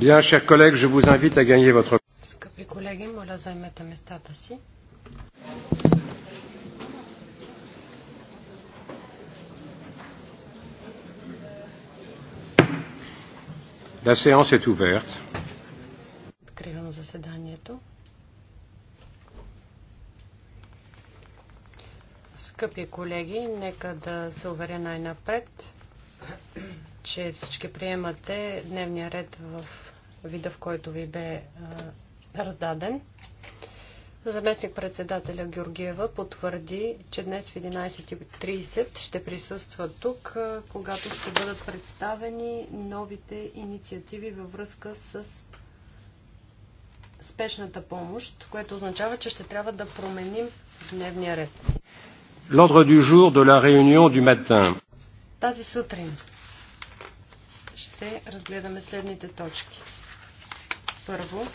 Bien, chers collègues, je vous invite à gagner votre... Скъпи колеги, моля займете местата си. La séance est ouverte. Откривам заседанието. Скъпи колеги, нека да се уверя най-напред, че всички приемате дневния ред в вида, в който ви бе а, раздаден. Заместник председателя Георгиева потвърди, че днес в 11.30 ще присъства тук, когато ще бъдат представени новите инициативи във връзка с спешната помощ, което означава, че ще трябва да променим дневния ред. L'ordre du jour de la réunion du matin. Тази сутрин ще разгледаме следните точки. Първо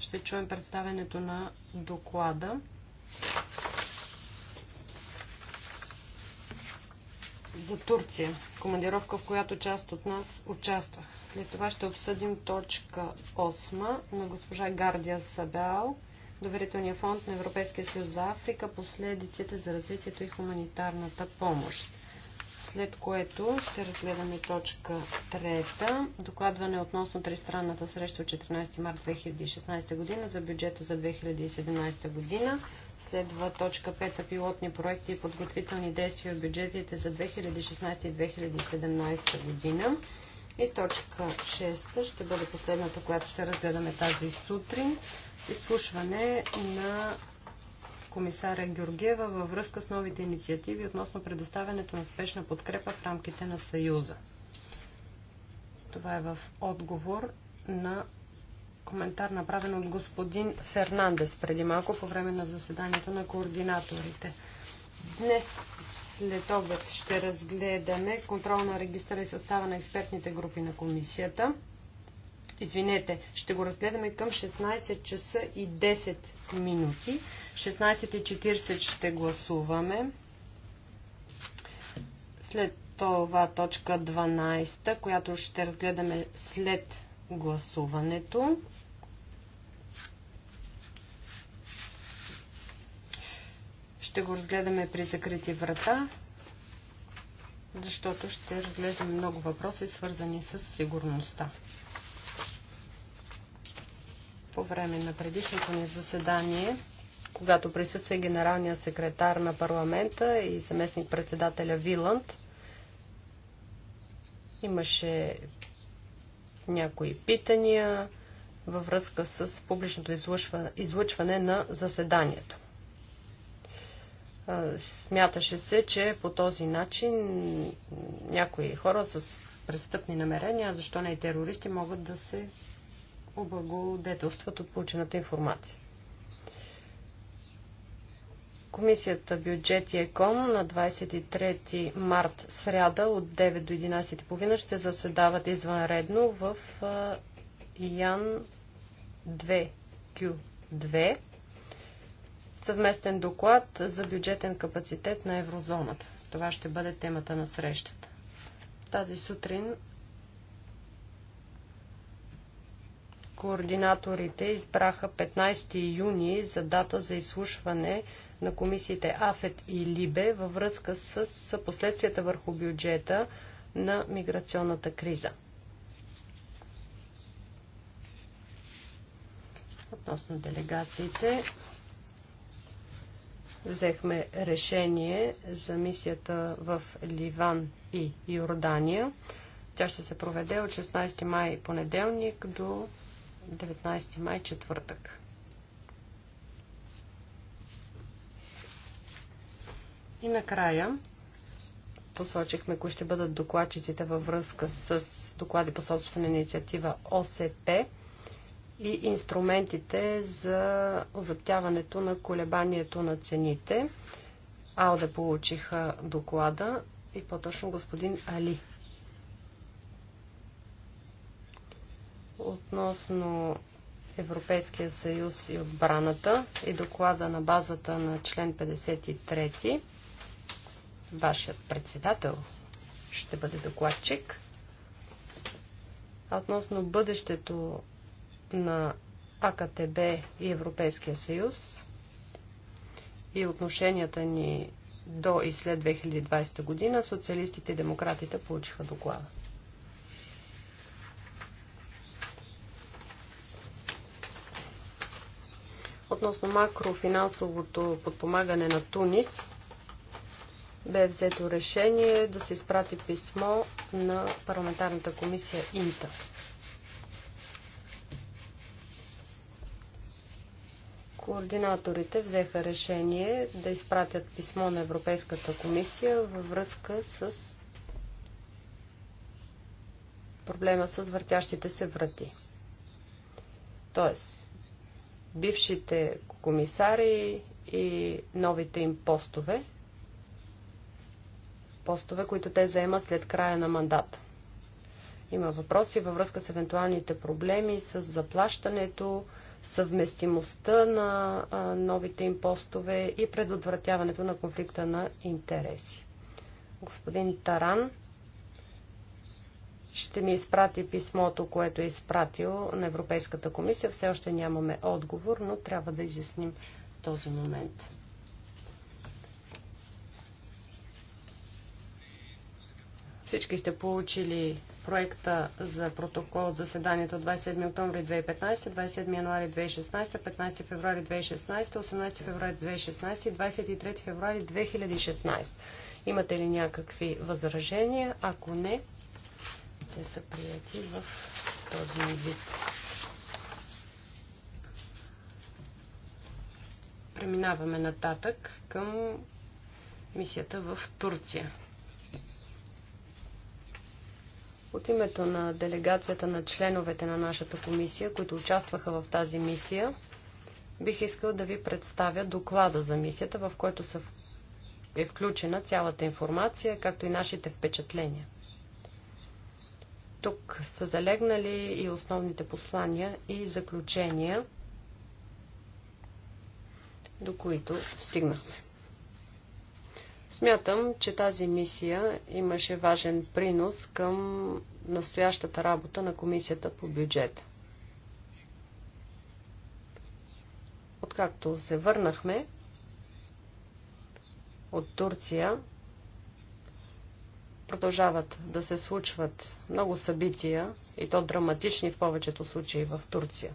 ще чуем представенето на доклада. за Турция, командировка, в която част от нас участва. След това ще обсъдим точка 8 на госпожа Гардия Сабел, доверителния фонд на Европейския съюз за Африка, последиците за развитието и хуманитарната помощ след което ще разгледаме точка 3. Докладване относно тристранната среща от 14 март 2016 година за бюджета за 2017 година. Следва точка 5. Пилотни проекти и подготвителни действия в бюджетите за 2016 и 2017 година. И точка 6 ще бъде последната, която ще разгледаме тази сутрин. Изслушване на комисаря Георгиева във връзка с новите инициативи относно предоставянето на спешна подкрепа в рамките на Съюза. Това е в отговор на коментар, направен от господин Фернандес преди малко по време на заседанието на координаторите. Днес след обед ще разгледаме контрол на регистъра и състава на експертните групи на комисията. Извинете, ще го разгледаме към 16 часа и 10 минути. 16.40 ще гласуваме. След това точка 12, която ще разгледаме след гласуването. Ще го разгледаме при закрити врата, защото ще разглеждаме много въпроси, свързани с сигурността. По време на предишното ни заседание когато присъства и генералния секретар на парламента и заместник председателя Виланд. Имаше някои питания във връзка с публичното излъчване на заседанието. Смяташе се, че по този начин някои хора с престъпни намерения, защо не и терористи, могат да се облагодетелстват от получената информация. Комисията бюджет и ЕКОН на 23 март сряда от 9 до 11.30 ще заседават извънредно в Ян 2Q2 съвместен доклад за бюджетен капацитет на еврозоната. Това ще бъде темата на срещата. Тази сутрин координаторите избраха 15 юни за дата за изслушване на комисиите АФЕТ и ЛИБЕ във връзка с последствията върху бюджета на миграционната криза. Относно делегациите, взехме решение за мисията в Ливан и Йордания. Тя ще се проведе от 16 май понеделник до 19 май четвъртък. И накрая посочихме кои ще бъдат докладчиците във връзка с доклади по собствена инициатива ОСП и инструментите за озъптяването на колебанието на цените. Алде получиха доклада и по-точно господин Али. Относно Европейския съюз и отбраната и доклада на базата на член 53 Вашият председател ще бъде докладчик относно бъдещето на АКТБ и Европейския съюз и отношенията ни до и след 2020 година, социалистите и демократите получиха доклада. Относно макрофинансовото подпомагане на Тунис – бе взето решение да се изпрати писмо на парламентарната комисия Инта. Координаторите взеха решение да изпратят писмо на Европейската комисия във връзка с проблема с въртящите се врати. Тоест, бившите комисари и новите им постове – постове, които те заемат след края на мандата. Има въпроси във връзка с евентуалните проблеми с заплащането, съвместимостта на новите им постове и предотвратяването на конфликта на интереси. Господин Таран ще ми изпрати писмото, което е изпратил на Европейската комисия. Все още нямаме отговор, но трябва да изясним този момент. Всички сте получили проекта за протокол от заседанието 27 октомври 2015, 27 януари 2016, 15 февруари 2016, 18 февруари 2016 и 23 февруари 2016. Имате ли някакви възражения? Ако не, те са прияти в този вид. Преминаваме нататък към мисията в Турция. От името на делегацията на членовете на нашата комисия, които участваха в тази мисия, бих искал да ви представя доклада за мисията, в който са е включена цялата информация, както и нашите впечатления. Тук са залегнали и основните послания и заключения, до които стигнахме. Смятам, че тази мисия имаше важен принос към настоящата работа на Комисията по бюджета. Откакто се върнахме от Турция, продължават да се случват много събития, и то драматични в повечето случаи в Турция.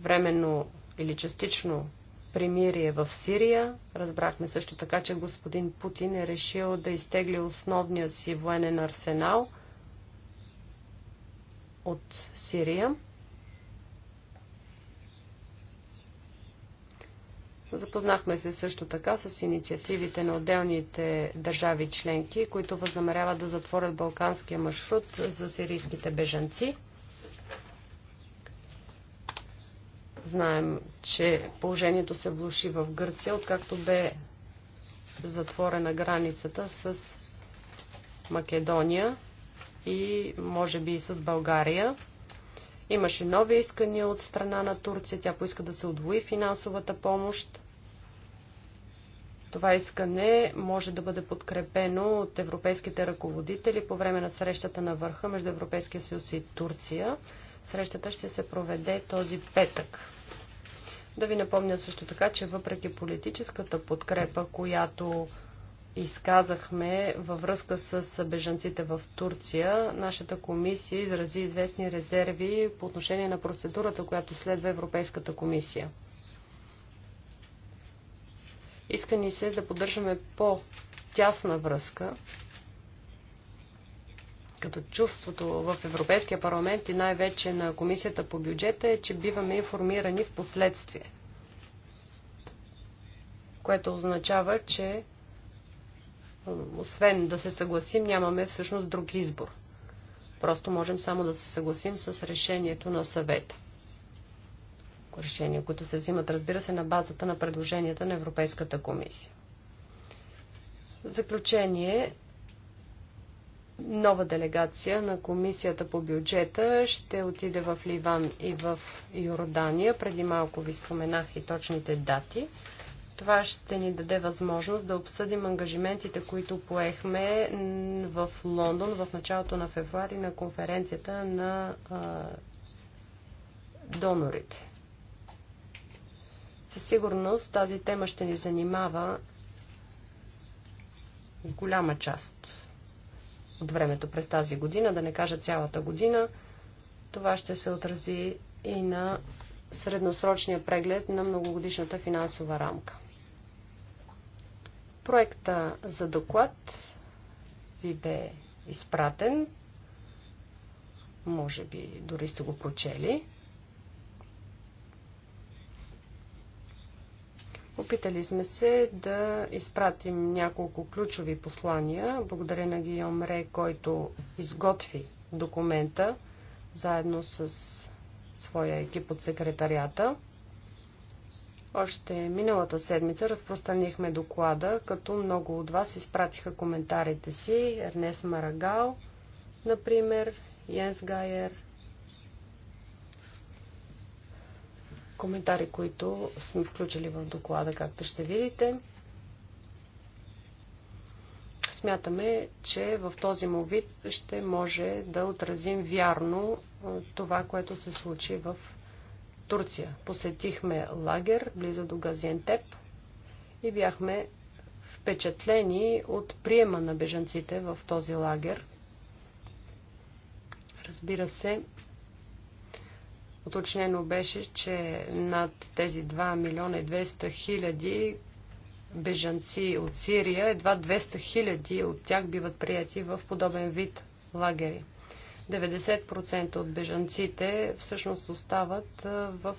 Временно или частично примирие в Сирия. Разбрахме също така, че господин Путин е решил да изтегли основния си военен арсенал от Сирия. Запознахме се също така с инициативите на отделните държави членки, които възнамеряват да затворят балканския маршрут за сирийските бежанци. Знаем, че положението се влуши в Гърция, откакто бе затворена границата с Македония и може би и с България. Имаше нови искания от страна на Турция. Тя поиска да се отвои финансовата помощ. Това искане може да бъде подкрепено от европейските ръководители по време на срещата на върха между Европейския съюз и Турция. Срещата ще се проведе този петък. Да ви напомня също така, че въпреки политическата подкрепа, която изказахме във връзка с бежанците в Турция, нашата комисия изрази известни резерви по отношение на процедурата, която следва Европейската комисия. Иска ни се да поддържаме по-тясна връзка като чувството в Европейския парламент и най-вече на Комисията по бюджета е, че биваме информирани в последствие. Което означава, че освен да се съгласим, нямаме всъщност друг избор. Просто можем само да се съгласим с решението на съвета. Решения, които се взимат, разбира се, на базата на предложенията на Европейската комисия. заключение, нова делегация на Комисията по бюджета ще отиде в Ливан и в Йордания. Преди малко ви споменах и точните дати. Това ще ни даде възможност да обсъдим ангажиментите, които поехме в Лондон в началото на февруари на конференцията на а, донорите. Със сигурност тази тема ще ни занимава голяма част от времето през тази година, да не кажа цялата година, това ще се отрази и на средносрочния преглед на многогодишната финансова рамка. Проекта за доклад ви бе изпратен. Може би дори сте го прочели. Опитали сме се да изпратим няколко ключови послания. Благодаря на Гийом Ре, който изготви документа заедно с своя екип от секретарията. Още миналата седмица разпространихме доклада, като много от вас изпратиха коментарите си. Ернес Марагал, например, Йенс Гайер, коментари, които сме включили в доклада, както ще видите. Смятаме, че в този му вид ще може да отразим вярно това, което се случи в Турция. Посетихме лагер близо до Газиентеп и бяхме впечатлени от приема на бежанците в този лагер. Разбира се, Уточнено беше, че над тези 2 милиона и 200 хиляди бежанци от Сирия, едва 200 хиляди от тях биват прияти в подобен вид лагери. 90% от бежанците всъщност остават в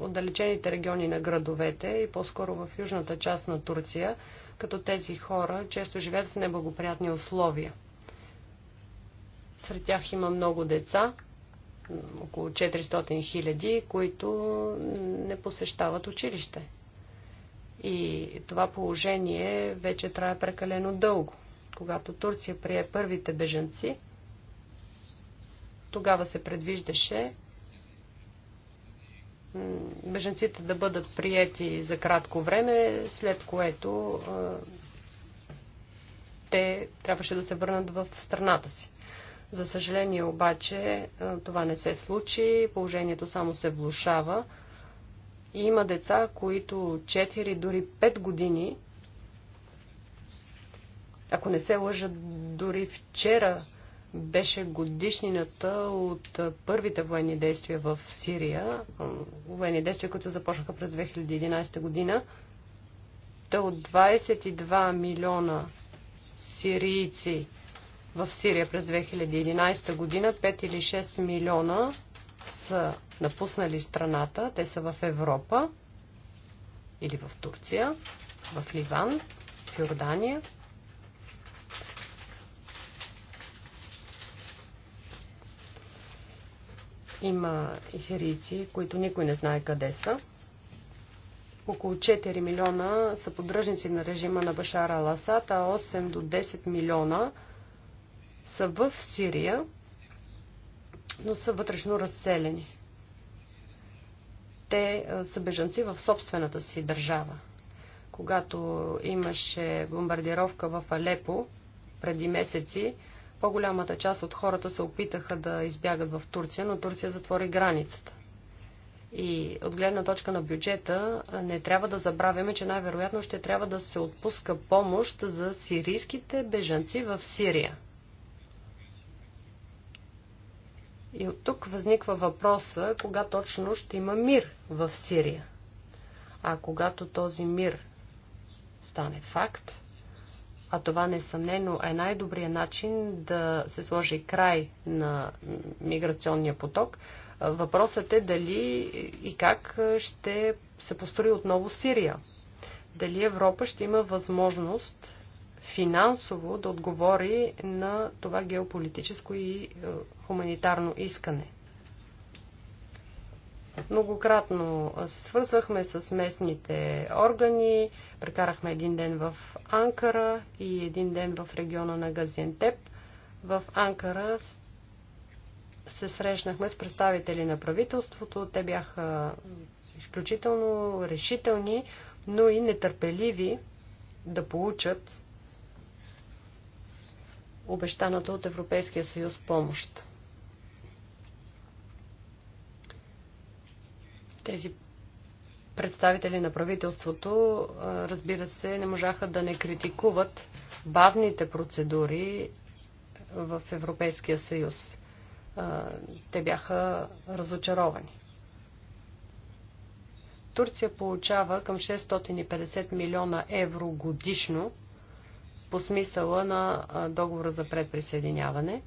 отдалечените региони на градовете и по-скоро в южната част на Турция, като тези хора често живеят в неблагоприятни условия. Сред тях има много деца, около 400 хиляди, които не посещават училище. И това положение вече трае прекалено дълго. Когато Турция прие първите бежанци, тогава се предвиждаше беженците да бъдат приети за кратко време, след което те трябваше да се върнат в страната си. За съжаление обаче това не се случи, положението само се влушава. И има деца, които 4, дори 5 години, ако не се лъжа, дори вчера беше годишнината от първите военни действия в Сирия, военни действия, които започнаха през 2011 година. Та от 22 милиона сирийци в Сирия през 2011 година 5 или 6 милиона са напуснали страната. Те са в Европа или в Турция, в Ливан, в Йордания. Има и сирийци, които никой не знае къде са. Около 4 милиона са поддръжници на режима на Башара Аласад, а 8 до 10 милиона – са в Сирия, но са вътрешно разселени. Те са бежанци в собствената си държава. Когато имаше бомбардировка в Алепо преди месеци, по-голямата част от хората се опитаха да избягат в Турция, но Турция затвори границата. И от гледна точка на бюджета не трябва да забравяме, че най-вероятно ще трябва да се отпуска помощ за сирийските бежанци в Сирия. И от тук възниква въпроса, кога точно ще има мир в Сирия. А когато този мир стане факт, а това несъмнено е най-добрият начин да се сложи край на миграционния поток, въпросът е дали и как ще се построи отново Сирия. Дали Европа ще има възможност финансово да отговори на това геополитическо и е, хуманитарно искане. Многократно се свързвахме с местните органи, прекарахме един ден в Анкара и един ден в региона на Газиентеп. В Анкара се срещнахме с представители на правителството. Те бяха изключително решителни, но и нетърпеливи да получат обещаната от Европейския съюз помощ. Тези представители на правителството, разбира се, не можаха да не критикуват бавните процедури в Европейския съюз. Те бяха разочаровани. Турция получава към 650 милиона евро годишно по смисъла на договора за предприсъединяване.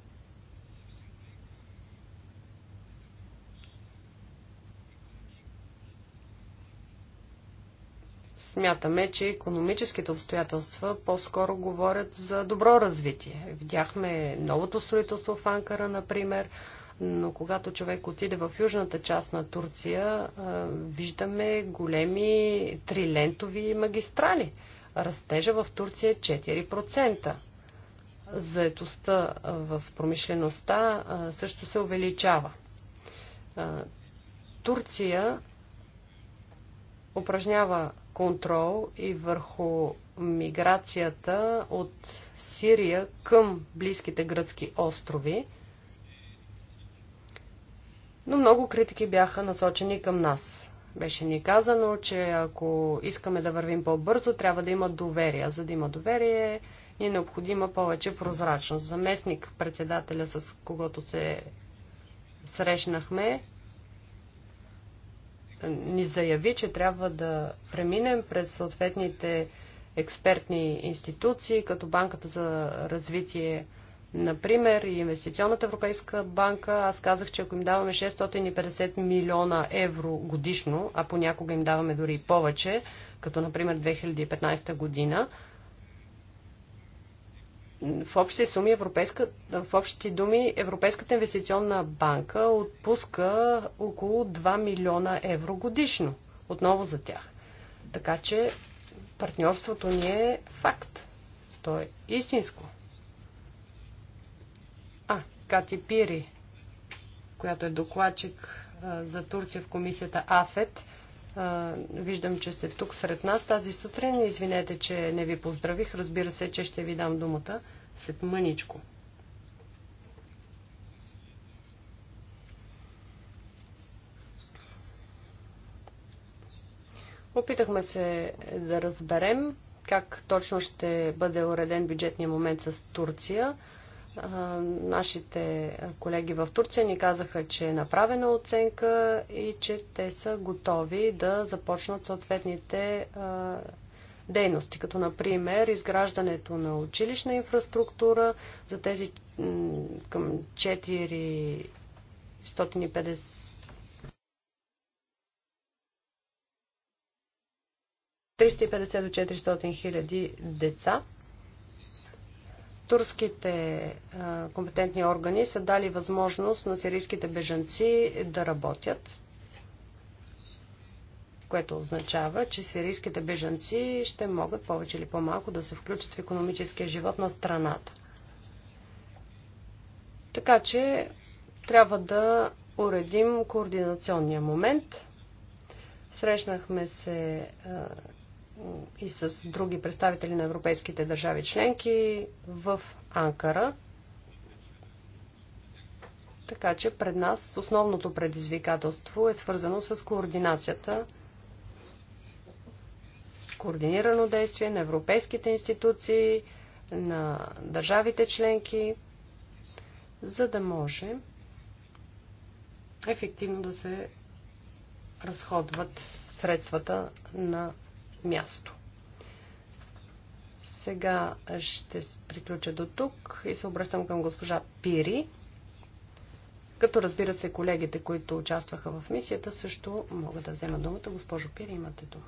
Смятаме, че економическите обстоятелства по-скоро говорят за добро развитие. Видяхме новото строителство в Анкара, например, но когато човек отиде в южната част на Турция, виждаме големи трилентови магистрали – Растежа в Турция е 4%. Заетостта в промишлеността също се увеличава. Турция упражнява контрол и върху миграцията от Сирия към близките гръцки острови. Но много критики бяха насочени към нас. Беше ни казано, че ако искаме да вървим по-бързо, трябва да има доверие. За да има доверие, ни е необходима повече прозрачност. Заместник председателя, с когото се срещнахме, ни заяви, че трябва да преминем през съответните експертни институции, като Банката за развитие Например, Инвестиционната европейска банка, аз казах, че ако им даваме 650 милиона евро годишно, а понякога им даваме дори и повече, като например 2015 година, в общи, суми европейска, в общи думи Европейската инвестиционна банка отпуска около 2 милиона евро годишно. Отново за тях. Така че партньорството ни е факт. То е истинско. Кати Пири, която е докладчик за Турция в комисията АФЕТ. Виждам, че сте тук сред нас тази сутрин. Извинете, че не ви поздравих. Разбира се, че ще ви дам думата след мъничко. Опитахме се да разберем как точно ще бъде уреден бюджетния момент с Турция. Нашите колеги в Турция ни казаха, че е направена оценка и че те са готови да започнат съответните дейности, като например изграждането на училищна инфраструктура за тези към 450 350 до 400 хиляди деца турските компетентни органи са дали възможност на сирийските бежанци да работят, което означава, че сирийските бежанци ще могат повече или по-малко да се включат в економическия живот на страната. Така че трябва да уредим координационния момент. Срещнахме се и с други представители на европейските държави членки в Анкара. Така че пред нас основното предизвикателство е свързано с координацията, координирано действие на европейските институции, на държавите членки, за да може ефективно да се разходват средствата на място. Сега ще приключа до тук и се обръщам към госпожа Пири. Като разбира се, колегите, които участваха в мисията, също могат да вземат думата. Госпожо Пири, имате думата.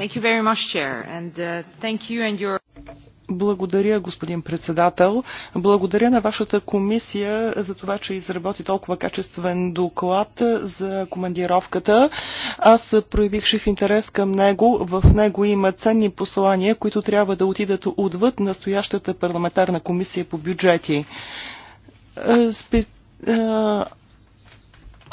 Thank you very much, Chair, and uh, thank you and your благодаря, господин председател. Благодаря на вашата комисия за това, че изработи толкова качествен доклад за командировката. Аз проявих шив интерес към него. В него има ценни послания, които трябва да отидат отвъд настоящата парламентарна комисия по бюджети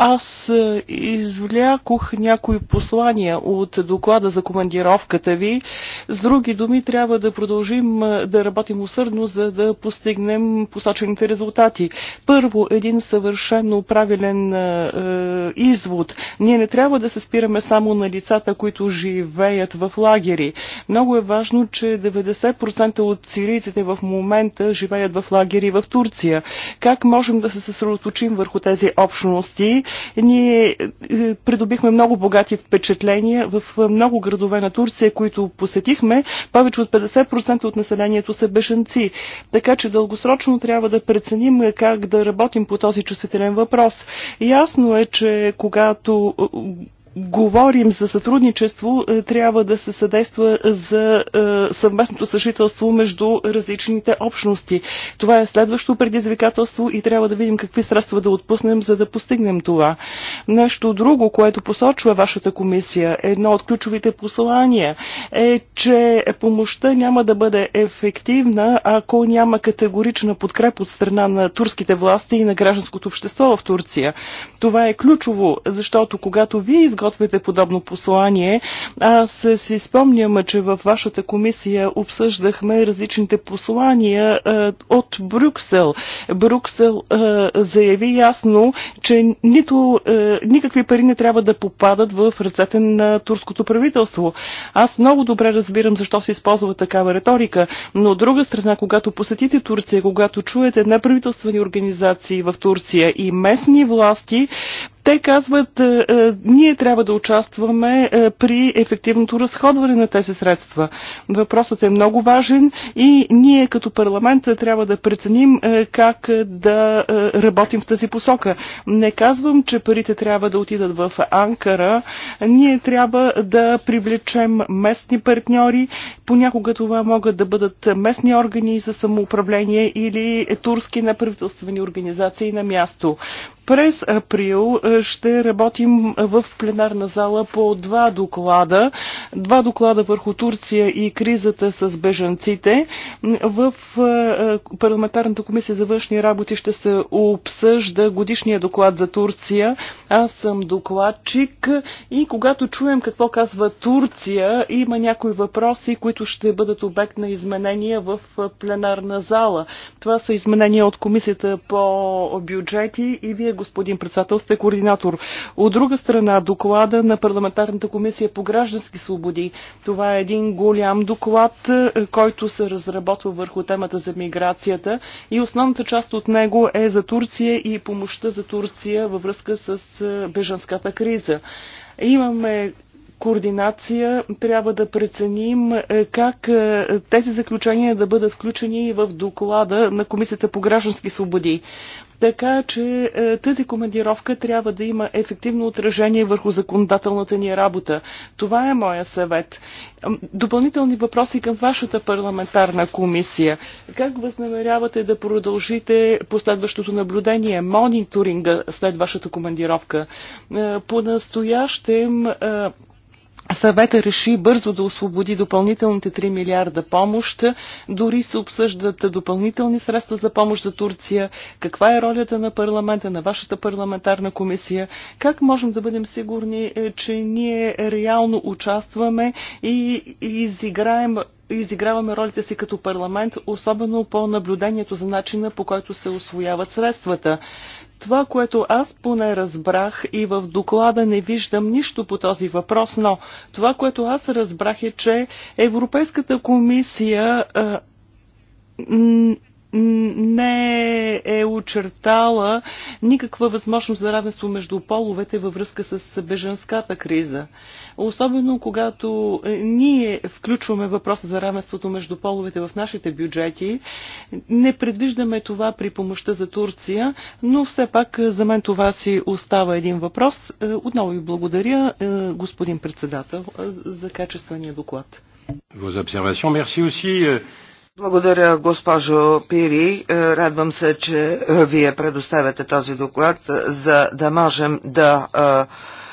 аз е, извлякох някои послания от доклада за командировката ви. С други думи, трябва да продължим е, да работим усърдно, за да постигнем посочените резултати. Първо, един съвършенно правилен е, е, извод. Ние не трябва да се спираме само на лицата, които живеят в лагери. Много е важно, че 90% от сирийците в момента живеят в лагери в Турция. Как можем да се съсредоточим върху тези общности? Ние е, придобихме много богати впечатления в е, много градове на Турция, които посетихме. Повече от 50% от населението са бешенци. Така че дългосрочно трябва да преценим е, как да работим по този чувствителен въпрос. Ясно е, че когато говорим за сътрудничество, е, трябва да се съдейства за е, съвместното съжителство между различните общности. Това е следващо предизвикателство и трябва да видим какви средства да отпуснем, за да постигнем това. Нещо друго, което посочва вашата комисия, едно от ключовите послания е, че помощта няма да бъде ефективна, ако няма категорична подкреп от страна на турските власти и на гражданското общество в Турция. Това е ключово, защото когато вие изготвяте подготвяте подобно послание. Аз си спомням, че във вашата комисия обсъждахме различните послания от Брюксел. Брюксел заяви ясно, че нито, никакви пари не трябва да попадат в ръцете на турското правителство. Аз много добре разбирам защо се използва такава риторика, но от друга страна, когато посетите Турция, когато чуете неправителствени организации в Турция и местни власти, те казват, е, е, ние трябва да участваме е, при ефективното разходване на тези средства. Въпросът е много важен и ние като парламент трябва да преценим как да работим в тази посока. Не казвам, че парите трябва да отидат в Анкара. Ние трябва да привлечем местни партньори. Понякога това могат да бъдат местни органи за самоуправление или турски неправителствени организации на място. През април е, ще работим в пленарна зала по два доклада. Два доклада върху Турция и кризата с бежанците. В е, е, парламентарната комисия за външни работи ще се обсъжда годишния доклад за Турция. Аз съм докладчик и когато чуем какво казва Турция, има някои въпроси, които ще бъдат обект на изменения в пленарна зала. Това са изменения от комисията по бюджети и вие господин председател, сте координатор. От друга страна, доклада на парламентарната комисия по граждански свободи. Това е един голям доклад, е, който се разработва върху темата за миграцията и основната част от него е за Турция и помощта за Турция във връзка с е, бежанската криза. Имаме координация трябва да преценим е, как тези заключения да бъдат включени в доклада на Комисията по граждански свободи. Така че е, тази командировка трябва да има ефективно отражение върху законодателната ни работа. Това е моя съвет. Допълнителни въпроси към вашата парламентарна комисия. Как възнамерявате да продължите последващото наблюдение, мониторинга след вашата командировка? Е, По настоящем е, Съвета реши бързо да освободи допълнителните 3 милиарда помощ. Дори се обсъждат допълнителни средства за помощ за Турция. Каква е ролята на парламента, на вашата парламентарна комисия? Как можем да бъдем сигурни, е, че ние реално участваме и изиграем изиграваме ролите си като парламент, особено по наблюдението за начина по който се освояват средствата. Това, което аз поне разбрах и в доклада не виждам нищо по този въпрос, но това, което аз разбрах е, че Европейската комисия не е очертала никаква възможност за равенство между половете във връзка с беженската криза. Особено когато ние включваме въпроса за равенството между половете в нашите бюджети, не предвиждаме това при помощта за Турция, но все пак за мен това си остава един въпрос. Е, отново ви благодаря, е, господин председател, е, за качествения доклад. Vos observations. Merci aussi благодаря, госпожо Пири. Е, радвам се, че е, вие предоставяте този доклад, е, за да можем да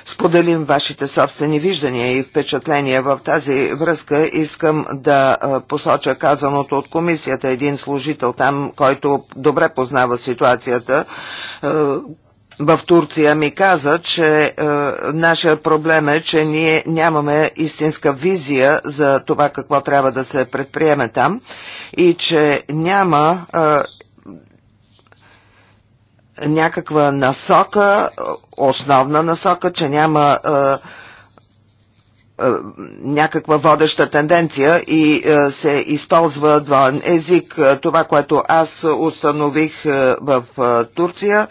споделим вашите собствени виждания и впечатления. В тази връзка искам да посоча казаното от комисията един служител там, който добре познава ситуацията, в Турция ми каза, че е, нашия проблем е, че ние нямаме истинска визия за това какво трябва да се предприеме там и че няма е, някаква насока, е, основна насока, че няма е, е, някаква водеща тенденция и е, се използва двоен език. Е, това, което аз установих в Турция,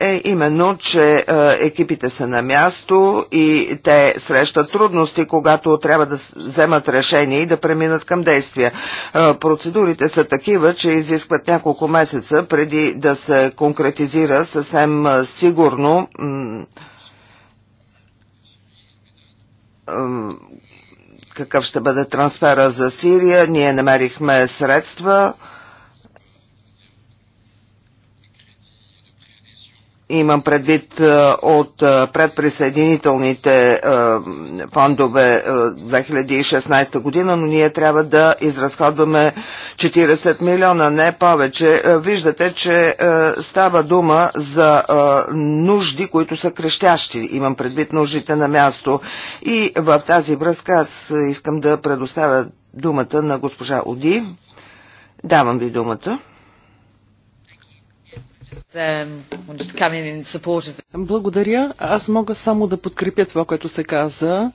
е именно, че екипите са на място и те срещат трудности, когато трябва да вземат решение и да преминат към действия. Процедурите са такива, че изискват няколко месеца преди да се конкретизира съвсем сигурно какъв ще бъде трансфера за Сирия. Ние намерихме средства. имам предвид е, от е, предприсъединителните е, фондове 2016 година, но ние трябва да изразходваме 40 милиона, не повече. Виждате, че става дума за нужди, които са крещящи. Имам предвид нуждите на място. И в тази връзка аз искам да предоставя думата на госпожа Оди. Давам ви думата. Um, Благодаря. Аз мога само да подкрепя това, което се каза.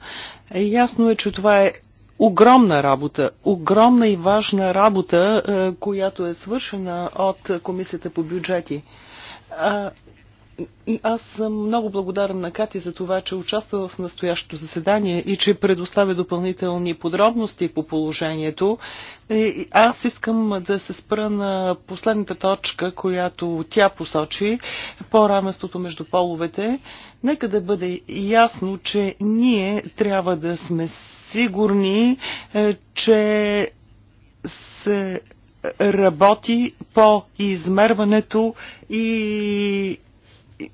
Е, ясно е, че това е огромна работа, огромна и важна работа, е, която е свършена от Комисията по бюджети. Аз съм много благодарен на Кати за това, че участва в настоящото заседание и че предоставя допълнителни подробности по положението. Аз искам да се спра на последната точка, която тя посочи, по-равенството между половете. Нека да бъде ясно, че ние трябва да сме сигурни, е, че се работи по измерването и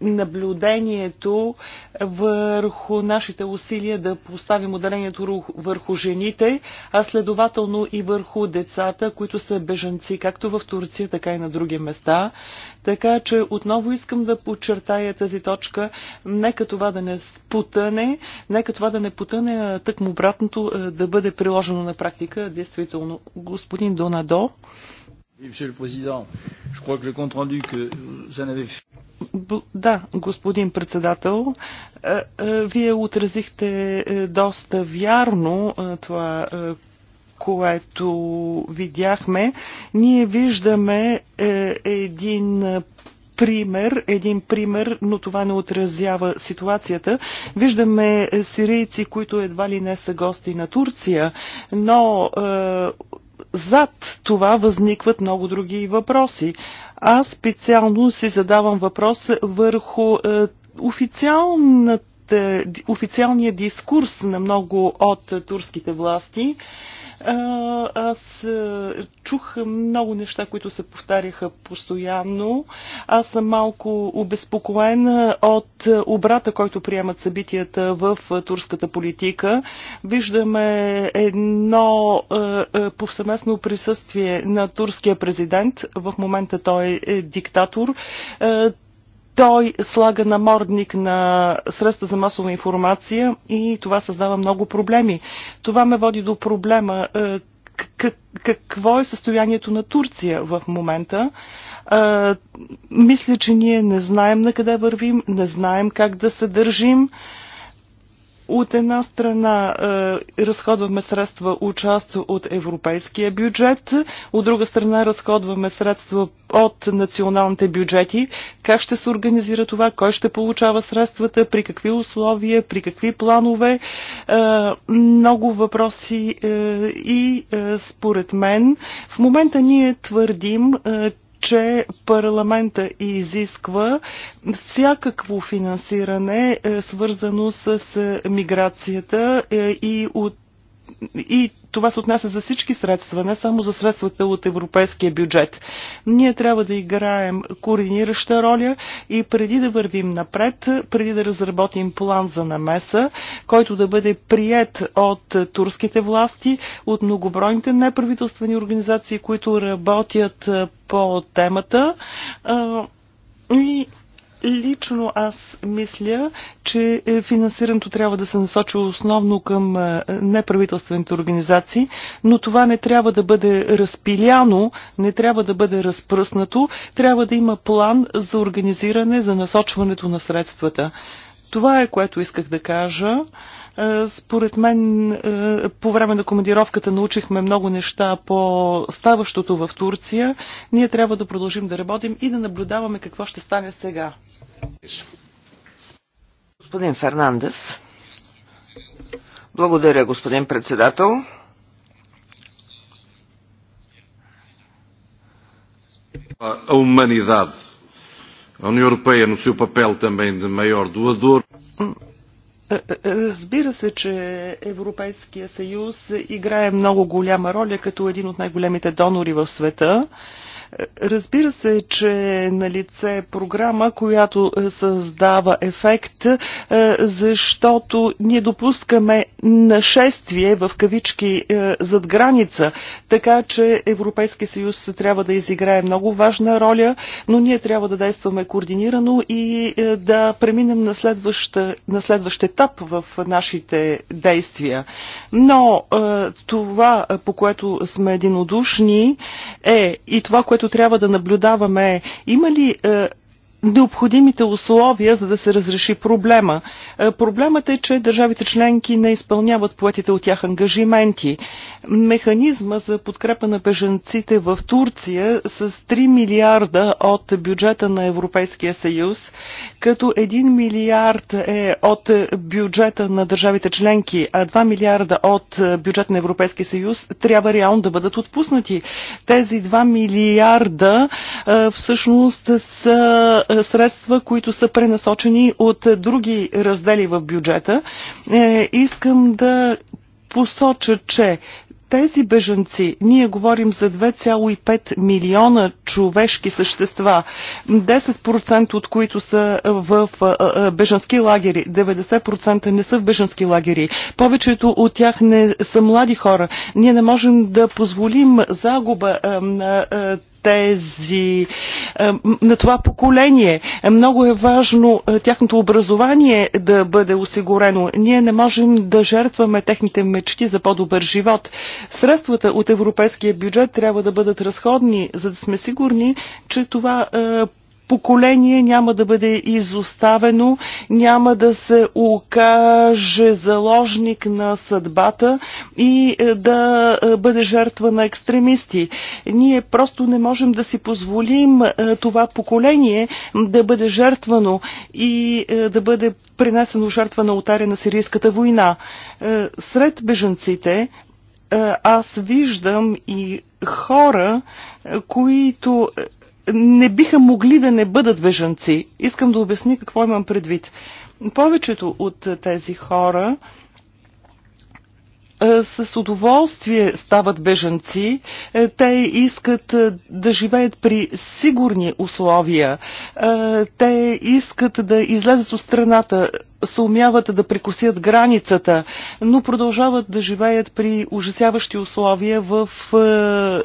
наблюдението върху нашите усилия да поставим ударението върху жените, а следователно и върху децата, които са бежанци, както в Турция, така и на други места. Така че отново искам да подчертая тази точка. Нека това да не спутане, нека това да не потъне, а тъкмо обратното да бъде приложено на практика, действително. Господин Донадо. Да, господин председател, е, е, вие отразихте е, доста вярно това, което видяхме. Ние виждаме един пример, един пример, но това не отразява ситуацията. Виждаме сирийци, които едва ли не са гости на Турция, но зад това възникват много други въпроси. Аз специално си задавам въпрос върху е, официалния дискурс на много от турските власти, аз чух много неща, които се повтаряха постоянно. Аз съм малко обезпокоен от обрата, който приемат събитията в турската политика. Виждаме едно повсеместно присъствие на турския президент. В момента той е диктатор той слага намордник на средства за масова информация и това създава много проблеми. Това ме води до проблема е, какво е състоянието на Турция в момента. Е, мисля, че ние не знаем на къде вървим, не знаем как да се държим. От една страна е, разходваме средства участ от европейския бюджет, от друга страна разходваме средства от националните бюджети. Как ще се организира това? Кой ще получава средствата? При какви условия? При какви планове? Е, много въпроси е, и е, според мен в момента ние твърдим, е, че парламента изисква всякакво финансиране, е, свързано с е, миграцията е, и от и това се отнася за всички средства, не само за средствата от европейския бюджет. Ние трябва да играем координираща роля и преди да вървим напред, преди да разработим план за намеса, който да бъде прият от турските власти, от многобройните неправителствени организации, които работят по темата. И Лично аз мисля, че е, финансирането трябва да се насочи основно към е, неправителствените организации, но това не трябва да бъде разпиляно, не трябва да бъде разпръснато, трябва да има план за организиране, за насочването на средствата. Това е което исках да кажа. Е, според мен по време на командировката научихме много неща по ставащото в Турция. Ние трябва да продължим да работим и да наблюдаваме какво ще стане сега. Господин Фернандес. Благодаря, господин председател. A humanidade. A União Europeia, no seu papel também de maior doador. Разбира се, че Европейския съюз играе много голяма роля като един от най-големите донори в света. Разбира се, че е на лице програма, която е, създава ефект, е, защото ние допускаме нашествие в кавички е, зад граница, така че Европейския съюз трябва да изиграе много важна роля, но ние трябва да действаме координирано и да преминем на следващ, на следващ етап в нашите действия. Но това, по което сме единодушни, е и това, което което трябва да наблюдаваме е има ли е, необходимите условия, за да се разреши проблема. Е, проблемът е, че държавите членки не изпълняват поетите от тях ангажименти. Механизма за подкрепа на беженците в Турция с 3 милиарда от бюджета на Европейския съюз, като 1 милиард е от бюджета на държавите членки, а 2 милиарда от бюджет на Европейския съюз трябва реално да бъдат отпуснати. Тези 2 милиарда всъщност са средства, които са пренасочени от други раздели в бюджета. Е, искам да посоча, че тези бежанци, ние говорим за 2,5 милиона човешки същества, 10% от които са в бежански лагери, 90% не са в бежански лагери, повечето от тях не са млади хора. Ние не можем да позволим загуба на тези, е, на това поколение. Е, много е важно е, тяхното образование да бъде осигурено. Ние не можем да жертваме техните мечти за по-добър живот. Средствата от европейския бюджет трябва да бъдат разходни, за да сме сигурни, че това поколение няма да бъде изоставено, няма да се окаже заложник на съдбата и е, да е, бъде жертва на екстремисти. Ние просто не можем да си позволим е, това поколение да бъде жертвано и да бъде принесено жертва на отаря на сирийската война. Сред бежанците аз виждам и хора, които не биха могли да не бъдат бежанци. Искам да обясня какво имам предвид. Повечето от тези хора е, с удоволствие стават бежанци. Е, те искат е, да живеят при сигурни условия. Те искат да излезат от страната се умяват да прекусят границата, но продължават да живеят при ужасяващи условия в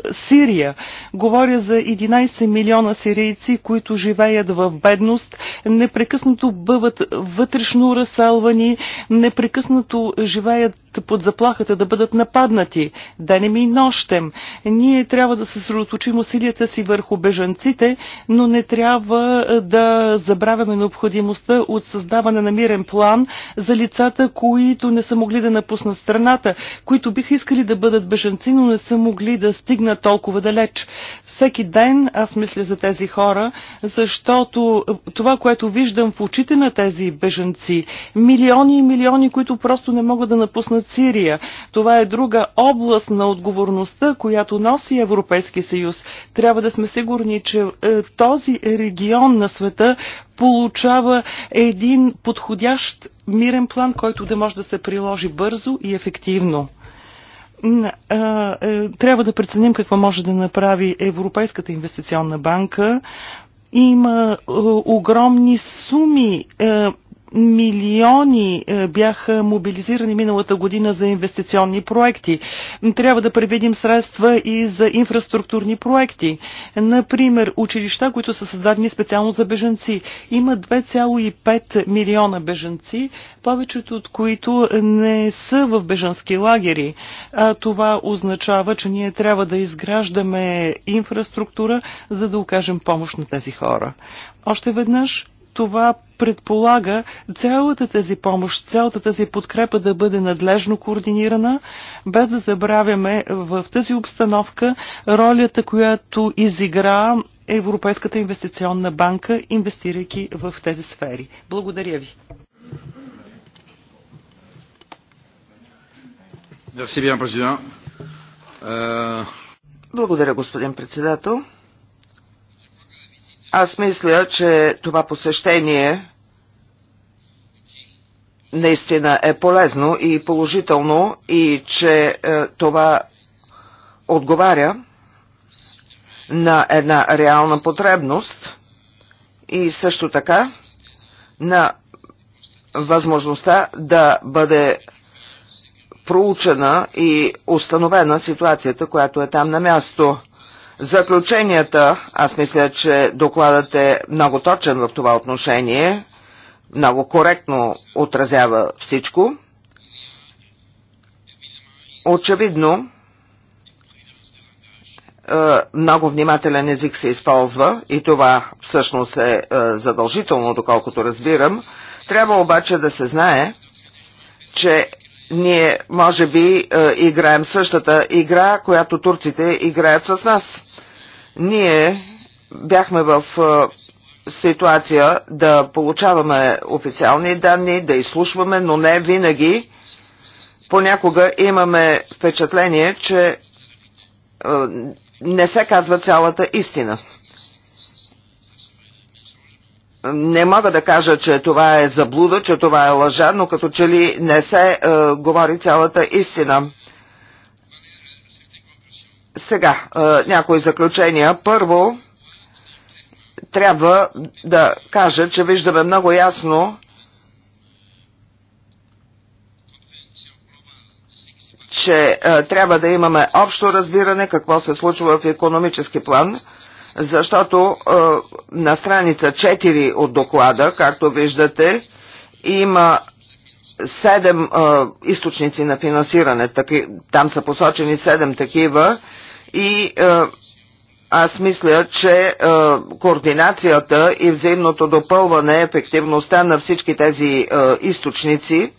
е, Сирия. Говоря за 11 милиона сирийци, които живеят в бедност, непрекъснато бъват вътрешно разсалвани, непрекъснато живеят под заплахата да бъдат нападнати, денем и нощем. Ние трябва да се съсредоточим усилията си върху бежанците, но не трябва е, да забравяме необходимостта от създаване на мирен план за лицата, които не са могли да напуснат страната, които биха искали да бъдат бежанци, но не са могли да стигнат толкова далеч. Всеки ден аз мисля за тези хора, защото това, което виждам в очите на тези бежанци, милиони и милиони, които просто не могат да напуснат Сирия, това е друга област на отговорността, която носи Европейски съюз. Трябва да сме сигурни, че е, този регион на света получава един подходящ мирен план, който да може да се приложи бързо и ефективно. Е, трябва да преценим какво може да направи Европейската инвестиционна банка. Има е, огромни суми е, милиони е, бяха мобилизирани миналата година за инвестиционни проекти. Трябва да предвидим средства и за инфраструктурни проекти. Например, училища, които са създадени специално за беженци. Има 2,5 милиона беженци, повечето от които не са в беженски лагери. А това означава, че ние трябва да изграждаме инфраструктура, за да окажем помощ на тези хора. Още веднъж това предполага цялата тази помощ, цялата тази подкрепа да бъде надлежно координирана, без да забравяме в тази обстановка ролята, която изигра Европейската инвестиционна банка, инвестирайки в тези сфери. Благодаря ви. Euh, Благодаря, господин председател. Аз мисля, че това посещение наистина е полезно и положително и че е, това отговаря на една реална потребност и също така на възможността да бъде проучена и установена ситуацията, която е там на място. Заключенията, аз мисля, че докладът е много точен в това отношение, много коректно отразява всичко. Очевидно, е, много внимателен език се използва и това всъщност е, е задължително, доколкото разбирам. Трябва обаче да се знае, че ние може би е, играем същата игра, която турците играят с нас. Ние бяхме в е, ситуация да получаваме официални данни, да изслушваме, но не винаги. Понякога имаме впечатление, че е, не се казва цялата истина не мога да кажа, че това е заблуда, че това е лъжа, но като че ли не се е, говори цялата истина. Сега, е, някои заключения. Първо, трябва да кажа, че виждаме много ясно, че е, трябва да имаме общо разбиране какво се случва в економически план – защото е, на страница 4 от доклада, както виждате, има седем а, е, източници на финансиране, таки, там са посочени седем такива и а, е, аз мисля, че а, е, координацията и взаимното допълване, ефективността на всички тези а, източници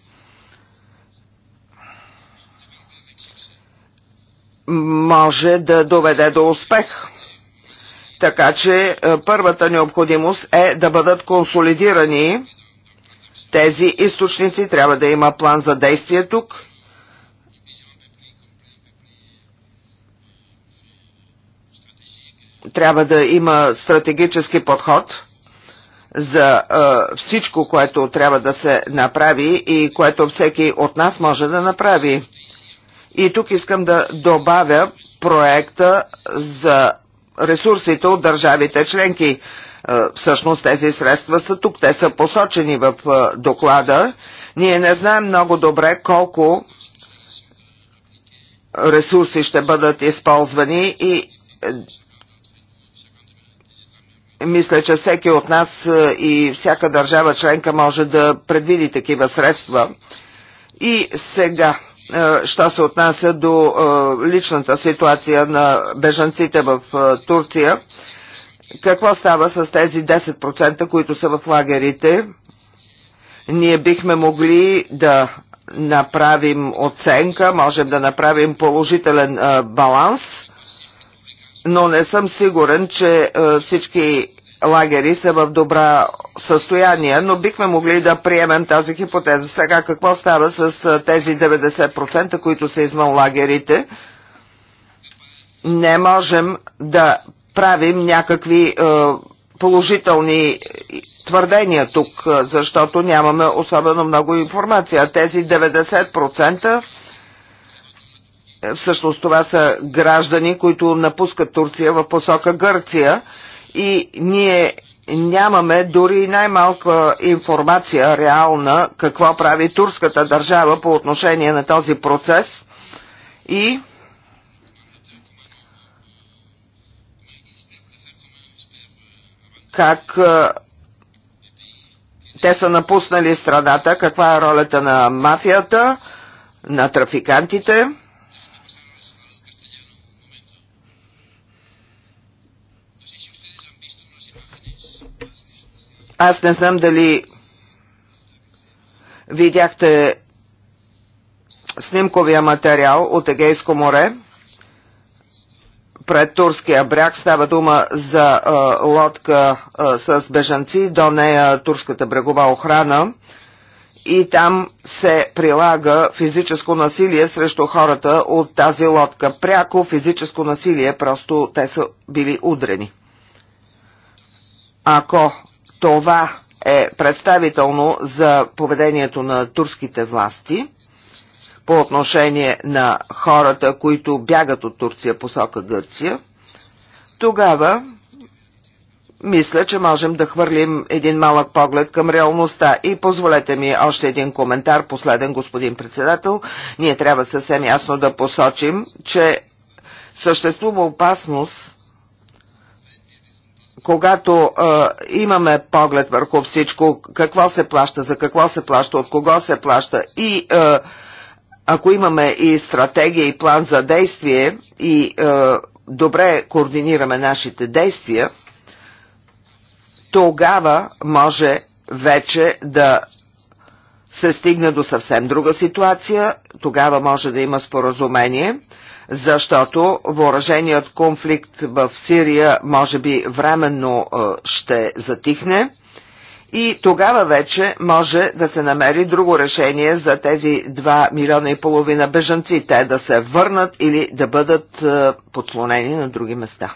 може да доведе до успех. Така че е, първата необходимост е да бъдат консолидирани тези източници. Трябва да има план за действие тук. Трябва да има стратегически подход за е, всичко, което трябва да се направи и което всеки от нас може да направи. И тук искам да добавя проекта за ресурсите от държавите членки. Е, всъщност тези средства са тук, те са посочени в е, доклада. Ние не знаем много добре колко ресурси ще бъдат използвани и е, мисля, че всеки от нас и всяка държава членка може да предвиди такива средства. И сега е, що се отнася до е, личната ситуация на бежанците в е, Турция. Какво става с тези 10%, които са в лагерите? Ние бихме могли да направим оценка, можем да направим положителен баланс, но не съм сигурен, че всички лагери са в добра състояние, но бихме могли да приемем тази хипотеза. Сега какво става с тези 90%, които са извън лагерите? Не можем да правим някакви е, положителни твърдения тук, защото нямаме особено много информация. Тези 90% всъщност това са граждани, които напускат Турция в посока Гърция и ние нямаме дори най-малка информация реална какво прави турската държава по отношение на този процес и как те са напуснали страната, каква е ролята на мафията, на трафикантите – Аз не знам дали видяхте снимковия материал от Егейско море пред турския бряг. Става дума за а, лодка а, с бежанци, до нея турската брегова охрана и там се прилага физическо насилие срещу хората от тази лодка. Пряко физическо насилие, просто те са били удрени. Ако това е представително за поведението на турските власти по отношение на хората, които бягат от Турция посока Гърция, тогава мисля, че можем да хвърлим един малък поглед към реалността. И позволете ми още един коментар, последен господин председател. Ние трябва съвсем ясно да посочим, че съществува опасност когато а, имаме поглед върху всичко, какво се плаща, за какво се плаща, от кого се плаща и а, ако имаме и стратегия и план за действие и а, добре координираме нашите действия, тогава може вече да се стигне до съвсем друга ситуация, тогава може да има споразумение – защото въоръженият конфликт в Сирия може би временно е, ще затихне и тогава вече може да се намери друго решение за тези 2 милиона и половина бежанци, те да се върнат или да бъдат е, подслонени на други места.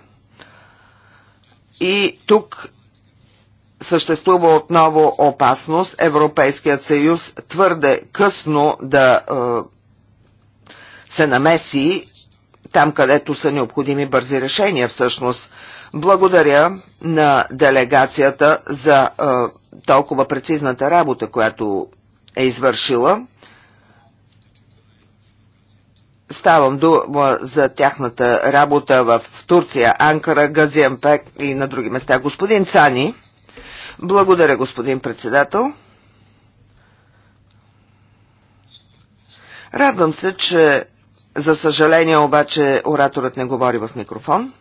И тук съществува отново опасност Европейският съюз твърде късно да е, се намеси там, където са необходими бързи решения всъщност. Благодаря на делегацията за е, толкова прецизната работа, която е извършила. Ставам дума за тяхната работа в Турция, Анкара, Газиемпек и на други места. Господин Цани, благодаря господин председател. Радвам се, че за съжаление обаче ораторът не говори в микрофон.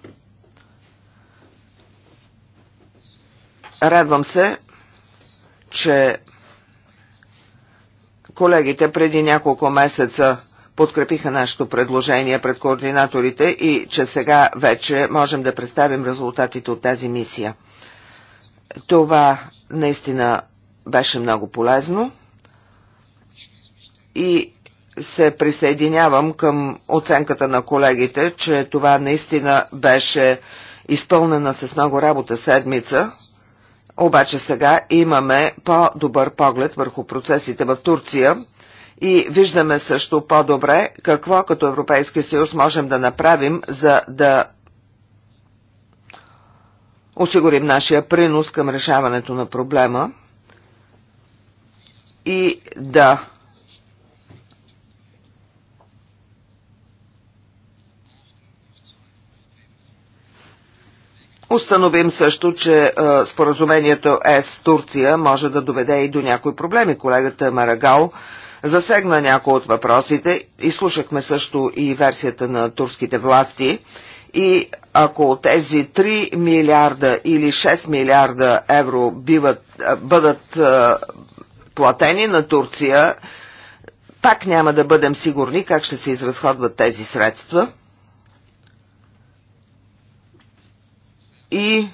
Радвам се, че колегите преди няколко месеца подкрепиха нашето предложение пред координаторите и че сега вече можем да представим резултатите от тази мисия. Това наистина беше много полезно и се присъединявам към оценката на колегите, че това наистина беше изпълнена с много работа седмица, обаче сега имаме по-добър поглед върху процесите в Турция и виждаме също по-добре какво като Европейски съюз можем да направим, за да осигурим нашия принос към решаването на проблема и да Установим също, че споразумението ЕС Турция може да доведе и до някои проблеми. Колегата Марагал засегна някои от въпросите. Изслушахме също и версията на турските власти. И ако тези 3 милиарда или 6 милиарда евро биват, бъдат платени на Турция, пак няма да бъдем сигурни как ще се изразходват тези средства. и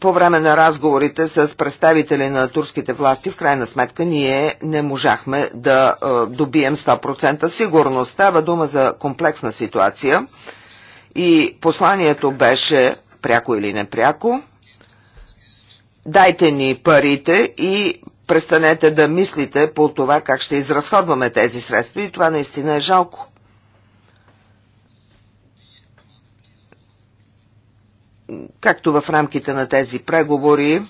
по време на разговорите с представители на турските власти, в крайна сметка ние не можахме да добием 100% сигурност. Става дума за комплексна ситуация и посланието беше пряко или непряко. Дайте ни парите и престанете да мислите по това как ще изразходваме тези средства и това наистина е жалко. както в рамките на тези преговори,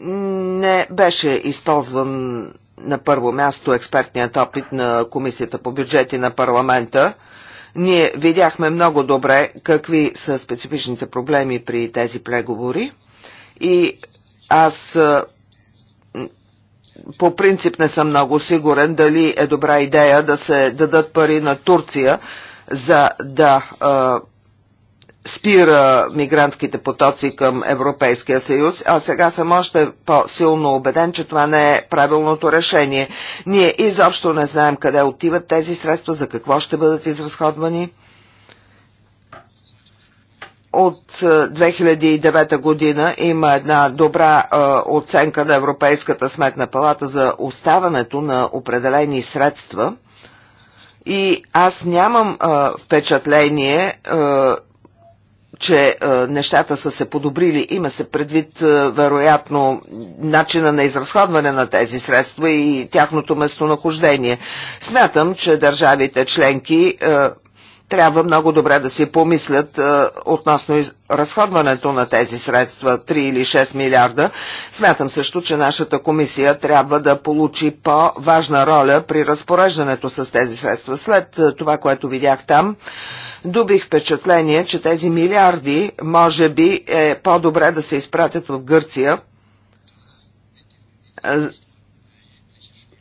не беше използван на първо място експертният опит на Комисията по бюджети на парламента. Ние видяхме много добре какви са специфичните проблеми при тези преговори и аз по принцип не съм много сигурен дали е добра идея да се дадат пари на Турция, за да а, спира мигрантските потоци към Европейския съюз, а сега съм още по-силно убеден, че това не е правилното решение. Ние изобщо не знаем къде отиват тези средства, за какво ще бъдат изразходвани от 2009 е, година има една добра е, оценка на Европейската сметна палата за оставането на определени средства и аз нямам е, впечатление, че нещата са се подобрили. Има се предвид, вероятно, начина на изразходване на тези средства и тяхното местонахождение. Смятам, че държавите членки трябва много добре да си помислят е, относно разходването на тези средства 3 или 6 милиарда. Смятам също, че нашата комисия трябва да получи по-важна роля при разпореждането с тези средства. След е, това, което видях там, добих впечатление, че тези милиарди може би е по-добре да се изпратят в Гърция е,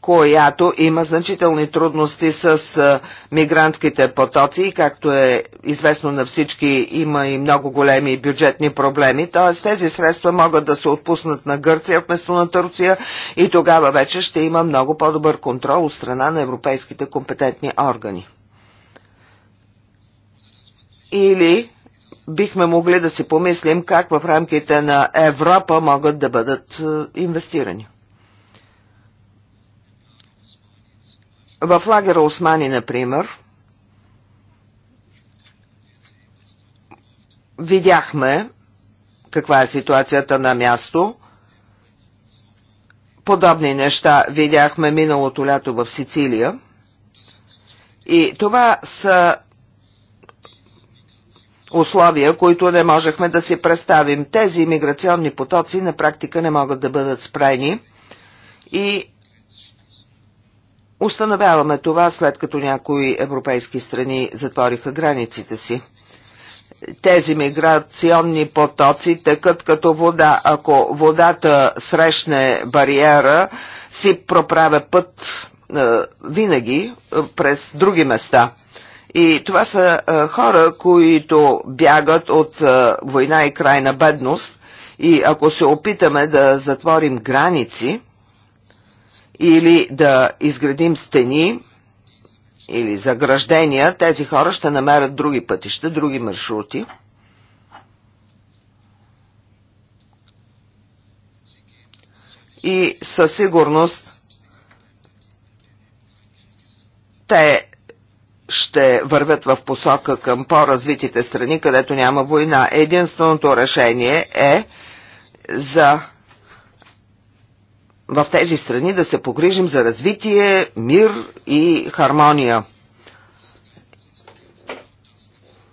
която има значителни трудности с мигрантските потоци както е известно на всички има и много големи бюджетни проблеми, т.е. тези средства могат да се отпуснат на Гърция вместо на Турция и тогава вече ще има много по-добър контрол от страна на европейските компетентни органи. Или бихме могли да си помислим как в рамките на Европа могат да бъдат инвестирани. В лагера Османи, например, видяхме каква е ситуацията на място. Подобни неща видяхме миналото лято в Сицилия. И това са условия, които не можехме да си представим. Тези миграционни потоци на практика не могат да бъдат спрени и Установяваме това след като някои европейски страни затвориха границите си. Тези миграционни потоци тъкат като вода. Ако водата срещне бариера, си проправя път е, винаги е, през други места. И това са е, хора, които бягат от е, война и крайна бедност. И ако се опитаме да затворим граници, или да изградим стени или заграждения, тези хора ще намерят други пътища, други маршрути. И със сигурност те ще вървят в посока към по-развитите страни, където няма война. Единственото решение е за в тези страни да се погрижим за развитие, мир и хармония.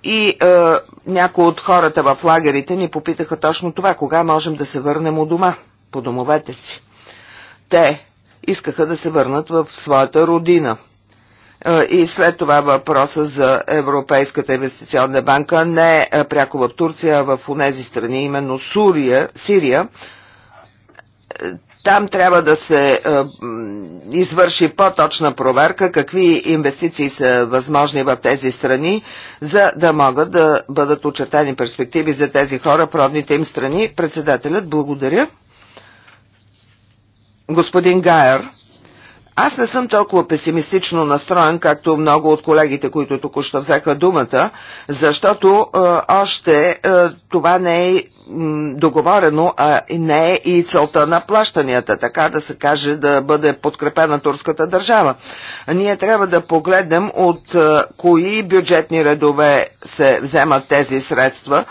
И е, някои от хората в лагерите ни попитаха точно това, кога можем да се върнем у дома, по домовете си. Те искаха да се върнат в своята родина. Е, и след това въпроса за Европейската инвестиционна банка не е пряко в Турция, а в тези страни, именно Сурия, Сирия. Е, там трябва да се е, извърши по-точна проверка какви инвестиции са възможни в тези страни, за да могат да бъдат очертани перспективи за тези хора, продните им страни. Председателят, благодаря. Господин Гайер, аз не съм толкова песимистично настроен, както много от колегите, които току-що взеха думата, защото е, още е, това не е договорено, а не е и целта на плащанията, така да се каже да бъде подкрепена турската държава. Ние трябва да погледнем от е, кои бюджетни редове се вземат тези средства,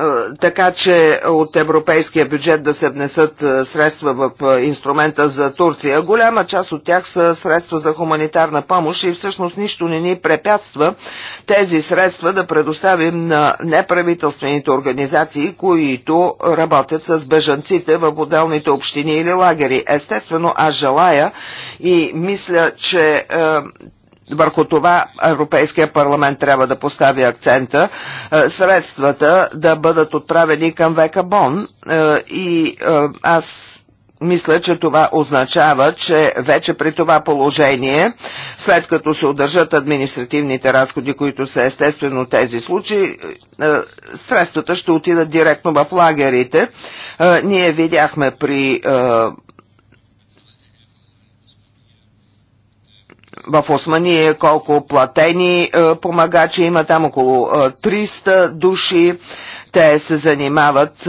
Е, така че от европейския бюджет да се внесат е, средства в е, инструмента за Турция. Голяма част от тях са средства за хуманитарна помощ и всъщност нищо не ни препятства тези средства да предоставим на неправителствените организации, които работят с бежанците в отделните общини или лагери. Естествено, аз желая и мисля, че върху това Европейския парламент трябва да постави акцента, е, средствата да бъдат отправени към Века Бон е, и е, аз мисля, че това означава, че вече при това положение, след като се удържат административните разходи, които са естествено тези случаи, средствата ще отидат директно в лагерите. Ние видяхме при в Османия е колко платени е, помагачи има там около 300 е, души. Те се занимават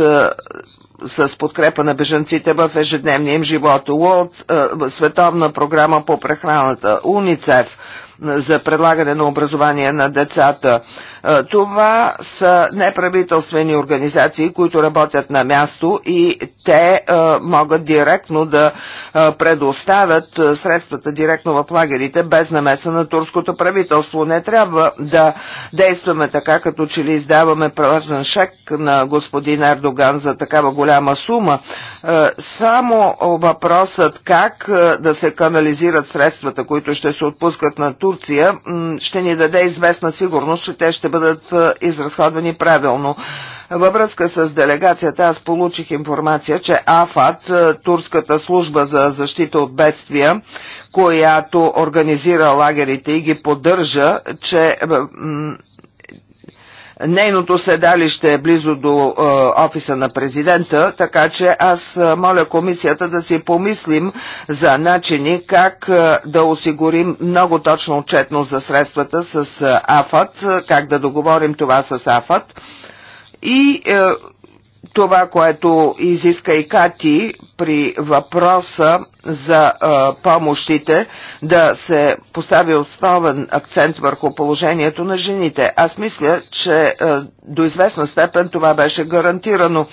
с подкрепа на бежанците в ежедневния им живот. World, световна програма по прехраната, УНИЦЕФ за предлагане на образование на децата, е, това са неправителствени организации, които работят на място и те е, могат директно да е, предоставят средствата директно в лагерите без намеса на турското правителство. Не трябва да действаме така, като че ли издаваме превързан шек на господин Ердоган за такава голяма сума. Само въпросът как да се канализират средствата, които ще се отпускат на Турция, ще ни даде известна сигурност, че те ще ще бъдат изразходвани правилно. Във връзка с делегацията аз получих информация, че АФАД, Турската служба за защита от бедствия, която организира лагерите и ги поддържа, че Нейното седалище е близо до е, офиса на президента, така че аз е, моля комисията да си помислим за начини как е, да осигурим много точно отчетност за средствата с е, АФАТ, е, как да договорим това с АФАТ. И е, това, което изиска и Кати при въпроса за а, помощите, да се постави основен акцент върху положението на жените. Аз мисля, че а, до известна степен това беше гарантирано.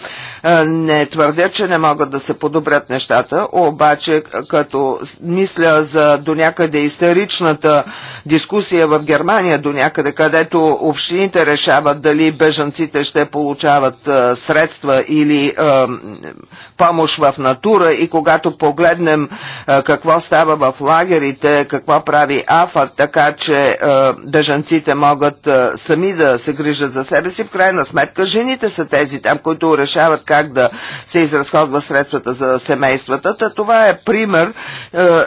А, не твърдя, че не могат да се подобрят нещата, обаче като мисля за до някъде истеричната дискусия в Германия, до някъде където общините решават дали бежанците ще получават а, средства или а, помощ в натура и когато погледнем какво става в лагерите, какво прави АФА, така че бежанците могат сами да се грижат за себе си. В крайна сметка жените са тези там, които решават как да се изразходва средствата за семействата. това е пример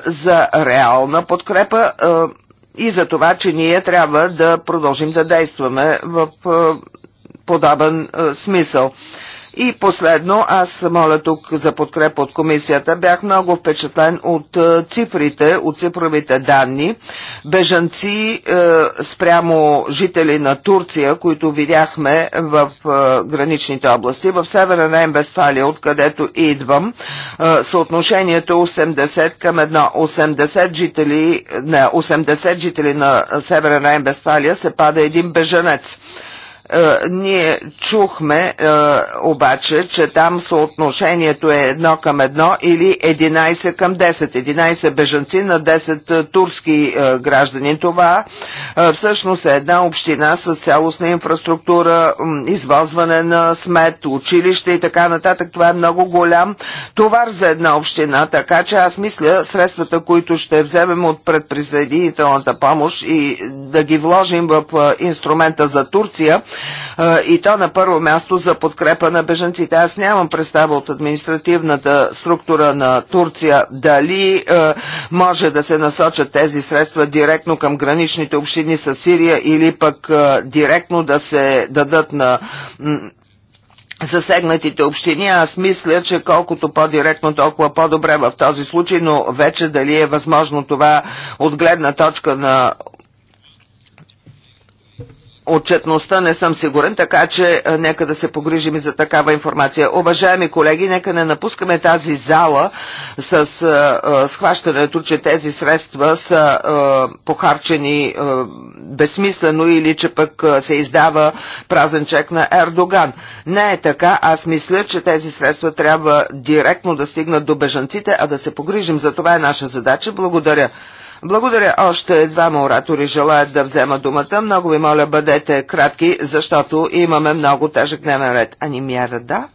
за реална подкрепа и за това, че ние трябва да продължим да действаме в подобен смисъл. И последно, аз моля тук за подкрепа от комисията, бях много впечатлен от е, цифрите, от цифровите данни. Бежанци е, спрямо жители на Турция, които видяхме в е, граничните области, в Севера на Вестфалия, откъдето идвам, е, съотношението 80 е към 1. 80 жители, не, 80 жители на севера на Вестфалия се пада един бежанец. Е, ние чухме е, обаче, че там съотношението е едно към едно или 11 към 10. 11 бежанци на 10 е, турски е, граждани. Това е, всъщност е една община с цялостна инфраструктура, извозване на смет, училище и така нататък. Това е много голям товар за една община, така че аз мисля средствата, които ще вземем от предприсъединителната помощ и да ги вложим в е, инструмента за Турция, и то на първо място за подкрепа на бежанците. Аз нямам представа от административната структура на Турция дали може да се насочат тези средства директно към граничните общини с Сирия или пък директно да се дадат на засегнатите общини. Аз мисля, че колкото по-директно, толкова по-добре в този случай, но вече дали е възможно това от гледна точка на отчетността не съм сигурен, така че нека да се погрижим и за такава информация. Уважаеми колеги, нека не напускаме тази зала с а, схващането, че тези средства са а, похарчени а, безсмислено или че пък се издава празен чек на Ердоган. Не е така. Аз мисля, че тези средства трябва директно да стигнат до бежанците, а да се погрижим. За това е наша задача. Благодаря. Благодаря още двама оратори желаят да взема думата. Много ви моля, бъдете кратки, защото имаме много тежък дневен ред. мяра, да?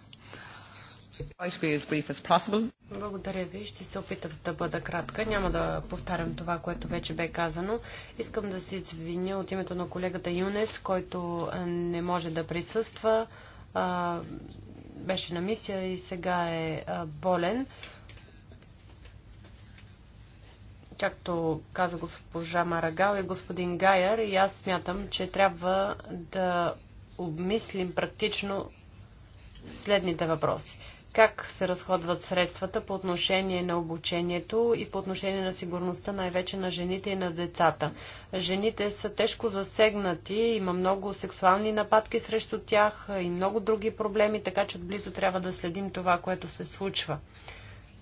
Благодаря ви. Ще се опитам да бъда кратка. Няма да повтарям това, което вече бе казано. Искам да се извиня от името на колегата Юнес, който не може да присъства. Беше на мисия и сега е болен. Както каза госпожа Марагал и господин Гайер, и аз смятам, че трябва да обмислим практично следните въпроси. Как се разходват средствата по отношение на обучението и по отношение на сигурността, най-вече на жените и на децата? Жените са тежко засегнати, има много сексуални нападки срещу тях и много други проблеми, така че отблизо трябва да следим това, което се случва.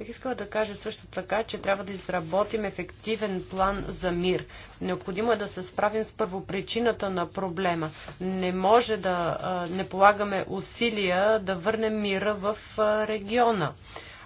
Бих искала да кажа също така, че трябва да изработим ефективен план за мир. Необходимо е да се справим с първопричината на проблема. Не може да не полагаме усилия да върнем мира в региона.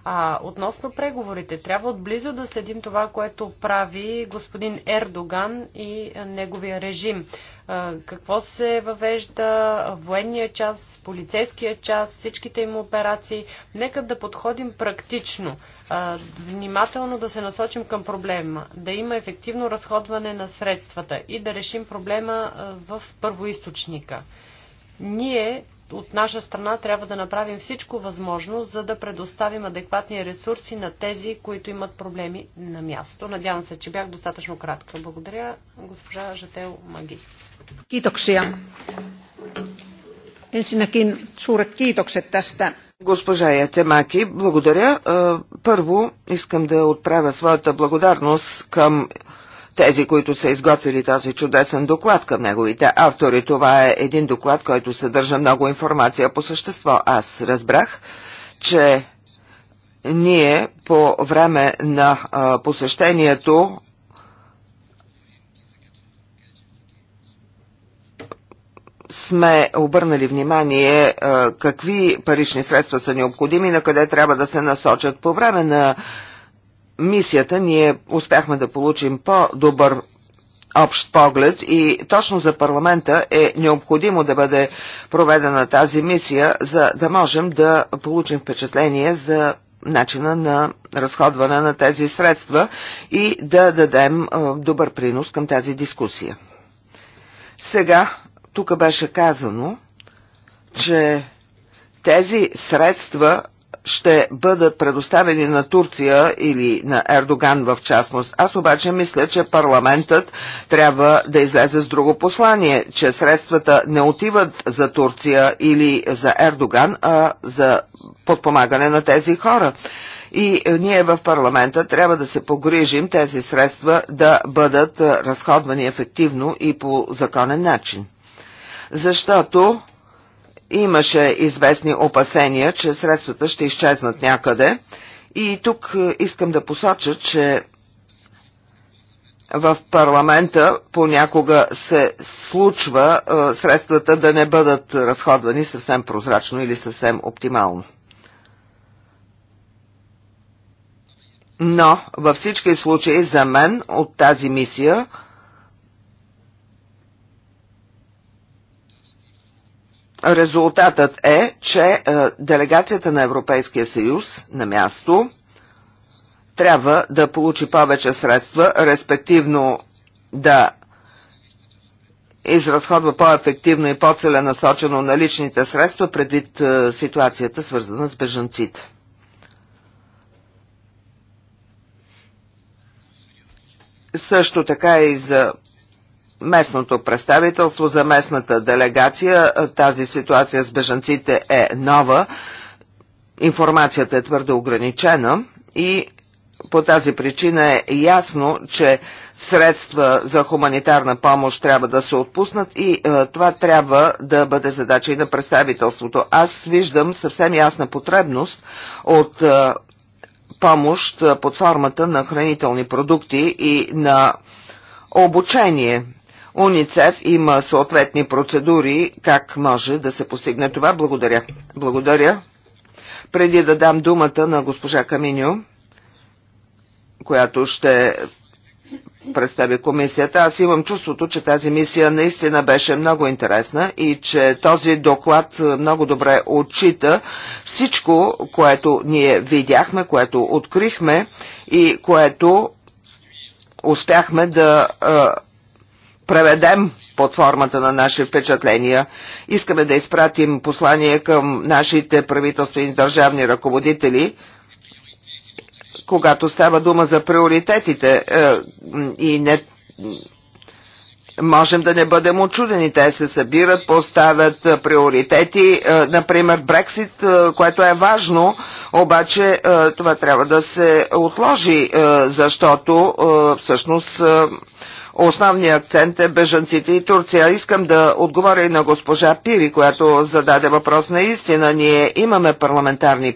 А, относно преговорите, трябва отблизо да следим това, което прави господин Ердоган и неговия режим. А, какво се въвежда, военния час, полицейския час, всичките им операции. Нека да подходим практично, а, внимателно да се насочим към проблема, да има ефективно разходване на средствата и да решим проблема в първоисточника. Ние от наша страна трябва да направим всичко възможно, за да предоставим адекватни ресурси на тези, които имат проблеми на място. Надявам се, че бях достатъчно кратка. Благодаря, госпожа Жател Маги. Kiitoksia. Ensinnäkin suuret kiitokset tästä. Госпожа Ятемаки, благодаря. Е, първо искам да отправя своята благодарност към тези, които са изготвили този чудесен доклад към неговите автори. Това е един доклад, който съдържа много информация по същество. Аз разбрах, че ние по време на а, посещението сме обърнали внимание а, какви парични средства са необходими, на къде трябва да се насочат. По време на мисията ние успяхме да получим по-добър общ поглед и точно за парламента е необходимо да бъде проведена тази мисия, за да можем да получим впечатление за начина на разходване на тези средства и да дадем добър принос към тази дискусия. Сега, тук беше казано, че тези средства ще бъдат предоставени на Турция или на Ердоган в частност. Аз обаче мисля, че парламентът трябва да излезе с друго послание, че средствата не отиват за Турция или за Ердоган, а за подпомагане на тези хора и ние в парламента трябва да се погрижим тези средства да бъдат разходвани ефективно и по законен начин. Защото имаше известни опасения, че средствата ще изчезнат някъде. И тук е, искам да посоча, че в парламента понякога се случва е, средствата да не бъдат разходвани съвсем прозрачно или съвсем оптимално. Но във всички случаи за мен от тази мисия – Резултатът е, че е, делегацията на Европейския съюз на място трябва да получи повече средства, респективно да изразходва по-ефективно и по-целенасочено наличните средства предвид е, ситуацията, свързана с бежанците. Също така и за местното представителство, за местната делегация. Е, тази ситуация с бежанците е нова. Информацията е твърде ограничена и по тази причина е ясно, че средства за хуманитарна помощ трябва да се отпуснат и е, това трябва да бъде задача и на представителството. Аз виждам съвсем ясна потребност от е, помощ е, под формата на хранителни продукти и на обучение УНИЦЕФ има съответни процедури, как може да се постигне това. Благодаря. Благодаря. Преди да дам думата на госпожа Каминю, която ще представи комисията, аз имам чувството, че тази мисия наистина беше много интересна и че този доклад много добре отчита всичко, което ние видяхме, което открихме и което успяхме да преведем под формата на наши впечатления. Искаме да изпратим послание към нашите правителствени държавни ръководители, когато става дума за приоритетите е, и не можем да не бъдем очудени. Те се събират, поставят приоритети, е, например Брексит, е, което е важно, обаче това трябва да се отложи, защото всъщност Основният акцент е бежанците и Турция. Искам да отговоря и на госпожа Пири, която зададе въпрос. Наистина ние имаме парламентарни е,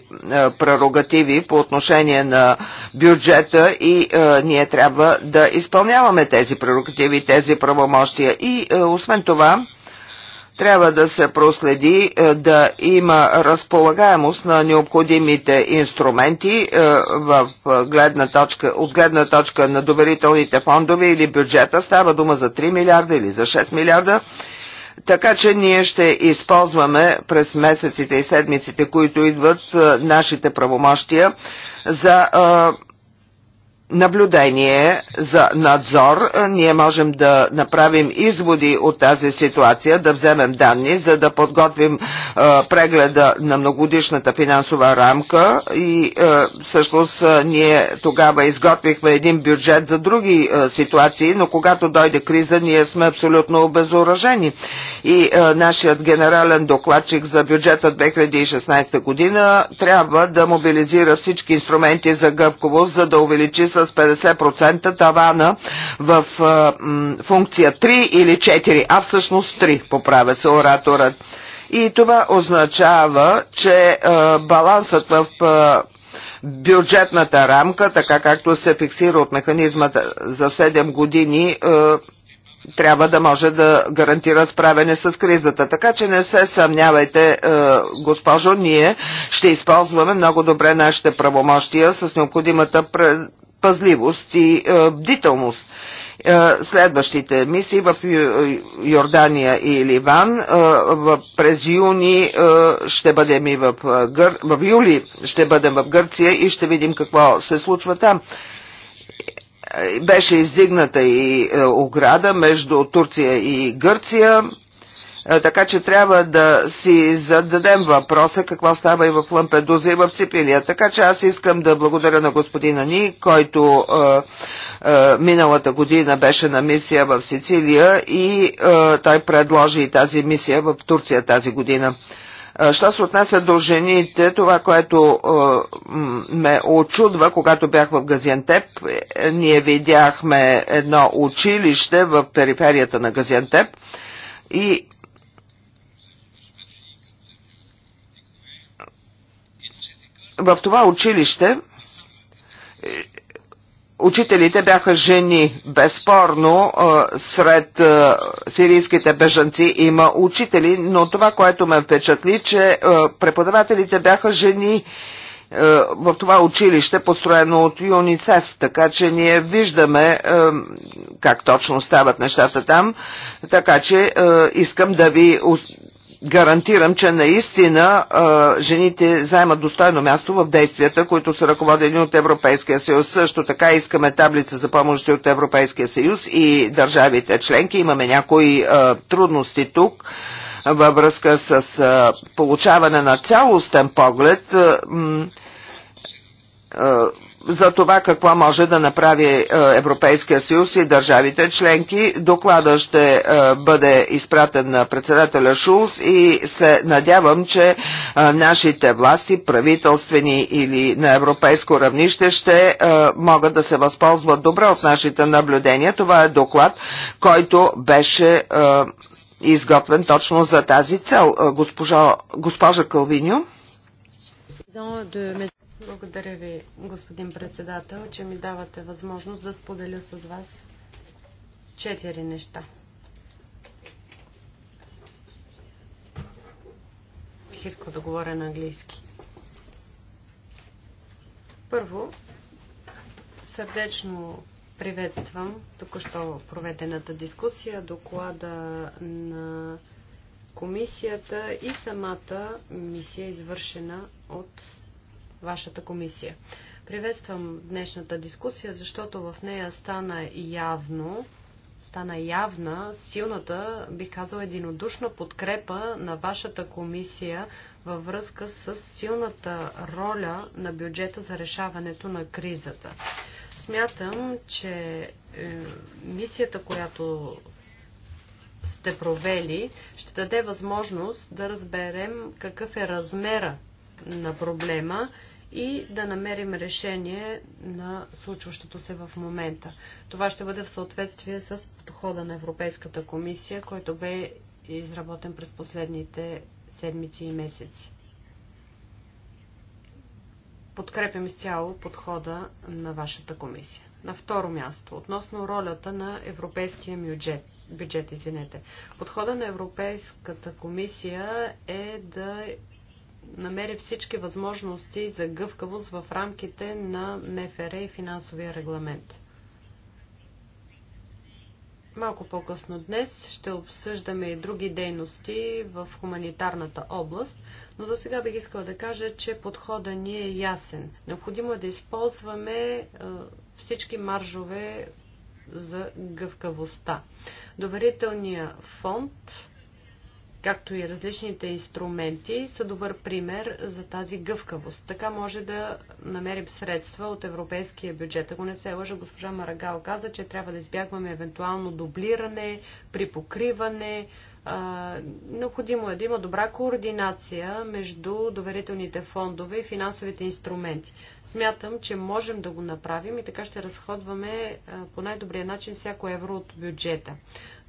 прерогативи по отношение на бюджета и е, ние трябва да изпълняваме тези прерогативи, тези правомощия. И е, освен това, трябва да се проследи е, да има разполагаемост на необходимите инструменти е, в е, гледна точка, от гледна точка на доверителните фондове или бюджета. Става дума за 3 милиарда или за 6 милиарда. Така че ние ще използваме през месеците и седмиците, които идват нашите правомощия за наблюдение, за надзор, ние можем да направим изводи от тази ситуация, да вземем данни, за да подготвим прегледа на многодишната финансова рамка и всъщност ние тогава изготвихме един бюджет за други ситуации, но когато дойде криза, ние сме абсолютно обезоръжени и е, нашият генерален докладчик за бюджета 2016 година трябва да мобилизира всички инструменти за гъвковост, за да увеличи с 50% тавана в е, м, функция 3 или 4, а всъщност 3, поправя се ораторът. И това означава, че е, балансът в е, бюджетната рамка, така както се фиксира от механизмата за 7 години, е, трябва да може да гарантира справяне с кризата. Така че не се съмнявайте, е, госпожо, ние ще използваме много добре нашите правомощия с необходимата пазливост и е, бдителност е, следващите мисии в Йордания и Ливан. През юни ще бъдем и в, Гър... в юли ще бъдем в Гърция и ще видим какво се случва там беше издигната и е, ограда между Турция и Гърция. Е, така че трябва да си зададем въпроса какво става и в Лампедуза и в Ципилия. Така че аз искам да благодаря на господина Ни, който е, е, миналата година беше на мисия в Сицилия и е, той предложи и тази мисия в Турция тази година. Що се отнася до жените, това, което ме очудва, когато бях в Газиантеп, е, ние видяхме едно училище в периферията на Газиантеп и в това училище е, Учителите бяха жени. Безспорно, сред сирийските бежанци има учители, но това, което ме впечатли, че преподавателите бяха жени в това училище, построено от ЮНИЦЕФ, така че ние виждаме как точно стават нещата там, така че искам да ви гарантирам, че наистина а, жените заемат достойно място в действията, които са ръководени от Европейския съюз. Също така искаме таблица за помощи от Европейския съюз и държавите членки. Имаме някои а, трудности тук във връзка с а, получаване на цялостен поглед. А, а, за това какво може да направи е, Европейския съюз и държавите членки. Доклада ще е, бъде изпратен на председателя Шулс и се надявам, че е, нашите власти, правителствени или на европейско равнище, ще могат да се възползват добре от нашите наблюдения. Това е доклад, който беше изготвен точно за тази цел. Госпожа, госпожа Калвиньо. Благодаря ви, господин председател, че ми давате възможност да споделя с вас четири неща. Бих искал да говоря на английски. Първо, сърдечно приветствам току-що проведената дискусия, доклада на комисията и самата мисия, извършена от вашата комисия. Приветствам днешната дискусия, защото в нея стана явно, стана явна силната, би казала, единодушна подкрепа на вашата комисия във връзка с силната роля на бюджета за решаването на кризата. Смятам, че е, мисията, която сте провели, ще даде възможност да разберем какъв е размера на проблема и да намерим решение на случващото се в момента. Това ще бъде в съответствие с подхода на Европейската комисия, който бе изработен през последните седмици и месеци. Подкрепям изцяло подхода на вашата комисия. На второ място, относно ролята на европейския бюджет. бюджет извинете. Подхода на Европейската комисия е да намери всички възможности за гъвкавост в рамките на МФР и финансовия регламент. Малко по-късно днес ще обсъждаме и други дейности в хуманитарната област, но за сега бих искала да кажа, че подхода ни е ясен. Необходимо е да използваме е, всички маржове за гъвкавостта. Доверителният фонд както и различните инструменти, са добър пример за тази гъвкавост. Така може да намерим средства от европейския бюджет. Ако не се лъжа, госпожа Марагал каза, че трябва да избягваме евентуално дублиране, припокриване, необходимо е да има добра координация между доверителните фондове и финансовите инструменти. Смятам, че можем да го направим и така ще разходваме по най-добрия начин всяко евро от бюджета.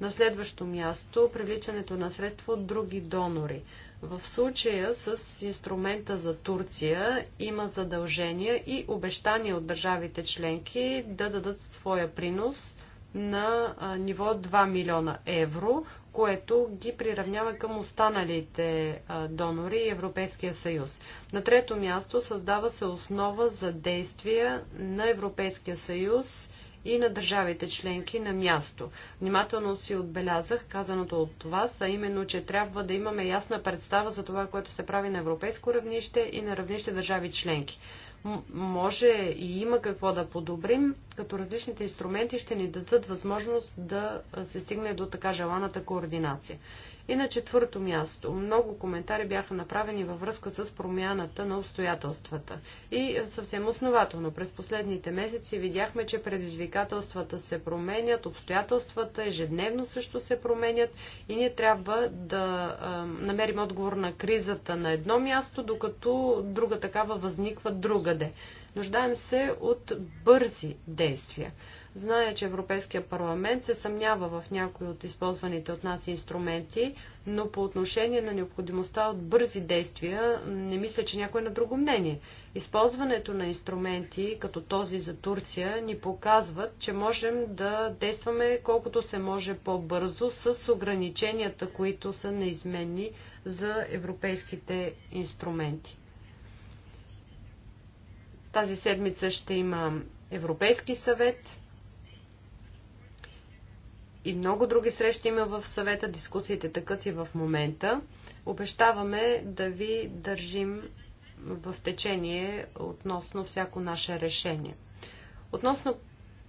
На следващо място привличането на средства от други донори. В случая с инструмента за Турция има задължения и обещания от държавите членки да дадат своя принос на ниво 2 милиона евро, което ги приравнява към останалите донори и Европейския съюз. На трето място създава се основа за действия на Европейския съюз и на държавите членки на място. Внимателно си отбелязах казаното от вас, а именно, че трябва да имаме ясна представа за това, което се прави на европейско равнище и на равнище държави членки може и има какво да подобрим, като различните инструменти ще ни дадат възможност да се стигне до така желаната координация. И на четвърто място, много коментари бяха направени във връзка с промяната на обстоятелствата. И съвсем основателно, през последните месеци видяхме, че предизвикателствата се променят, обстоятелствата ежедневно също се променят и ние трябва да а, намерим отговор на кризата на едно място, докато друга такава възниква другаде. Нуждаем се от бързи действия. Зная, че Европейския парламент се съмнява в някои от използваните от нас инструменти, но по отношение на необходимостта от бързи действия, не мисля, че някой е на друго мнение. Използването на инструменти, като този за Турция, ни показват, че можем да действаме колкото се може по-бързо с ограниченията, които са неизменни за европейските инструменти. Тази седмица ще има Европейски съвет и много други срещи има в съвета, дискусиите такът и в момента. Обещаваме да ви държим в течение относно всяко наше решение. Относно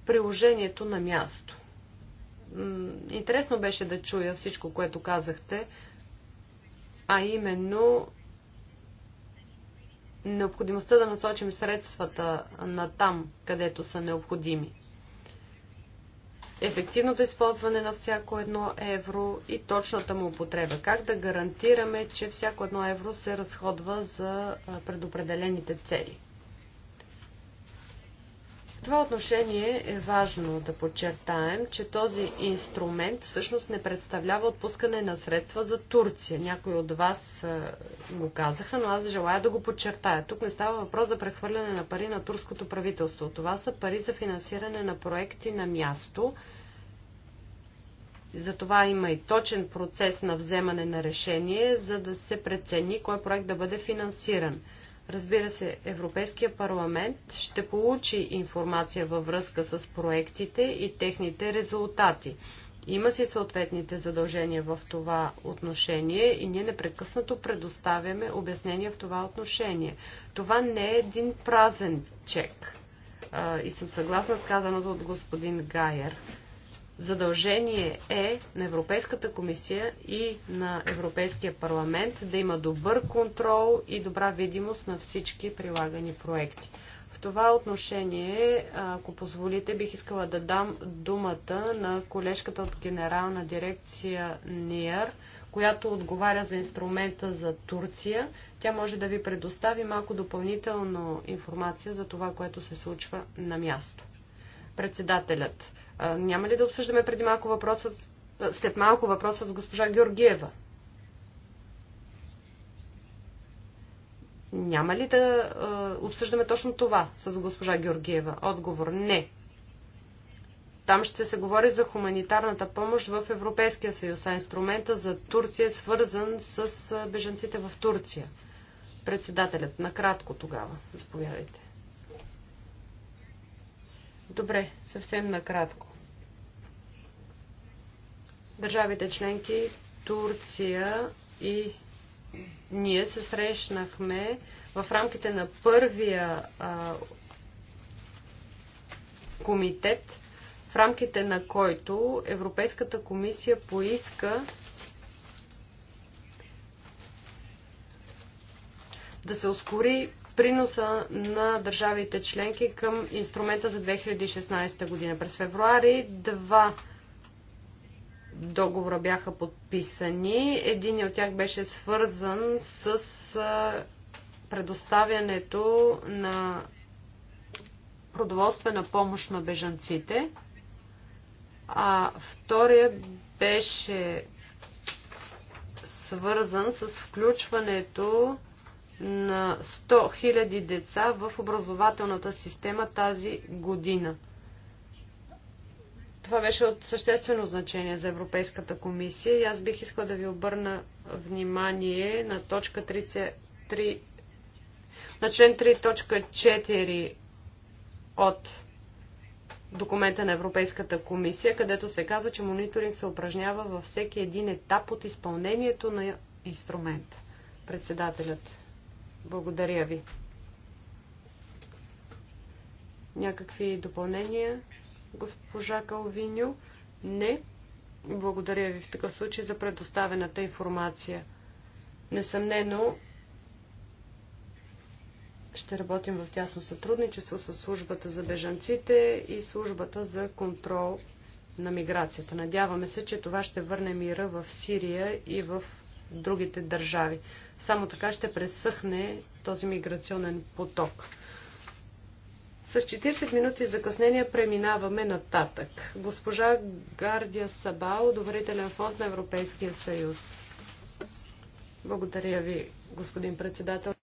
приложението на място. Интересно беше да чуя всичко, което казахте, а именно необходимостта да насочим средствата на там, където са необходими ефективното използване на всяко едно евро и точната му употреба. Как да гарантираме, че всяко едно евро се разходва за предопределените цели? това отношение е важно да подчертаем, че този инструмент всъщност не представлява отпускане на средства за Турция. Някои от вас го казаха, но аз желая да го подчертая. Тук не става въпрос за прехвърляне на пари на турското правителство. Това са пари за финансиране на проекти на място. Затова има и точен процес на вземане на решение, за да се прецени кой проект да бъде финансиран. Разбира се, Европейския парламент ще получи информация във връзка с проектите и техните резултати. Има си съответните задължения в това отношение и ние непрекъснато предоставяме обяснения в това отношение. Това не е един празен чек. И съм съгласна с казаното от господин Гайер. Задължение е на Европейската комисия и на Европейския парламент да има добър контрол и добра видимост на всички прилагани проекти. В това отношение, ако позволите, бих искала да дам думата на колежката от генерална дирекция НИАР, която отговаря за инструмента за Турция. Тя може да ви предостави малко допълнително информация за това, което се случва на място. Председателят. Няма ли да обсъждаме преди малко въпросът, след малко въпросът с госпожа Георгиева? Няма ли да обсъждаме точно това с госпожа Георгиева? Отговор не. Там ще се говори за хуманитарната помощ в Европейския съюз, а инструмента за Турция е свързан с беженците в Турция. Председателят, накратко тогава, заповядайте. Добре, съвсем накратко. Държавите членки, Турция и ние се срещнахме в рамките на първия а, комитет, в рамките на който Европейската комисия поиска да се ускори приноса на държавите членки към инструмента за 2016 година. През февруари два договора бяха подписани. Един от тях беше свързан с предоставянето на продоволствена помощ на бежанците, а втория беше свързан с включването на 100 000 деца в образователната система тази година. Това беше от съществено значение за Европейската комисия и аз бих искала да ви обърна внимание на точка 3, на член 3.4 от документа на Европейската комисия, където се казва, че мониторинг се упражнява във всеки един етап от изпълнението на инструмента. Председателят, благодаря ви. Някакви допълнения? госпожа Калвиньо? Не. Благодаря ви в такъв случай за предоставената информация. Несъмнено, ще работим в тясно сътрудничество с службата за бежанците и службата за контрол на миграцията. Надяваме се, че това ще върне мира в Сирия и в другите държави. Само така ще пресъхне този миграционен поток. С 40 минути закъснение преминаваме нататък. Госпожа Гардия Сабао, доверителен фонд на Европейския съюз. Благодаря ви, господин председател.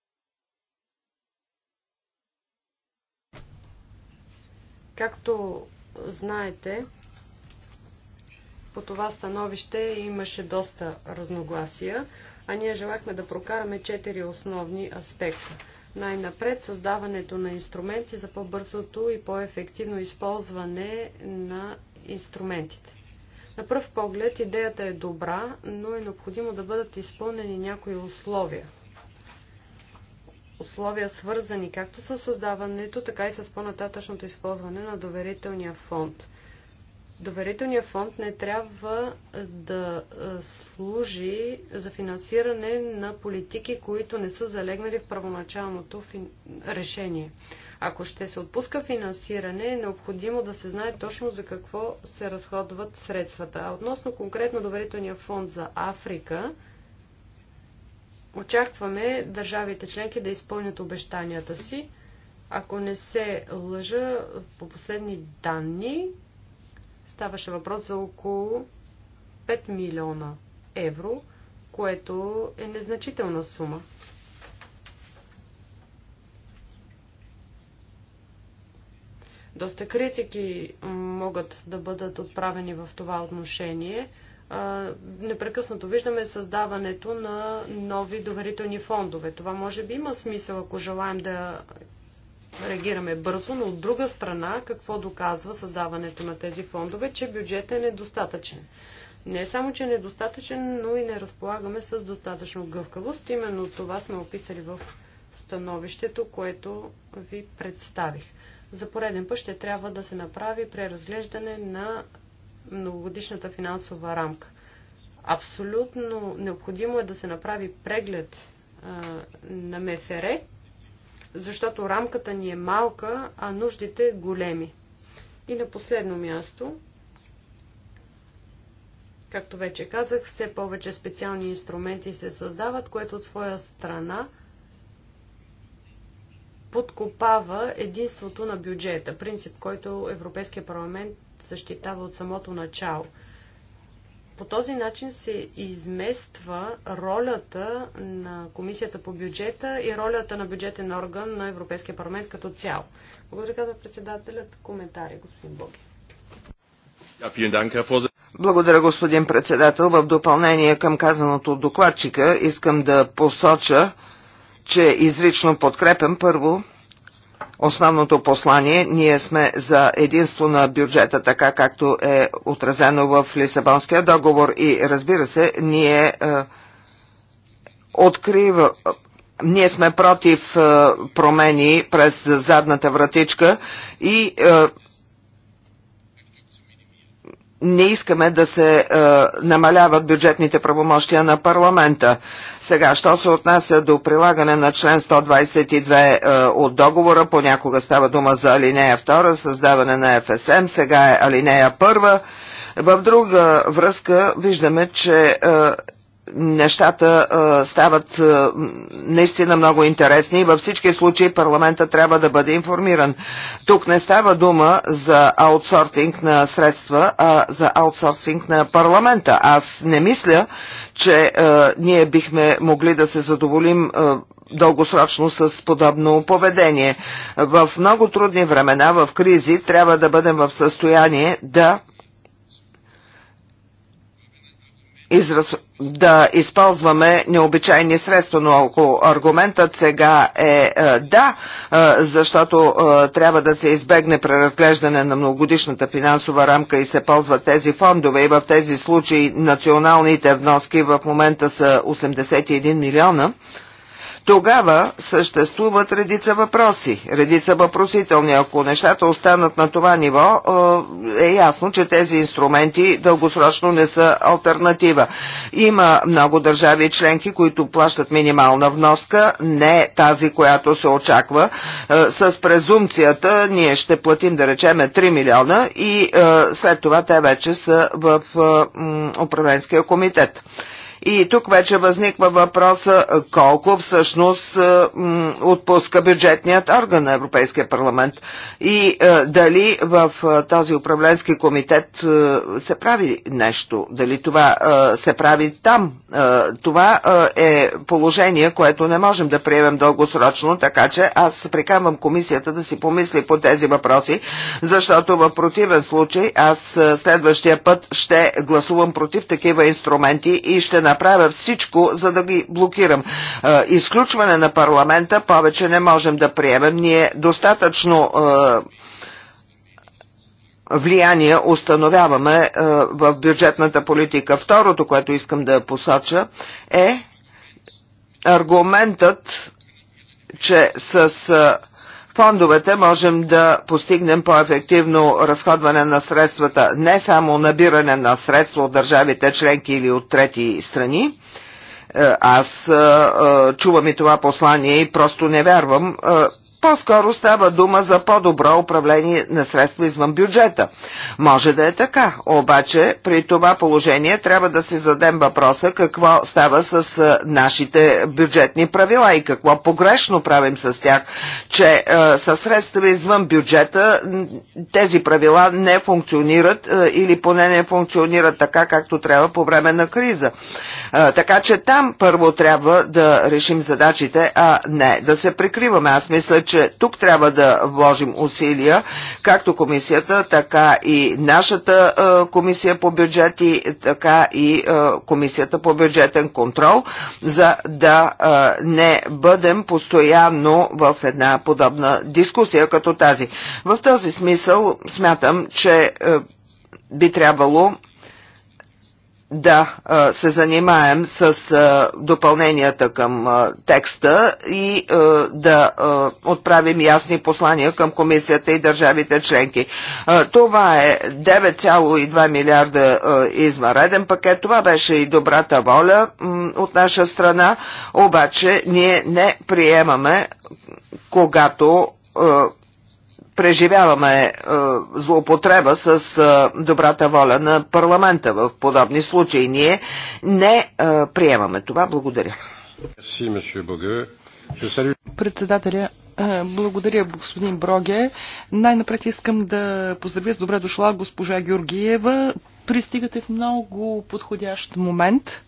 Както знаете, по това становище имаше доста разногласия, а ние желахме да прокараме четири основни аспекта. Най-напред създаването на инструменти за по-бързото и по-ефективно използване на инструментите. На пръв поглед идеята е добра, но е необходимо да бъдат изпълнени някои условия. Условия свързани както с създаването, така и с по-нататъчното използване на доверителния фонд – Доверителният фонд не трябва да служи за финансиране на политики, които не са залегнали в първоначалното решение. Ако ще се отпуска финансиране, е необходимо да се знае точно за какво се разходват средствата. А относно конкретно доверителния фонд за Африка, очакваме държавите членки да изпълнят обещанията си. Ако не се лъжа, по последни данни, Ставаше въпрос за около 5 милиона евро, което е незначителна сума. Доста критики могат да бъдат отправени в това отношение. Непрекъснато виждаме създаването на нови доверителни фондове. Това може би има смисъл, ако желаем да реагираме бързо, но от друга страна, какво доказва създаването на тези фондове, че бюджетът е недостатъчен. Не само, че е недостатъчен, но и не разполагаме с достатъчно гъвкавост. Именно това сме описали в становището, което ви представих. За пореден път ще трябва да се направи преразглеждане на многогодишната финансова рамка. Абсолютно необходимо е да се направи преглед а, на МФР, защото рамката ни е малка, а нуждите големи. И на последно място, както вече казах, все повече специални инструменти се създават, което от своя страна подкопава единството на бюджета, принцип, който Европейския парламент защитава от самото начало – по този начин се измества ролята на Комисията по бюджета и ролята на бюджетен орган на Европейския парламент като цяло. Благодаря, казва председателят. Коментари, господин Боги. Благодаря, господин председател. В допълнение към казаното от докладчика искам да посоча, че изрично подкрепям първо основното послание. Ние сме за единство на бюджета, така както е отразено в Лисабонския договор и разбира се, ние е, открива, ние сме против е, промени през задната вратичка и е, не искаме да се е, намаляват бюджетните правомощия на парламента. Сега, що се отнася до прилагане на член 122 е, от договора, понякога става дума за алинея 2, създаване на ФСМ, сега е алинея 1. В друга връзка виждаме, че е, нещата а, стават а, наистина много интересни и във всички случаи парламента трябва да бъде информиран. Тук не става дума за аутсортинг на средства, а за аутсорсинг на парламента. Аз не мисля, че а, ние бихме могли да се задоволим а, дългосрочно с подобно поведение. В много трудни времена, в кризи, трябва да бъдем в състояние да израз, да използваме необичайни средства, но ако аргументът сега е, е да, е, защото е, трябва да се избегне преразглеждане на многогодишната финансова рамка и се ползват тези фондове и в тези случаи националните вноски в момента са 81 милиона, тогава съществуват редица въпроси, редица въпросителни. Ако нещата останат на това ниво, е, е ясно, че тези инструменти дългосрочно не са альтернатива. Има много държави и членки, които плащат минимална вноска, не тази, която се очаква. Е, с презумцията ние ще платим, да речеме, 3 милиона и е, след това те вече са в управленския комитет. И тук вече възниква въпроса колко всъщност е, отпуска бюджетният орган на Европейския парламент и е, дали в е, този управленски комитет се прави нещо, дали това се прави там. Това е положение, което не можем да приемем дългосрочно, така че аз приканвам комисията да си помисли по тези въпроси, защото в противен случай аз следващия път ще гласувам против такива инструменти и ще направя всичко, за да ги блокирам. Е, изключване на парламента повече не можем да приемем. Ние достатъчно е, влияние установяваме е, в бюджетната политика. Второто, което искам да посоча е аргументът, че с фондовете можем да постигнем по-ефективно разходване на средствата, не само набиране на средства от държавите членки или от трети страни. Е, аз е, е, чувам и това послание и просто не вярвам. По-скоро става дума за по-добро управление на средства извън бюджета. Може да е така, обаче при това положение трябва да си задем въпроса какво става с нашите бюджетни правила и какво погрешно правим с тях, че е, с средства извън бюджета тези правила не функционират е, или поне не функционират така, както трябва по време на криза. Е, така че там първо трябва да решим задачите, а не да се прикриваме. Аз мисля, че тук трябва да вложим усилия, както комисията, така и нашата е, комисия по бюджети, така и е, комисията по бюджетен контрол, за да е, не бъдем постоянно в една подобна дискусия като тази. В този смисъл смятам, че би трябвало да се занимаем с допълненията към текста и да отправим ясни послания към комисията и държавите членки. Това е 9,2 милиарда измареден пакет. Това беше и добрата воля от наша страна, обаче ние не приемаме когато преживяваме е, злоупотреба с е, добрата воля на парламента в подобни случаи. Ние не е, приемаме това. Благодаря. Председателя, благодаря, господин Броге. Най-напред искам да поздравя с добре дошла госпожа Георгиева. Пристигате в много подходящ момент.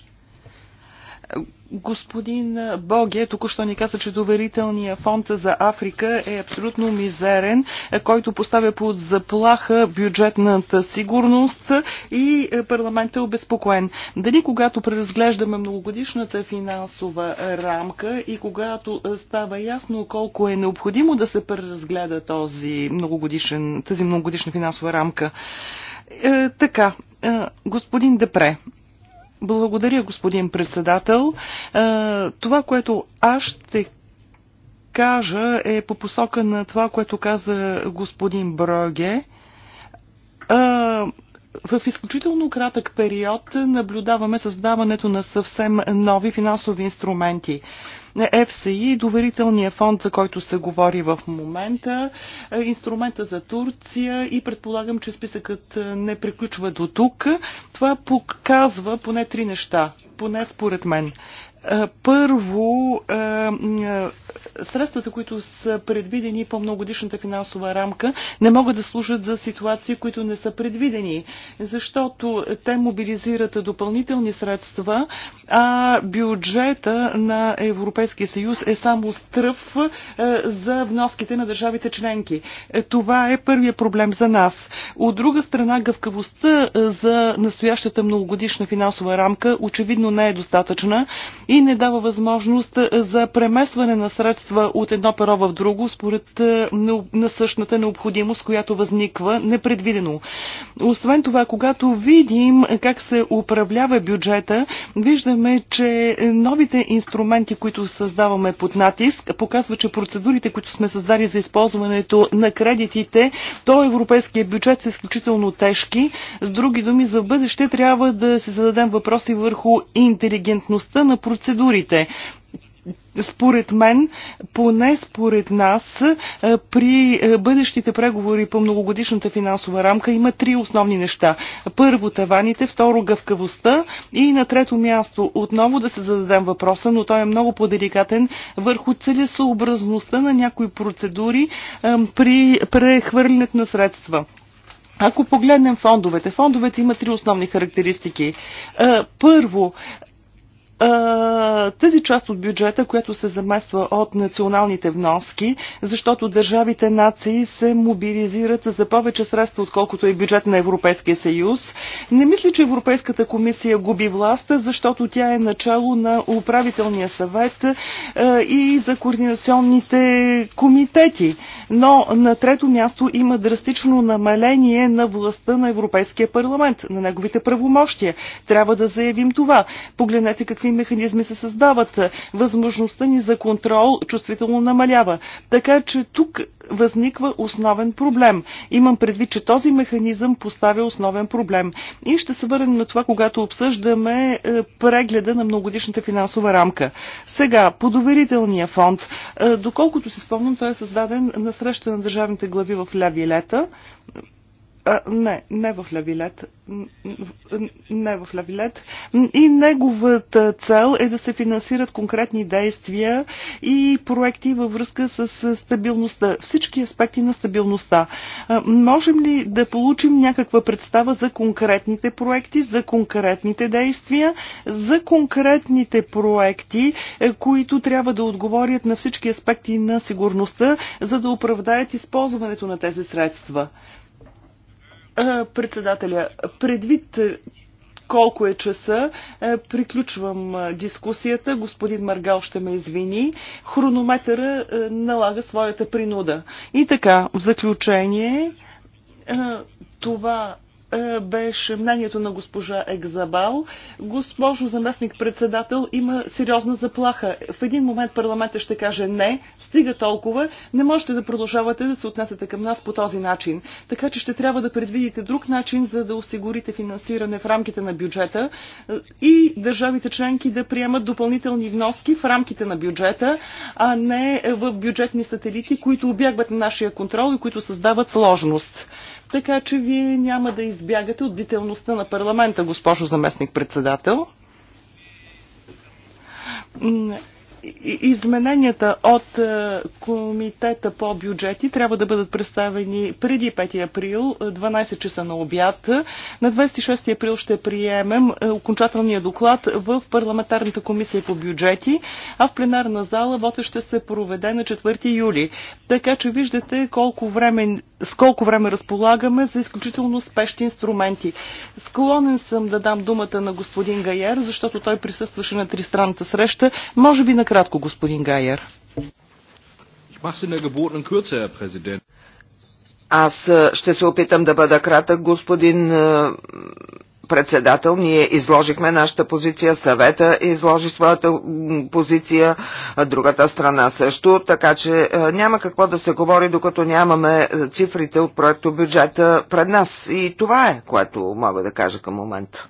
Господин Боге току-що ни каза, че доверителният фонд за Африка е абсолютно мизерен, който поставя под заплаха бюджетната сигурност и парламентът е обезпокоен. Дали когато преразглеждаме многогодишната финансова рамка и когато става ясно колко е необходимо да се преразгледа този многогодишен, тази многогодишна финансова рамка? Е, така, е, господин Депре, благодаря, господин председател. Е, това, което аз ще кажа е по посока на това, което каза господин Броге. Е, в изключително кратък период наблюдаваме създаването на съвсем нови финансови инструменти. ФСИ, доверителния фонд, за който се говори в момента, е, инструмента за Турция и предполагам, че списъкът е, не приключва до тук. Това показва поне три неща, поне според мен е, първо средствата, които са предвидени по многодишната финансова рамка, не могат да служат за ситуации, които не са предвидени, защото те мобилизират допълнителни средства, а бюджета на Европейския съюз е само стръв е, за вноските на държавите членки. Е, това е първият проблем за нас. От друга страна, гъвкавостта е, за настоящата многогодишна финансова рамка очевидно не е достатъчна и не дава възможност за преместване на средства премества от едно перо в друго според е, насъщната необходимост, която възниква непредвидено. Освен това, когато видим как се управлява бюджета, виждаме, че новите инструменти, които създаваме под натиск, показва, че процедурите, които сме създали за използването на кредитите, то европейския бюджет са изключително тежки. С други думи, за бъдеще трябва да си зададем въпроси върху интелигентността на процедурите според мен, поне според нас, е, при е, бъдещите преговори по многогодишната финансова рамка има три основни неща. Първо таваните, второ гъвкавостта и на трето място отново да се зададем въпроса, но той е много по-деликатен върху целесообразността на някои процедури е, при прехвърлянето на средства. Ако погледнем фондовете, фондовете има три основни характеристики. Първо, тази част от бюджета, която се замества от националните вноски, защото държавите нации се мобилизират за повече средства, отколкото е бюджет на Европейския съюз. Не мисля, че Европейската комисия губи властта, защото тя е начало на управителния съвет и за координационните комитети. Но на трето място има драстично намаление на властта на Европейския парламент, на неговите правомощия. Трябва да заявим това. Погледнете какви какви механизми се създават. Възможността ни за контрол чувствително намалява. Така че тук възниква основен проблем. Имам предвид, че този механизъм поставя основен проблем. И ще се върнем на това, когато обсъждаме е, прегледа на многодишната финансова рамка. Сега, по доверителния фонд. Е, доколкото си спомням, той е създаден на среща на държавните глави в Ляви Лета не, не в Лавилет. Не в Лавилет. И неговата цел е да се финансират конкретни действия и проекти във връзка с стабилността. Всички аспекти на стабилността. можем ли да получим някаква представа за конкретните проекти, за конкретните действия, за конкретните проекти, е, които трябва да отговорят на всички аспекти на сигурността, за да оправдаят използването на тези средства? Председателя, предвид е, колко е часа. Е, приключвам е, дискусията. Господин Маргал ще ме извини. Хронометъра налага своята принуда. И така, в заключение, това е, беше мнението на госпожа Екзабал. Госпожо заместник-председател, има сериозна заплаха. В един момент парламента ще каже не, стига толкова, не можете да продължавате да се отнесете към нас по този начин. Така че ще трябва да предвидите друг начин, за да осигурите финансиране в рамките на бюджета е, и държавите членки да приемат допълнителни вноски в рамките на бюджета, а не в бюджетни сателити, които обягват на нашия контрол и които създават сложност така че вие няма да избягате от бдителността на парламента, госпожо заместник-председател измененията от е, комитета по бюджети трябва да бъдат представени преди 5 април, 12 е, часа на обяд. На 26 април ще приемем е, окончателния доклад в парламентарната комисия по бюджети, а в пленарна зала вота ще се проведе на 4 юли. Така че виждате колко време, с колко време разполагаме за изключително спешни инструменти. Склонен съм да дам думата на господин Гайер, защото той присъстваше на тристранната среща. Може би на накратко, господин Гайер. Аз ще се опитам да бъда кратък, господин председател, ние изложихме нашата позиция, съвета изложи своята позиция, другата страна също, така че няма какво да се говори, докато нямаме цифрите от проекто бюджета пред нас. И това е, което мога да кажа към момента.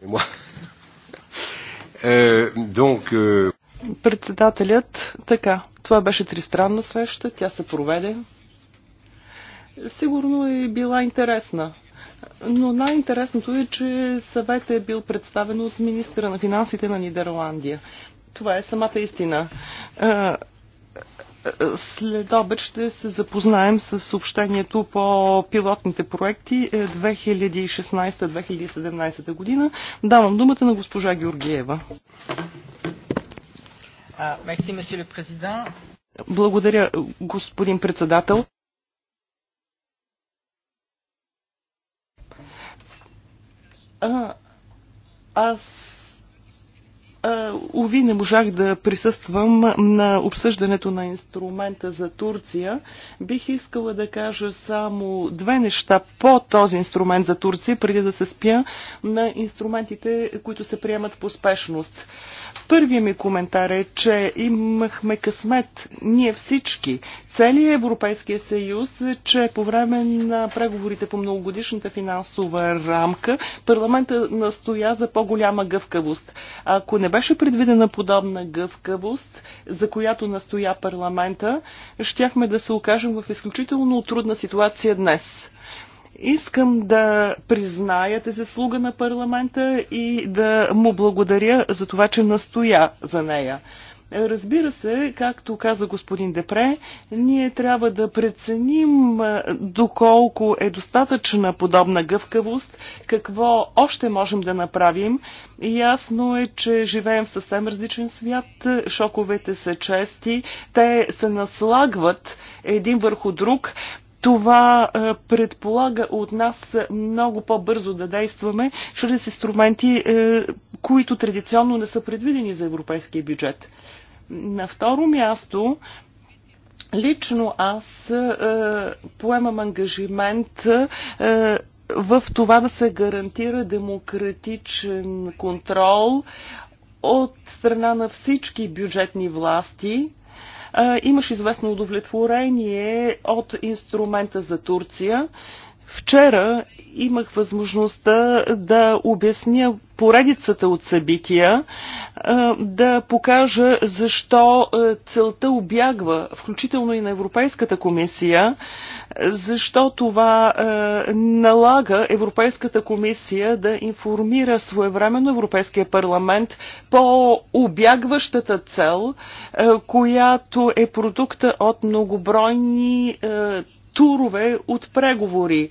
Euh, euh, Председателят, така, това беше тристранна среща, тя се проведе. Сигурно е била интересна. Но най-интересното е, че съветът е бил представен от министра на финансите на Нидерландия. Това е самата истина. Е, след обед ще се запознаем с съобщението по пилотните проекти 2016-2017 е, година. Давам думата на госпожа Георгиева. Благодаря, господин председател. аз Ови не можах да присъствам на обсъждането на инструмента за Турция. Бих искала да кажа само две неща по този инструмент за Турция, преди да се спя на инструментите, които се приемат по спешност. Първият ми коментар е, че имахме късмет, ние всички, целият Европейския съюз, че по време на преговорите по многогодишната финансова рамка парламента настоя за по-голяма гъвкавост. Ако не беше предвидена подобна гъвкавост, за която настоя парламента, щяхме да се окажем в изключително трудна ситуация днес. Искам да призная тази слуга на парламента и да му благодаря за това, че настоя за нея. Разбира се, както каза господин Депре, ние трябва да преценим доколко е достатъчна подобна гъвкавост, какво още можем да направим. Ясно е, че живеем в съвсем различен свят, шоковете са чести, те се наслагват един върху друг това е, предполага от нас много по-бързо да действаме чрез инструменти, е, които традиционно не са предвидени за европейския бюджет. На второ място, лично аз е, поемам ангажимент в това да се гарантира демократичен контрол от страна на всички бюджетни власти, Имаш известно удовлетворение от инструмента за Турция. Вчера имах възможността да обясня поредицата от събития, да покажа защо целта обягва, включително и на Европейската комисия, защо това налага Европейската комисия да информира своевременно Европейския парламент по обягващата цел, която е продукта от многобройни турове от преговори.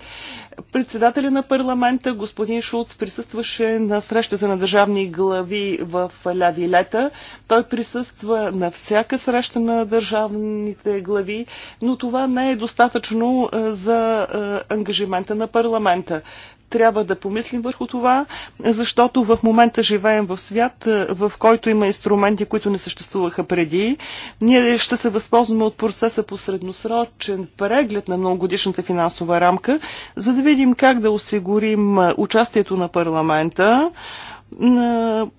Председателя на парламента, господин Шулц, присъстваше на срещата на държавни глави в Ляви лета. Той присъства на всяка среща на държавните глави, но това не е достатъчно за ангажимента на парламента трябва да помислим върху това, защото в момента живеем в свят, е, в който има инструменти, които не съществуваха преди. Ние ще се възползваме от процеса по средносрочен преглед на многогодишната финансова рамка, за да видим как да осигурим е, участието на парламента е,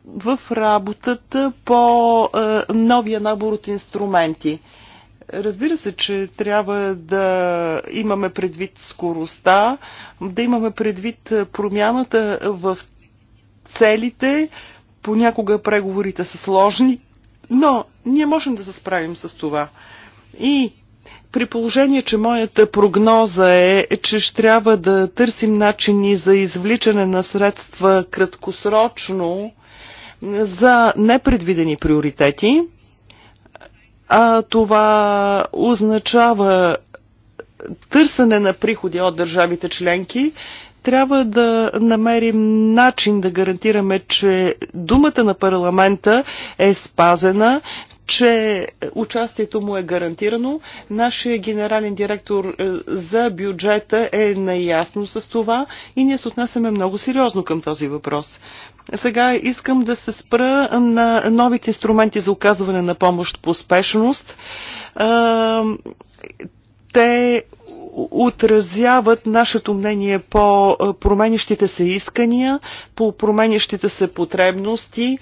в работата по новия набор от инструменти. Разбира се, че трябва да имаме предвид скоростта, да имаме предвид промяната в целите. Понякога преговорите са сложни, но ние можем да се справим с това. И при положение, че моята прогноза е, че ще трябва да търсим начини за извличане на средства краткосрочно за непредвидени приоритети, а това означава търсене на приходи от държавите членки, трябва да намерим начин да гарантираме, че думата на парламента е спазена, че участието му е гарантирано. Нашия генерален директор е, за бюджета е наясно с това и ние се отнасяме много сериозно към този въпрос. Сега искам да се спра на новите инструменти за оказване на помощ по спешност. Е, те отразяват нашето мнение по променящите се искания, по променящите се потребности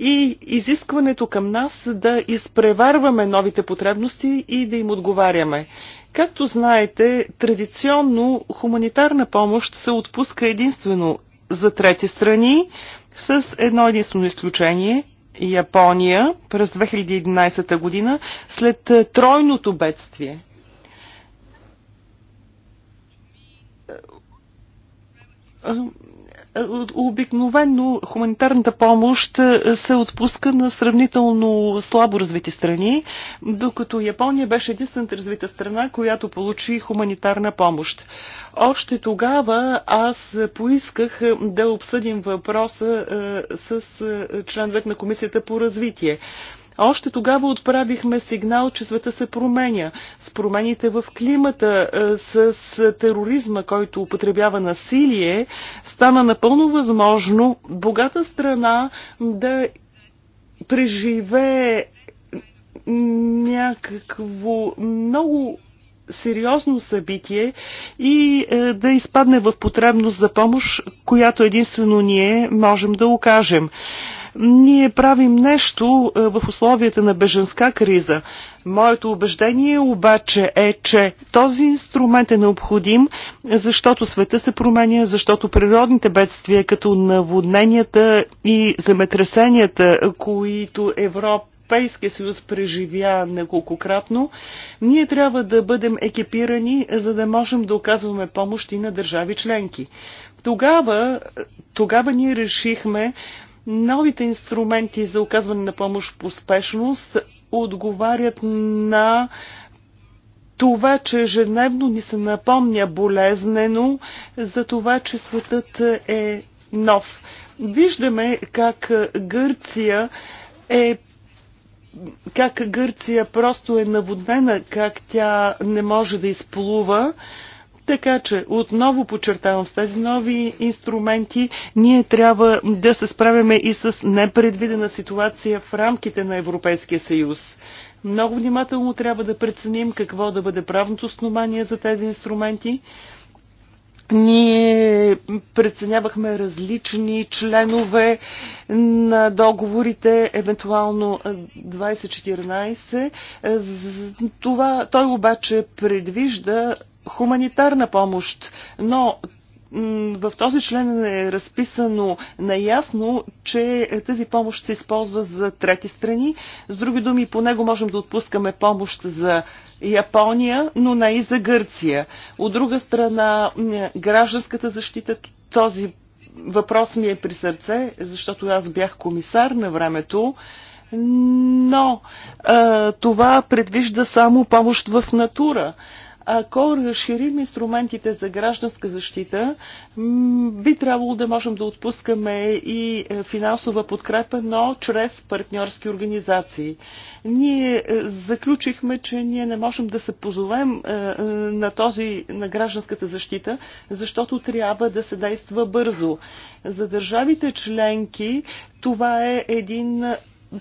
и изискването към нас да изпреварваме новите потребности и да им отговаряме. Както знаете, традиционно хуманитарна помощ се отпуска единствено за трети страни, с едно единствено изключение Япония през 2011 година след е, тройното бедствие. Е, Обикновено хуманитарната помощ е, се отпуска на сравнително слабо развити страни, докато Япония беше единствената развита страна, която получи хуманитарна помощ. Още тогава аз поисках да обсъдим въпроса е, с е, членовете на Комисията по развитие. Още тогава отправихме сигнал, че света се променя. С промените в климата, е, с тероризма, който употребява насилие, стана напълно възможно богата страна да преживее някакво много сериозно събитие и е, да изпадне в потребност за помощ, която единствено ние можем да окажем. Ние правим нещо е, в условията на беженска криза. Моето убеждение обаче е, че този инструмент е необходим, защото света се променя, защото природните бедствия, като наводненията и земетресенията, които Европа Европейския съюз преживя неколкократно, ние трябва да бъдем екипирани, за да можем да оказваме помощ и на държави членки. Тогава, е, тогава ние решихме Новите инструменти за оказване на помощ по спешност отговарят на това, че ежедневно ни се напомня болезнено за това, че светът е нов. Виждаме как Гърция е как Гърция просто е наводнена, как тя не може да изплува. Така че, отново подчертавам, с тези нови инструменти ние трябва да се справяме и с непредвидена ситуация в рамките на Европейския съюз. Много внимателно трябва да преценим какво да бъде правното основание за тези инструменти. Ние преценявахме различни членове на договорите, евентуално 2014. Това той обаче предвижда хуманитарна помощ, но в този член е разписано наясно, че тази помощ се използва за трети страни. С други думи, по него можем да отпускаме помощ за Япония, но не и за Гърция. От друга страна, гражданската защита, този въпрос ми е при сърце, защото аз бях комисар на времето, но а, това предвижда само помощ в натура. Ако разширим инструментите за гражданска защита, би трябвало да можем да отпускаме и е, финансова подкрепа, но чрез партньорски организации. Ние е, заключихме, че ние не можем да се позовем е, на този, на гражданската защита, защото трябва да се действа бързо. За държавите членки това е един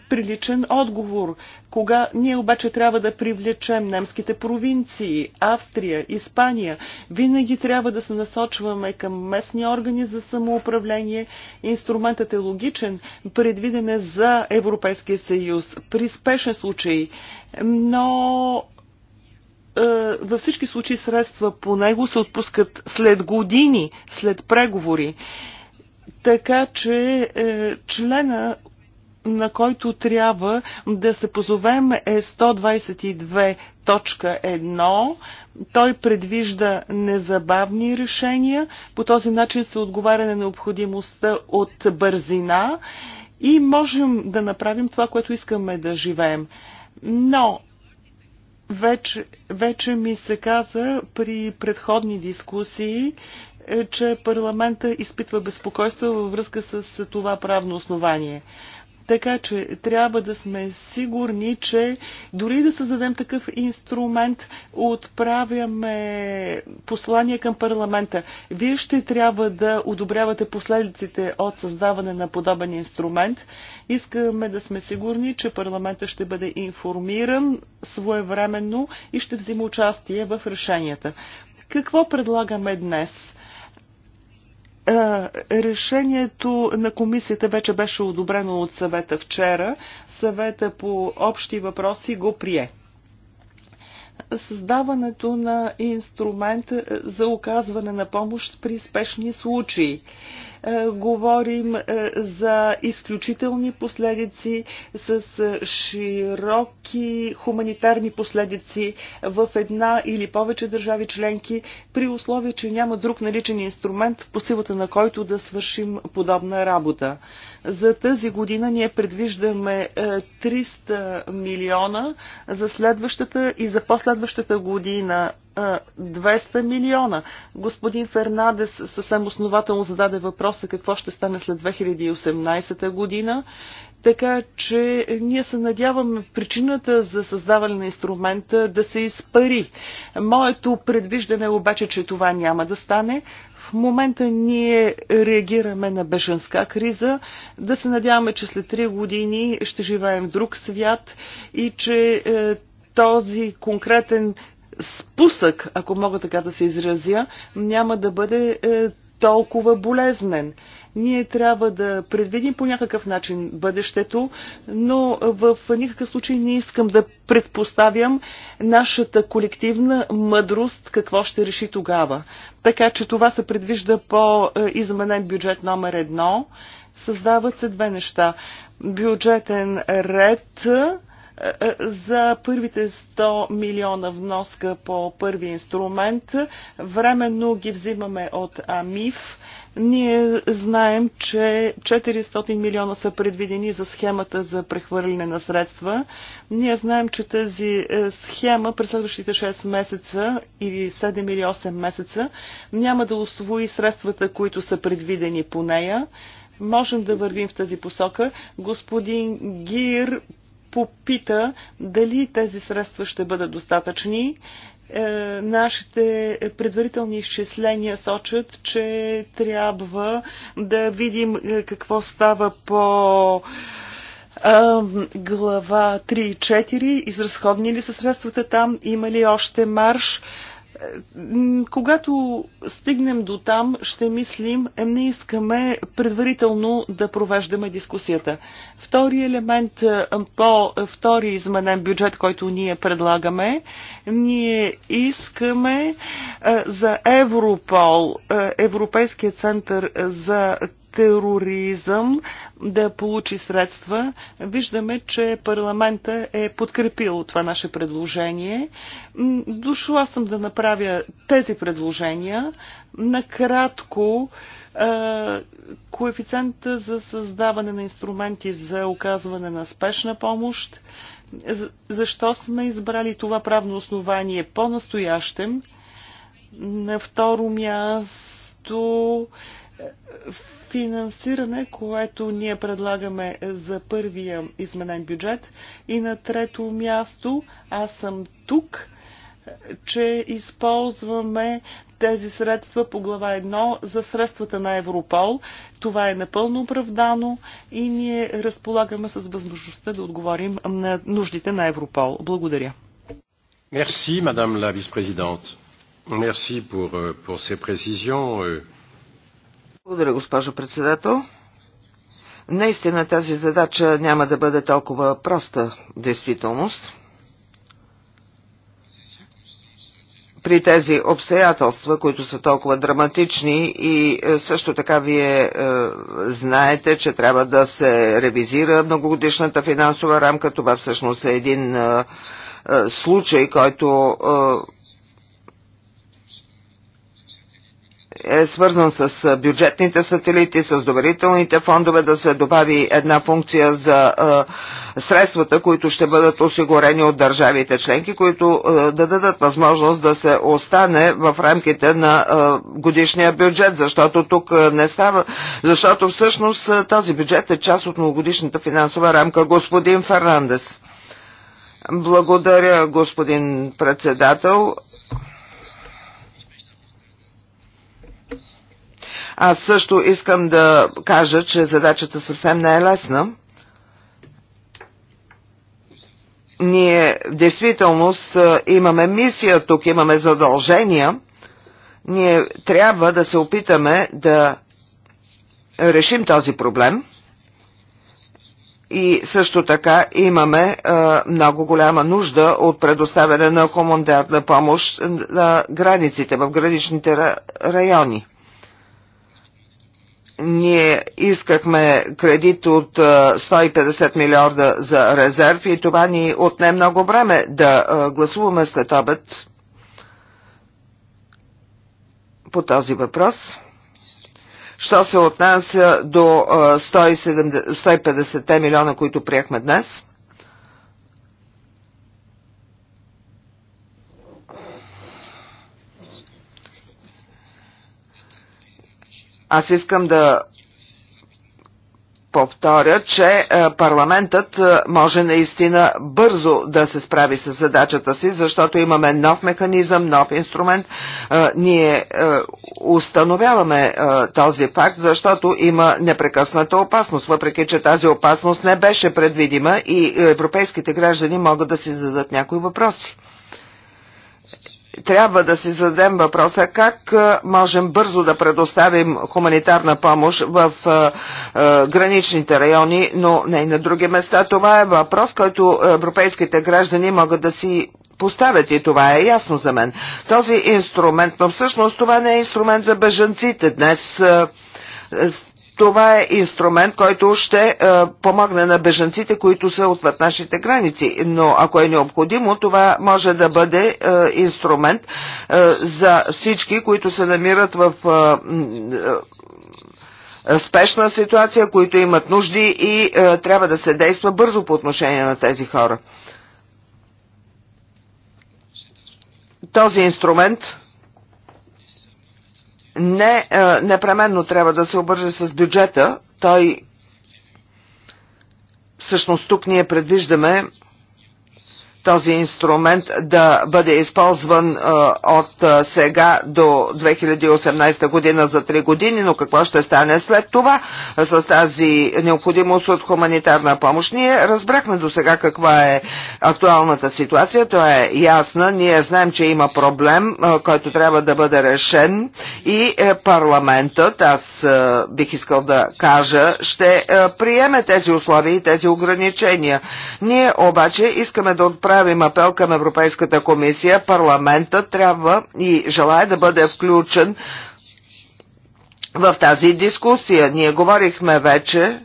приличен отговор. Кога ние обаче трябва да привлечем немските провинции, Австрия, Испания, винаги трябва да се насочваме към местни органи за самоуправление. Инструментът е логичен, предвиден е за Европейския съюз при спешен случай, но е, във всички случаи средства по него се отпускат след години, след преговори. Така че е, члена на който трябва да се позовем е 122.1. Той предвижда незабавни решения. По този начин се отговаря на необходимостта от бързина и можем да направим това, което искаме да живеем. Но вече, вече ми се каза при предходни дискусии, е, че парламента изпитва безпокойство във връзка с това правно основание. Така че трябва да сме сигурни, че дори да създадем такъв инструмент, отправяме послание към парламента. Вие ще трябва да одобрявате последиците от създаване на подобен инструмент. Искаме да сме сигурни, че парламента ще бъде информиран своевременно и ще взима участие в решенията. Какво предлагаме днес? Е, решението на комисията вече беше одобрено от съвета вчера. Съвета по общи въпроси го прие създаването на инструмент е, за оказване на помощ при спешни случаи. Е, говорим е, за изключителни последици с е, широки хуманитарни последици в една или повече държави членки, при условие, че няма друг наличен инструмент, по силата на който да свършим подобна работа. За тази година ние предвиждаме 300 милиона, за следващата и за последващата година 200 милиона. Господин Фернандес съвсем основателно зададе въпроса какво ще стане след 2018 година. Така че ние се надяваме причината за създаване на инструмента да се изпари. Моето предвиждане е обаче, че това няма да стане. В момента ние реагираме на беженска криза. Да се надяваме, че след 3 години ще живеем в друг свят и че е, този конкретен спусък, ако мога така да се изразя, няма да бъде е, толкова болезнен. Ние трябва да предвидим по някакъв начин бъдещето, но в никакъв случай не искам да предпоставям нашата колективна мъдрост какво ще реши тогава. Така че това се предвижда по е, изменен бюджет номер едно. Създават се две неща. Бюджетен ред за първите 100 милиона вноска по първи инструмент. Временно ги взимаме от АМИФ. Ние знаем, че 400 милиона са предвидени за схемата за прехвърляне на средства. Ние знаем, че тази е, схема през следващите 6 месеца или 7 или 8 месеца няма да освои средствата, които са предвидени по нея можем да вървим в тази посока. Господин Гир попита дали тези средства ще бъдат достатъчни. Е, нашите предварителни изчисления сочат, че трябва да видим е, какво става по е, глава 3 и 4, изразходни ли са средствата там, има ли още марш, когато стигнем до там, ще мислим, е, не искаме предварително да провеждаме дискусията. Втори елемент е, по втори изменен бюджет, който ние предлагаме, ние искаме е, за Европол, Европейския център за тероризъм да получи средства. Виждаме, че парламента е подкрепил това наше предложение. Дошла съм да направя тези предложения. Накратко, коефициента за създаване на инструменти за оказване на спешна помощ. Защо сме избрали това правно основание по-настоящем? На второ място финансиране, което ние предлагаме за първия изменен бюджет. И на трето място, аз съм тук, че използваме тези средства по глава 1 за средствата на Европол. Това е напълно оправдано и ние разполагаме с възможността да отговорим на нуждите на Европол. Благодаря. Merci, мадам la Vice-Présidente. Merci pour, euh, pour благодаря, госпожо председател. Наистина тази задача няма да бъде толкова проста действителност. при тези обстоятелства, които са толкова драматични и е, също така вие е, знаете, че трябва да се ревизира многогодишната финансова рамка. Това всъщност е един е, е случай, който е, е свързан с бюджетните сателити, с доверителните фондове, да се добави една функция за средствата, които ще бъдат осигурени от държавите членки, които да дадат възможност да се остане в рамките на годишния бюджет, защото тук не става, защото всъщност този бюджет е част от многогодишната финансова рамка. Господин Фернандес. Благодаря, господин председател. Аз също искам да кажа, че задачата съвсем не е лесна. Ние в действителност имаме мисия, тук имаме задължения. Ние трябва да се опитаме да решим този проблем. И също така имаме а, много голяма нужда от предоставяне на хуманитарна помощ на границите, в граничните райони ние искахме кредит от 150 милиарда за резерв и това ни отне много време да гласуваме след обед по този въпрос. Що се отнася до 150 милиона, които приехме днес? Аз искам да повторя, че е, парламентът е, може наистина бързо да се справи с задачата си, защото имаме нов механизъм, нов инструмент. Е, ние установяваме този факт, защото има непрекъсната опасност, въпреки че тази опасност не беше предвидима и европейските граждани могат да си зададат някои въпроси трябва да си зададем въпроса как можем бързо да предоставим хуманитарна помощ в граничните райони, но не и на други места. Това е въпрос, който европейските граждани могат да си поставят и това е ясно за мен. Този инструмент, но всъщност това не е инструмент за бежанците. Днес това е инструмент, който ще е, помогне на бежанците, които са отвъд нашите граници. Но ако е необходимо, това може да бъде е, инструмент е, за всички, които се намират в. Е, е, спешна ситуация, които имат нужди и е, трябва да се действа бързо по отношение на тези хора. Този инструмент не а, е, непременно трябва да се обърже с бюджета. Той всъщност тук ние предвиждаме този инструмент да бъде използван от сега до 2018 година за 3 години, но какво ще стане след това с тази необходимост от хуманитарна помощ? Ние разбрахме до сега каква е актуалната ситуация, Това е ясна, ние знаем, че има проблем, който трябва да бъде решен и е, парламентът, аз бих искал да кажа, ще приеме тези условия и тези ограничения. Ние обаче искаме да отправим отправим апел към Европейската комисия, парламента трябва и желая да бъде включен в тази дискусия. Ние говорихме вече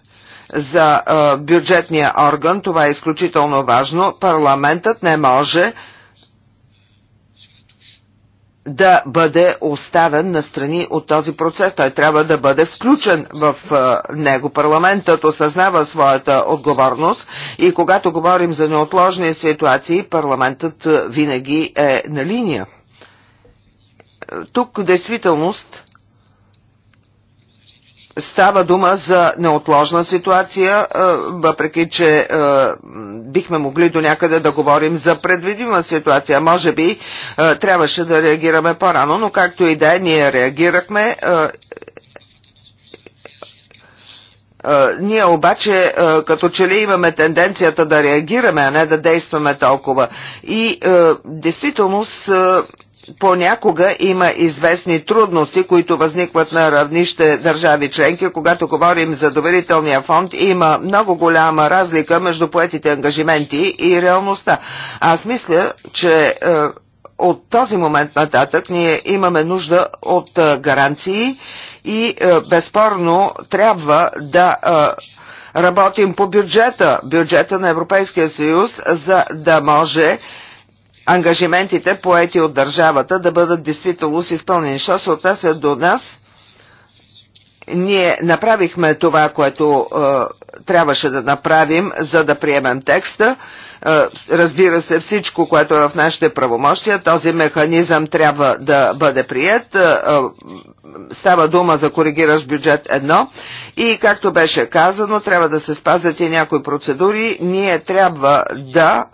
за бюджетния орган, това е изключително важно. Парламентът не може да бъде оставен на страни от този процес. Той трябва да бъде включен в него. Парламентът осъзнава своята отговорност и когато говорим за неотложни ситуации, парламентът винаги е на линия. Тук действителност Става дума за неотложна ситуация, е, въпреки че е, бихме могли до някъде да говорим за предвидима ситуация. Може би е, трябваше да реагираме по-рано, но както и да е, ние реагирахме ние обаче като че ли имаме тенденцията да реагираме, а не да действаме толкова. И действителност понякога има известни трудности, които възникват на равнище държави членки. Когато говорим за доверителния фонд, има много голяма разлика между поетите ангажименти и реалността. Аз мисля, че е, от този момент нататък ние имаме нужда от е, гаранции и е, безспорно трябва да е, работим по бюджета, бюджета на Европейския съюз, за да може ангажиментите, поети от държавата, да бъдат действително с изпълнени. Що се отнася до нас, ние направихме това, което е, трябваше да направим, за да приемем текста разбира се, всичко, което е в нашите правомощия. Този механизъм трябва да бъде прият. Става дума за коригираш бюджет едно. и, както беше казано, трябва да се спазят и някои процедури. Ние трябва да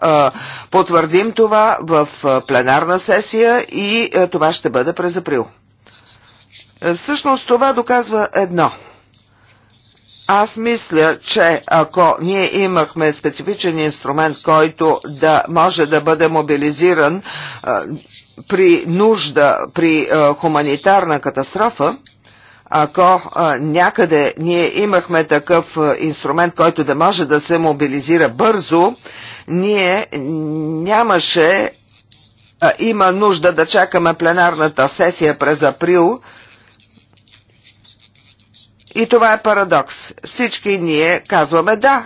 потвърдим това в пленарна сесия и това ще бъде през април. Всъщност това доказва едно – аз мисля, че ако ние имахме специфичен инструмент, който да може да бъде мобилизиран при нужда, при хуманитарна катастрофа, ако някъде ние имахме такъв инструмент, който да може да се мобилизира бързо, ние нямаше, има нужда да чакаме пленарната сесия през април, и това е парадокс. Всички ние казваме да,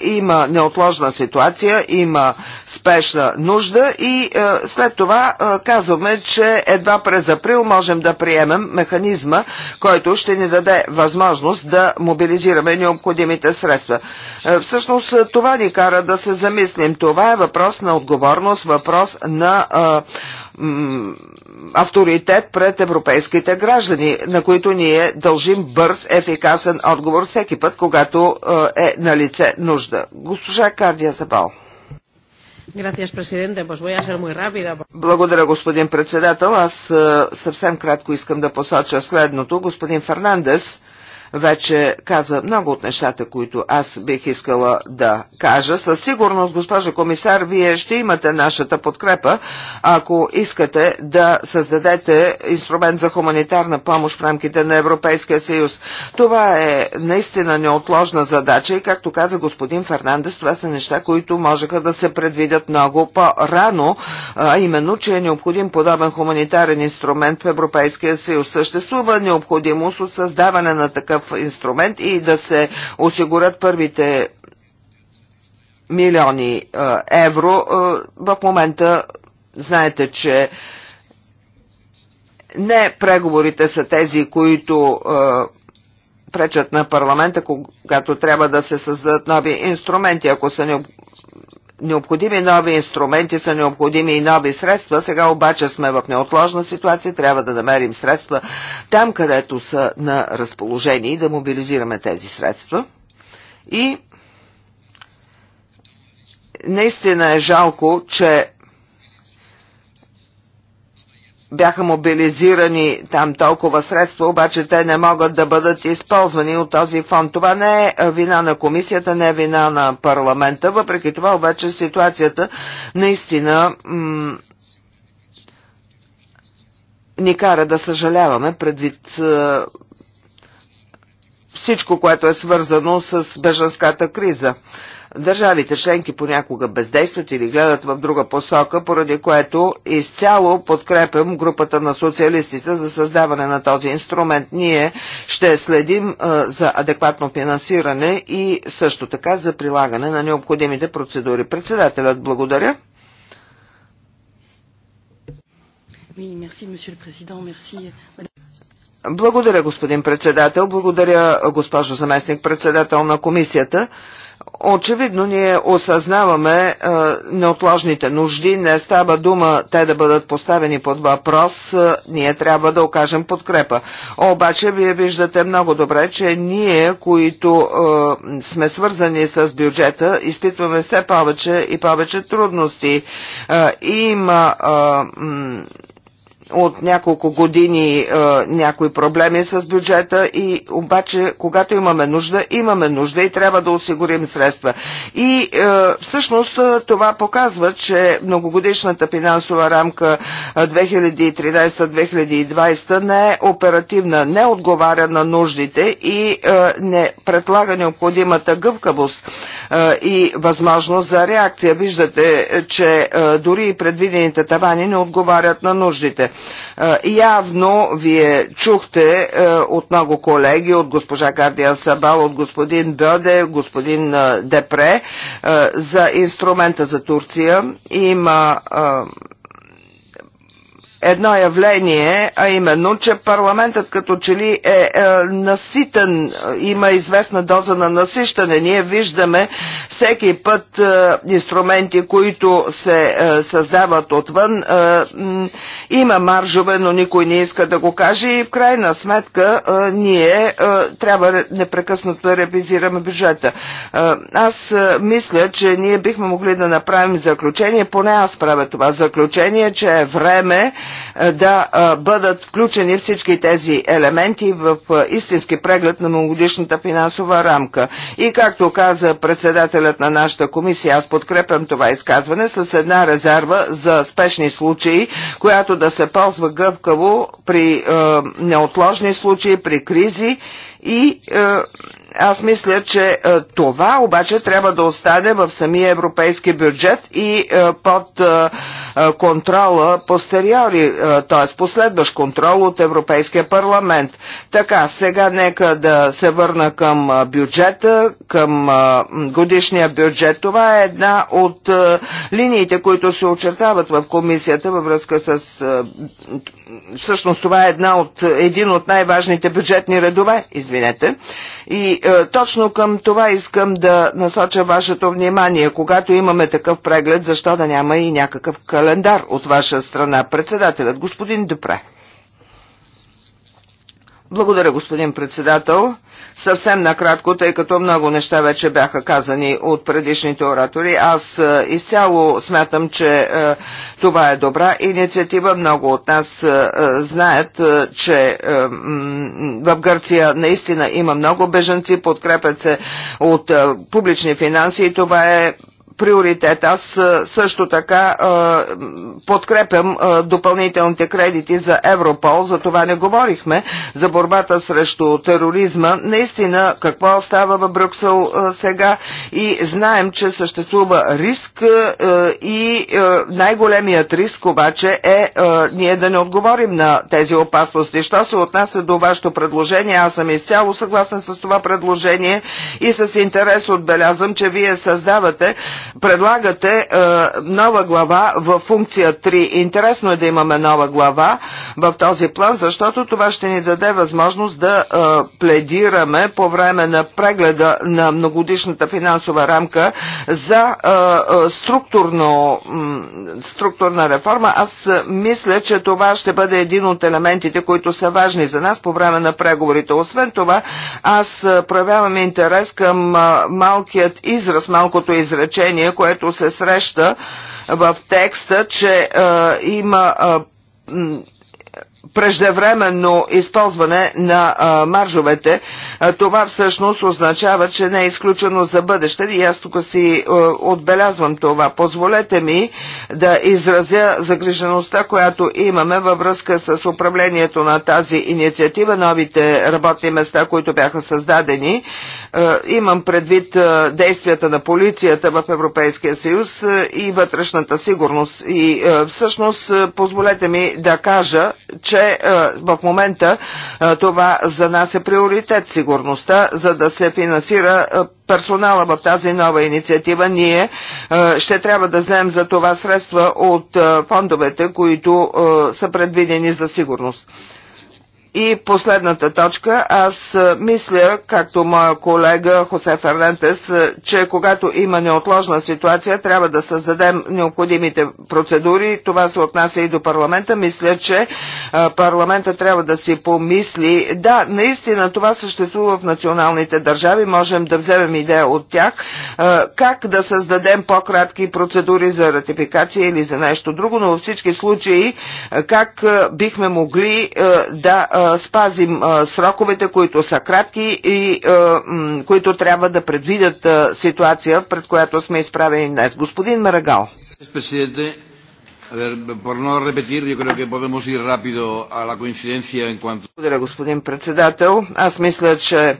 е, има неотложна ситуация, има спешна нужда и е, след това е, казваме, че едва през април можем да приемем механизма, който ще ни даде възможност да мобилизираме необходимите средства. Всъщност това ни кара да се замислим. Това е въпрос на отговорност, въпрос на авторитет пред европейските граждани, на които ние дължим бърз, ефикасен отговор всеки път, когато е, е на лице нужда. Госпожа Кардия Забал. Благодаря, господин председател. Аз е, съвсем кратко искам да посоча следното. Господин Фернандес, вече каза много от нещата, които аз бих искала да кажа. Със сигурност, госпожа комисар, вие ще имате нашата подкрепа, ако искате да създадете инструмент за хуманитарна помощ в рамките на Европейския съюз. Това е наистина неотложна задача и, както каза господин Фернандес, това са неща, които можеха да се предвидят много по-рано, а именно, че е необходим подобен хуманитарен инструмент в Европейския съюз. Съществува необходимост от създаване на такъв такъв инструмент и да се осигурят първите милиони евро. В момента знаете, че не преговорите са тези, които пречат на парламента, когато трябва да се създадат нови инструменти, ако са необходими нови инструменти, са необходими и нови средства. Сега обаче сме в неотложна ситуация, трябва да намерим средства там, където са на разположение и да мобилизираме тези средства. И наистина е жалко, че бяха мобилизирани там толкова средства, обаче те не могат да бъдат използвани от този фонд. Това не е вина на комисията, не е вина на парламента, въпреки това обаче ситуацията наистина ни кара да съжаляваме предвид е, всичко, което е свързано с бежанската криза. Държавите членки понякога бездействат или гледат в друга посока, поради което изцяло подкрепям групата на социалистите за създаване на този инструмент. Ние ще следим за адекватно финансиране и също така за прилагане на необходимите процедури. Председателят, благодаря. Благодаря, господин председател. Благодаря, госпожо заместник председател на комисията. Очевидно ние осъзнаваме е, неотложните нужди, не става дума те да бъдат поставени под въпрос, е, ние трябва да окажем подкрепа. Обаче вие виждате много добре, че ние, които е, сме свързани с бюджета, изпитваме все повече и повече трудности. Е, има е, от няколко години е, някои проблеми с бюджета и обаче когато имаме нужда, имаме нужда и трябва да осигурим средства. И е, всъщност е, това показва, че многогодишната финансова рамка 2013-2020 е, не е оперативна, не отговаря на нуждите и е, не предлага необходимата гъвкавост е, и възможност за реакция. Виждате, че е, дори и предвидените тавани не отговарят на нуждите. Е, явно вие чухте е, от много колеги, от госпожа Кардия Сабал, от господин Дъде, господин е, Депре, за инструмента за Турция. Има едно явление, а именно, че парламентът като че ли е, е наситен, има известна доза на насищане. Ние виждаме всеки път е, инструменти, които се е, създават отвън. Е, има маржове, но никой не иска да го каже и в крайна сметка е, ние е, трябва непрекъснато да ревизираме бюджета. Е, аз е, мисля, че ние бихме могли да направим заключение, поне аз правя това заключение, че е време е, да е, бъдат включени всички тези елементи в е, истински преглед на многогодишната финансова рамка. И както каза председателят на нашата комисия, аз подкрепям това изказване с една резерва за спешни случаи, която да се ползва гъвкаво при неотложни случаи, при кризи и е, аз мисля, че е, това обаче трябва да остане в самия европейски бюджет и е, под е, контрола постериори, т.е. последващ контрол от Европейския парламент. Така, сега нека да се върна към бюджета, към годишния бюджет. Това е една от линиите, които се очертават в комисията във връзка с... Всъщност това е една от, един от най-важните бюджетни редове, извинете. И е, точно към това искам да насоча вашето внимание. Когато имаме такъв преглед, защо да няма и някакъв календар от ваша страна? Председателят, господин Дупре. Благодаря, господин председател. Съвсем накратко, тъй като много неща вече бяха казани от предишните оратори, аз е, изцяло смятам, че е, това е добра инициатива. Много от нас е, знаят, че в Гърция наистина има много бежанци, подкрепят се от публични финанси и това е приоритет. Аз също така подкрепям допълнителните кредити за Европол, за това не говорихме, за борбата срещу тероризма. Наистина, какво става в Брюксел сега и знаем, че съществува риск и най-големият риск обаче е ние да не отговорим на тези опасности. Що се отнася до вашето предложение, аз съм изцяло съгласен с това предложение и с интерес отбелязвам, че вие създавате предлагате е, нова глава в функция 3. Интересно е да имаме нова глава в този план, защото това ще ни даде възможност да е, пледираме по време на прегледа на многодишната финансова рамка за е, е структурно, структурна реформа. Аз е, мисля, че това ще бъде един от елементите, които са важни за нас по време на преговорите. Освен това, аз е, проявявам интерес към малкият израз, малкото изречение изречение, което се среща в текста, че а, има а, преждевременно използване на а, маржовете. А, това всъщност означава, че не е изключено за бъдеще и аз тук си а, отбелязвам това. Позволете ми да изразя загрижеността, която имаме във връзка с управлението на тази инициатива, новите работни места, които бяха създадени. Е, имам предвид е, действията на полицията в Европейския съюз е, и вътрешната сигурност. И всъщност позволете ми да кажа, че в момента това за нас е приоритет сигурността, за да се финансира персонала в тази нова инициатива, ние ще трябва да вземем за това средства от фондовете, които са предвидени за сигурност. И последната точка, аз мисля, както моя колега Хосе Фернантес, че когато има неотложна ситуация, трябва да създадем необходимите процедури. Това се отнася и до парламента. Мисля, че парламента трябва да си помисли. Да, наистина това съществува в националните държави. Можем да вземем идея от тях. Как да създадем по-кратки процедури за ратификация или за нещо друго, но във всички случаи как бихме могли да спазим сроковете, които са кратки и които трябва да предвидят ситуация, пред която сме изправени днес. Господин Марагал. Благодаря, господин председател. Аз мисля, че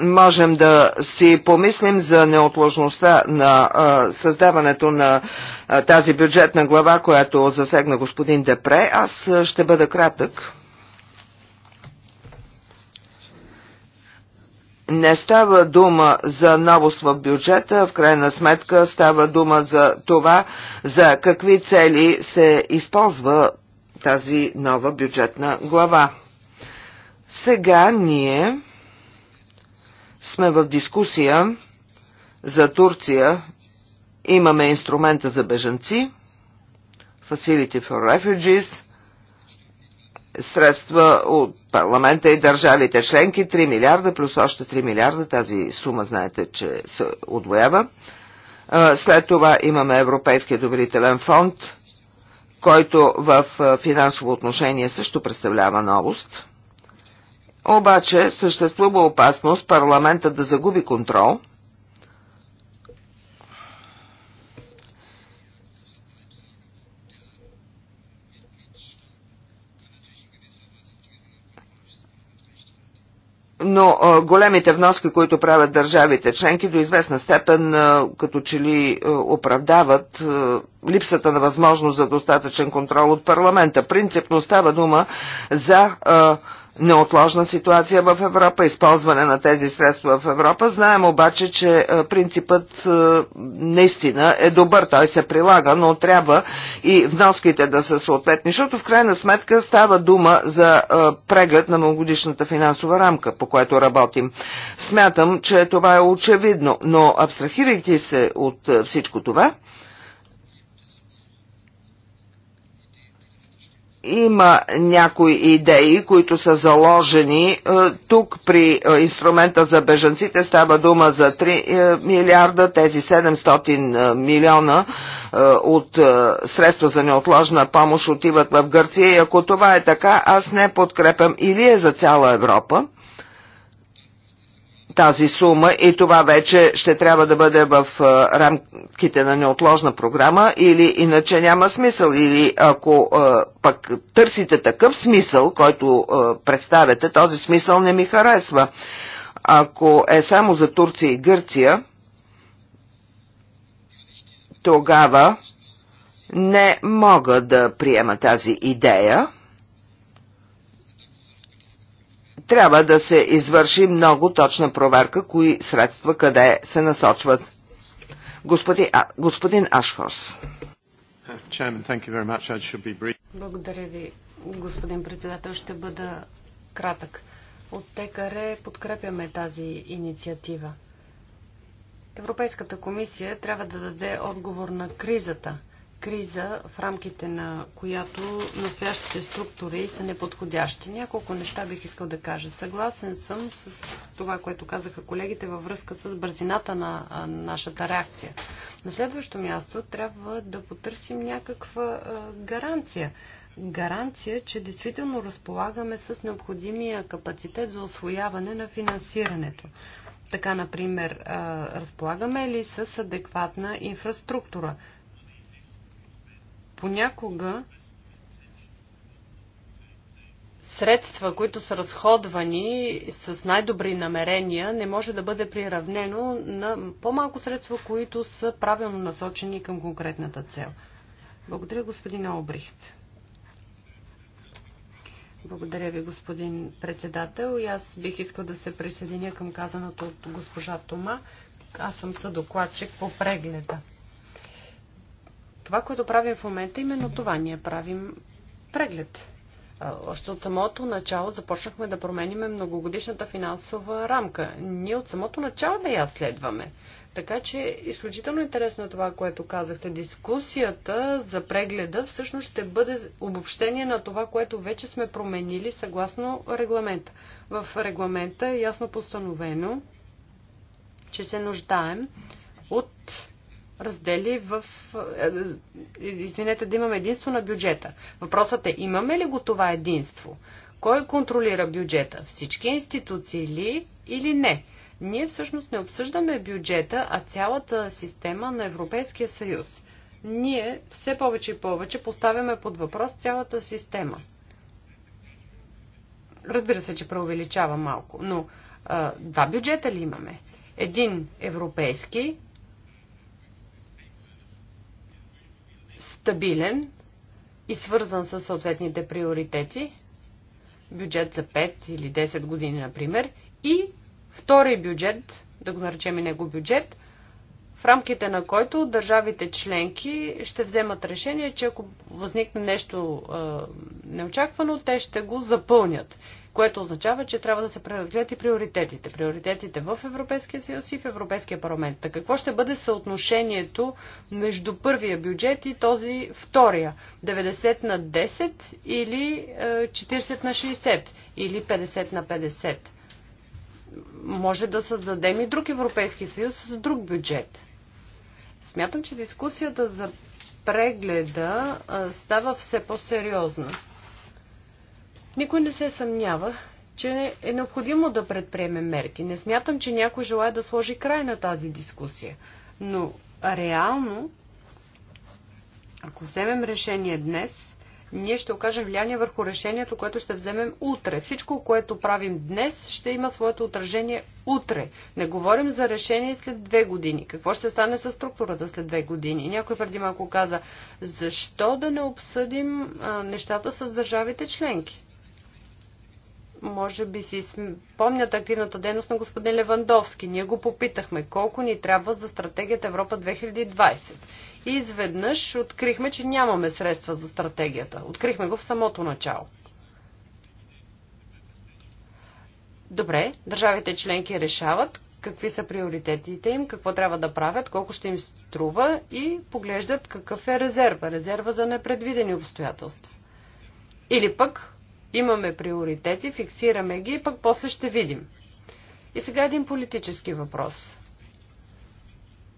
можем да си помислим за неотложността на а, създаването на тази бюджетна глава, която засегна господин Депре. Аз ще бъда кратък. Не става дума за новост в бюджета, в крайна сметка става дума за това, за какви цели се използва тази нова бюджетна глава. Сега ние сме в дискусия за Турция Имаме инструмента за бежанци, Facility for Refugees, средства от парламента и държавите членки, 3 милиарда плюс още 3 милиарда, тази сума знаете, че се отвоява. След това имаме Европейския доверителен фонд, който в финансово отношение също представлява новост. Обаче съществува опасност парламента да загуби контрол – но големите вноски, които правят държавите членки, до известна степен като че ли оправдават липсата на възможност за достатъчен контрол от парламента. Принципно става дума за неотложна ситуация в Европа, използване на тези средства в Европа. Знаем обаче, че е, принципът е, наистина е добър, той се прилага, но трябва и вноските да са съответни, защото в крайна сметка става дума за е, преглед на многогодишната финансова рамка, по която работим. Смятам, че това е очевидно, но абстрахирайки се от всичко това, има някои идеи, които са заложени. Е, тук при е, инструмента за бежанците става дума за 3 е, милиарда, тези 700 милиона от средства за неотложна помощ отиват в Гърция и ако това е така, аз не подкрепям или е за цяла Европа, тази сума и това вече ще трябва да бъде в рамките на неотложна програма или иначе няма смисъл. Или ако пък търсите такъв смисъл, който представяте, този смисъл не ми харесва. Ако е само за Турция и Гърция, тогава не мога да приема тази идея трябва да се извърши много точна проверка, кои средства къде се насочват. Господи, а, господин Ашфорс. Uh, Благодаря ви, господин председател. Ще бъда кратък. От ТКР подкрепяме тази инициатива. Европейската комисия трябва да даде отговор на кризата – криза, в рамките на която настоящите структури са неподходящи. Няколко неща бих искал да кажа. Съгласен съм с това, което казаха колегите във връзка с бързината на нашата реакция. На следващо място трябва да потърсим някаква гаранция. Гаранция, че действително разполагаме с необходимия капацитет за освояване на финансирането. Така, например, разполагаме ли с адекватна инфраструктура? понякога средства, които са разходвани с най-добри намерения, не може да бъде приравнено на по-малко средства, които са правилно насочени към конкретната цел. Благодаря, господин Обрихт. Благодаря ви, господин председател. И аз бих искал да се присъединя към казаното от госпожа Тома. Аз съм съдокладчик по прегледа. Това, което правим в момента, именно това. Ние правим преглед. Още от самото начало започнахме да промениме многогодишната финансова рамка. Ние от самото начало да я следваме. Така че изключително интересно е това, което казахте. Дискусията за прегледа всъщност ще бъде обобщение на това, което вече сме променили съгласно регламента. В регламента е ясно постановено, че се нуждаем от раздели в... Е, е, извинете, да имаме единство на бюджета. Въпросът е, имаме ли го това единство? Кой контролира бюджета? Всички институции ли или не? Ние всъщност не обсъждаме бюджета, а цялата система на Европейския съюз. Ние все повече и повече поставяме под въпрос цялата система. Разбира се, че преувеличава малко, но а, два бюджета ли имаме? Един европейски, стабилен и свързан с съответните приоритети, бюджет за 5 или 10 години, например, и втори бюджет, да го наречем и него бюджет, в рамките на който държавите членки ще вземат решение, че ако възникне нещо е, неочаквано, те ще го запълнят което означава, че трябва да се преразгледат и приоритетите. Приоритетите в Европейския съюз и в Европейския парламент. Така какво ще бъде съотношението между първия бюджет и този втория? 90 на 10 или 40 е, на 60 или 50 на 50? Може да създадем и друг Европейски съюз с друг бюджет. Смятам, че дискусията за прегледа е, става все по-сериозна. Никой не се съмнява, че е необходимо да предприемем мерки. Не смятам, че някой желая да сложи край на тази дискусия. Но реално, ако вземем решение днес, ние ще окажем влияние върху решението, което ще вземем утре. Всичко, което правим днес, ще има своето отражение утре. Не говорим за решение след две години. Какво ще стане с структурата след две години? Някой преди малко каза, защо да не обсъдим а, нещата с държавите членки? може би си спомнят активната дейност на господин Левандовски. Ние го попитахме колко ни трябва за стратегията Европа 2020. И изведнъж открихме, че нямаме средства за стратегията. Открихме го в самото начало. Добре, държавите членки решават какви са приоритетите им, какво трябва да правят, колко ще им струва и поглеждат какъв е резерва. Резерва за непредвидени обстоятелства. Или пък Имаме приоритети, фиксираме ги и пък после ще видим. И сега един политически въпрос.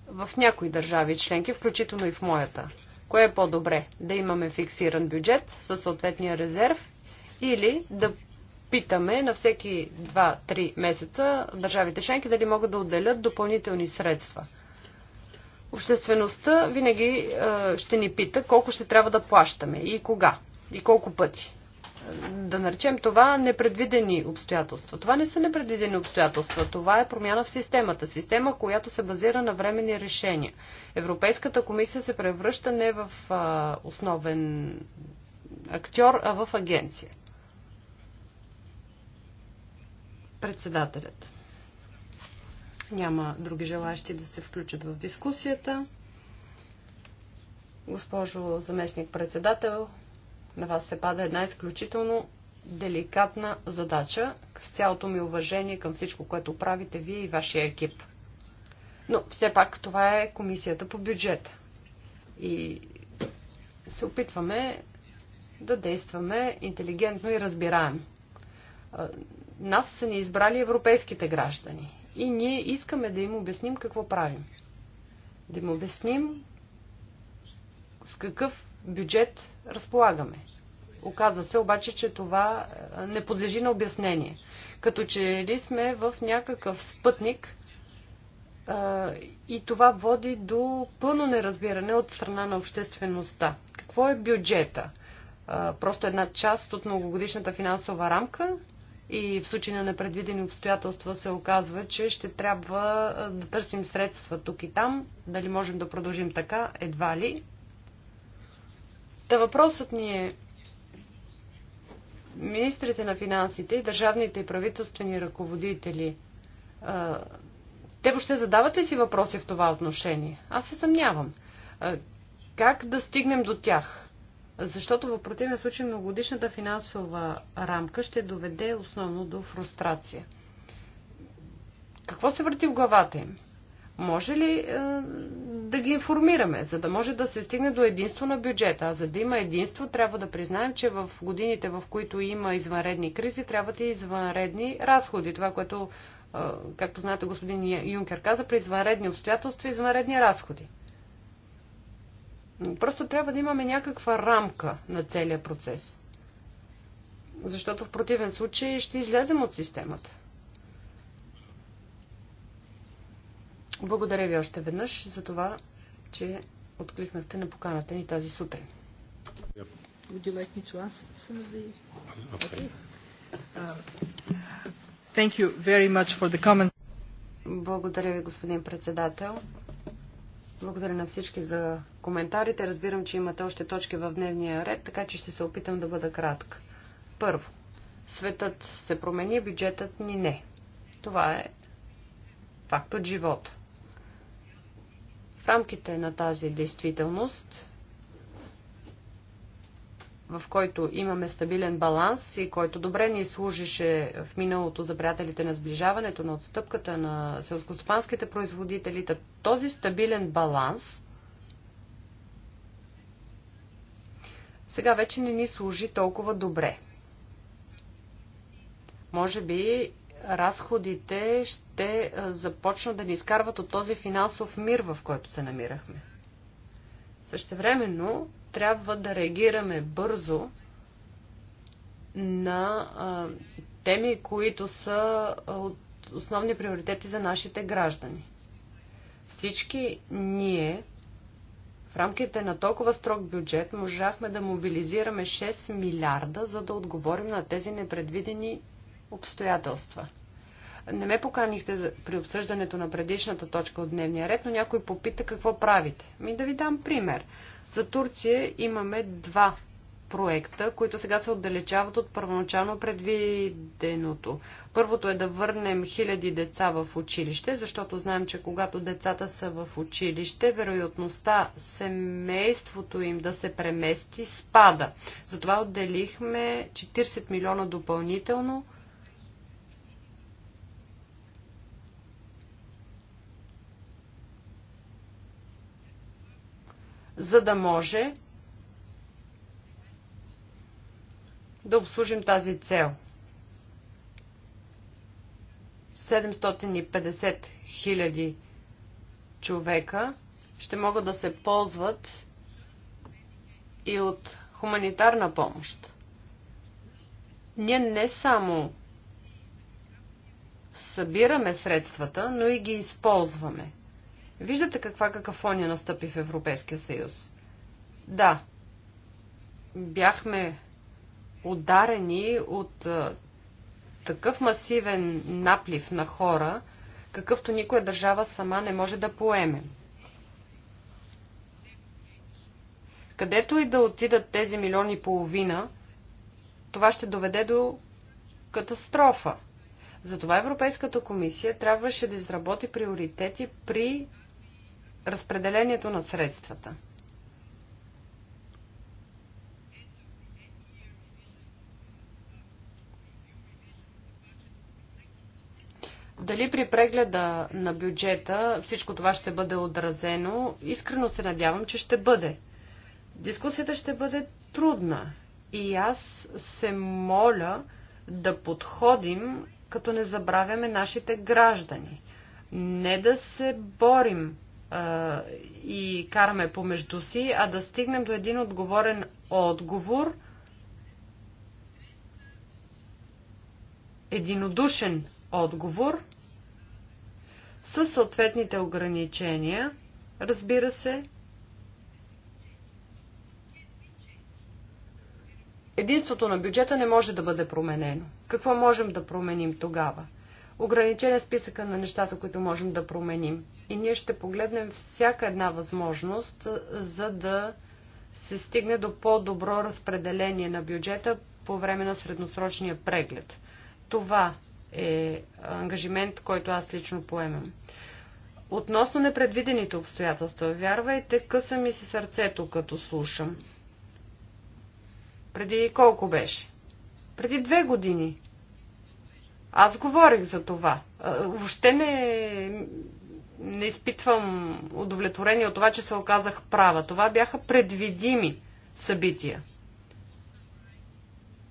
В някои държави членки, включително и в моята, кое е по-добре? Да имаме фиксиран бюджет със съответния резерв или да питаме на всеки 2-3 месеца държавите членки дали могат да отделят допълнителни средства. Обществеността винаги е, ще ни пита колко ще трябва да плащаме и кога и колко пъти да наречем това непредвидени обстоятелства. Това не са непредвидени обстоятелства, това е промяна в системата. Система, която се базира на временни решения. Европейската комисия се превръща не в а, основен актьор, а в агенция. Председателят. Няма други желащи да се включат в дискусията. Госпожо заместник председател, на вас се пада една изключително деликатна задача, с цялото ми уважение към всичко, което правите вие и вашия екип. Но все пак това е комисията по бюджета. И се опитваме да действаме интелигентно и разбираемо. Нас са ни избрали европейските граждани. И ние искаме да им обясним какво правим. Да им обясним с какъв бюджет разполагаме. Оказва се обаче, че това е, не подлежи на обяснение. Като че ли сме в някакъв спътник е, и това води до пълно неразбиране от страна на обществеността. Какво е бюджета? Е, просто една част от многогодишната финансова рамка и в случай на непредвидени обстоятелства се оказва, че ще трябва да търсим средства тук и там. Дали можем да продължим така? Едва ли. Та въпросът ни е, министрите на финансите и държавните и правителствени ръководители, те въобще задават ли си въпроси в това отношение? Аз се съмнявам. Как да стигнем до тях? Защото в противен случай многогодишната финансова рамка ще доведе основно до фрустрация. Какво се върти в главата им? Може ли е, да ги информираме, за да може да се стигне до единство на бюджета? А за да има единство, трябва да признаем, че в годините, в които има извънредни кризи, трябват и извънредни разходи. Това, което, е, както знаете, господин Юнкер каза, при извънредни обстоятелства, извънредни разходи. Просто трябва да имаме някаква рамка на целия процес. Защото в противен случай ще излезем от системата. Благодаря ви още веднъж за това, че откликнахте на поканата ни тази сутрин. Would you like me to answer some of the... Okay. Uh, thank you very much for the comment. Благодаря ви, господин председател. Благодаря на всички за коментарите. Разбирам, че имате още точки в дневния ред, така че ще се опитам да бъда кратка. Първо, светът се промени, бюджетът ни не. Това е факт от живота. В рамките на тази действителност, в който имаме стабилен баланс и който добре ни служише в миналото за приятелите на сближаването, на отстъпката на селскостопанските производители, този стабилен баланс сега вече не ни служи толкова добре. Може би разходите ще започнат да ни изкарват от този финансов мир, в който се намирахме. Същевременно трябва да реагираме бързо на а, теми, които са от основни приоритети за нашите граждани. Всички ние в рамките на толкова строг бюджет можахме да мобилизираме 6 милиарда, за да отговорим на тези непредвидени обстоятелства. Не ме поканихте за... при обсъждането на предишната точка от дневния ред, но някой попита какво правите. Ми да ви дам пример. За Турция имаме два проекта, които сега се отдалечават от първоначално предвиденото. Първото е да върнем хиляди деца в училище, защото знаем, че когато децата са в училище, вероятността семейството им да се премести спада. Затова отделихме 40 милиона допълнително за да може да обслужим тази цел. 750 хиляди човека ще могат да се ползват и от хуманитарна помощ. Ние не само събираме средствата, но и ги използваме. Виждате каква какафония настъпи в Европейския съюз. Да, бяхме ударени от а, такъв масивен наплив на хора, какъвто никоя държава сама не може да поеме. Където и да отидат тези милиони и половина, това ще доведе до катастрофа. Затова Европейската комисия трябваше да изработи приоритети при разпределението на средствата. Дали при прегледа на бюджета всичко това ще бъде отразено, искрено се надявам, че ще бъде. Дискусията ще бъде трудна и аз се моля да подходим, като не забравяме нашите граждани. Не да се борим и караме помежду си, а да стигнем до един отговорен отговор, единодушен отговор, с съответните ограничения, разбира се. Единството на бюджета не може да бъде променено. Какво можем да променим тогава? Ограничен е списъка на нещата, които можем да променим и ние ще погледнем всяка една възможност, за да се стигне до по-добро разпределение на бюджета по време на средносрочния преглед. Това е ангажимент, който аз лично поемам. Относно непредвидените обстоятелства, вярвайте, къса ми се сърцето, като слушам. Преди колко беше? Преди две години. Аз говорих за това. Въобще не не изпитвам удовлетворение от това, че се оказах права. Това бяха предвидими събития.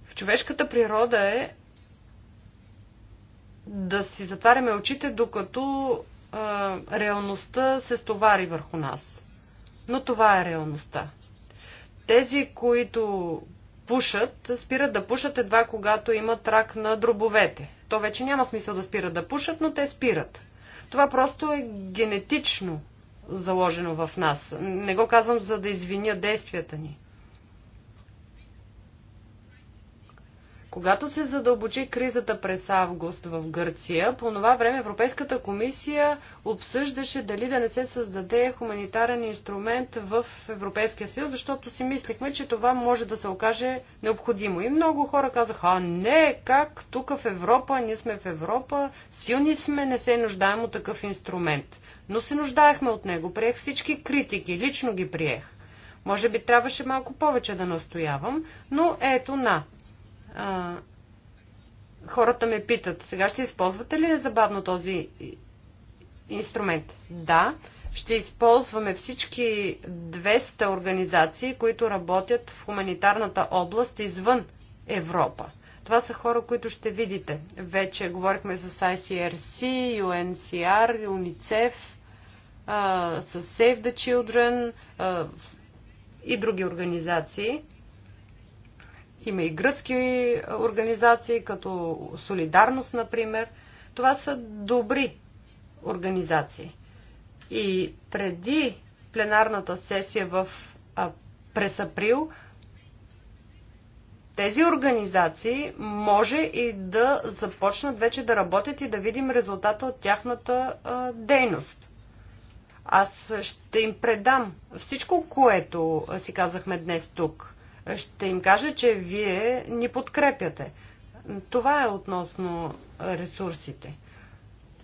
В човешката природа е да си затваряме очите, докато а, реалността се стовари върху нас. Но това е реалността. Тези, които пушат, спират да пушат едва когато имат рак на дробовете. То вече няма смисъл да спират да пушат, но те спират. Това просто е генетично заложено в нас. Не го казвам, за да извиня действията ни. Когато се задълбочи кризата през август в Гърция, по това време Европейската комисия обсъждаше дали да не се създаде хуманитарен инструмент в Европейския съюз, защото си мислихме, че това може да се окаже необходимо. И много хора казаха, а не, как тук в Европа, ние сме в Европа, силни сме, не се нуждаем от такъв инструмент. Но се нуждаехме от него, приех всички критики, лично ги приех. Може би трябваше малко повече да настоявам, но ето на, а, хората ме питат, сега ще използвате ли забавно този инструмент? Да, ще използваме всички 200 организации, които работят в хуманитарната област извън Европа. Това са хора, които ще видите. Вече говорихме с ICRC, UNCR, UNICEF, с Save the Children и други организации. Има и гръцки организации, като Солидарност, например. Това са добри организации. И преди пленарната сесия в, а, през април, тези организации може и да започнат вече да работят и да видим резултата от тяхната а, дейност. Аз ще им предам всичко, което си казахме днес тук ще им кажа, че вие ни подкрепяте. Това е относно ресурсите.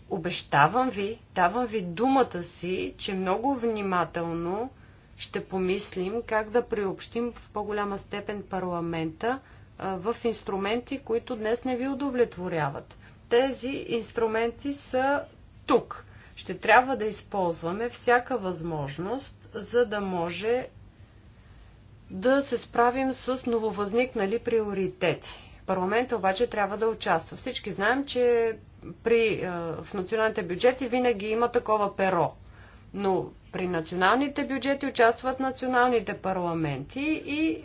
Обещавам ви, давам ви думата си, че много внимателно ще помислим как да приобщим в по-голяма степен парламента в инструменти, които днес не ви удовлетворяват. Тези инструменти са тук. Ще трябва да използваме всяка възможност, за да може да се справим с нововъзникнали приоритети. Парламентът обаче трябва да участва. Всички знаем, че при, е, в националните бюджети винаги има такова перо. Но при националните бюджети участват националните парламенти и е,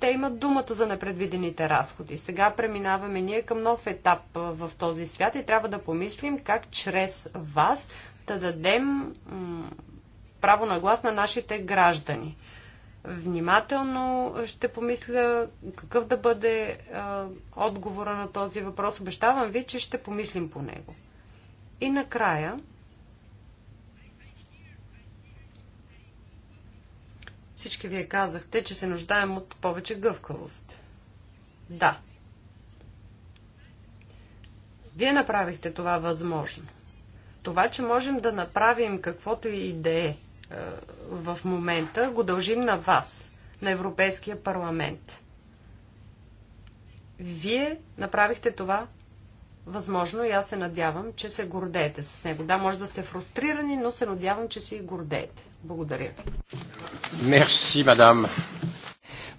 те имат думата за непредвидените разходи. Сега преминаваме ние към нов етап е, в този свят и трябва да помислим как чрез вас да дадем право на глас на нашите граждани. Внимателно ще помисля какъв да бъде а, отговора на този въпрос. Обещавам ви, че ще помислим по него. И накрая, всички вие казахте, че се нуждаем от повече гъвкавост. Да. Вие направихте това възможно. Това, че можем да направим каквото и да е, в момента, го дължим на вас, на Европейския парламент. Вие направихте това възможно и аз се надявам, че се гордеете с него. Да, може да сте фрустрирани, но се надявам, че се и гордеете. Благодаря. Мерси, мадам.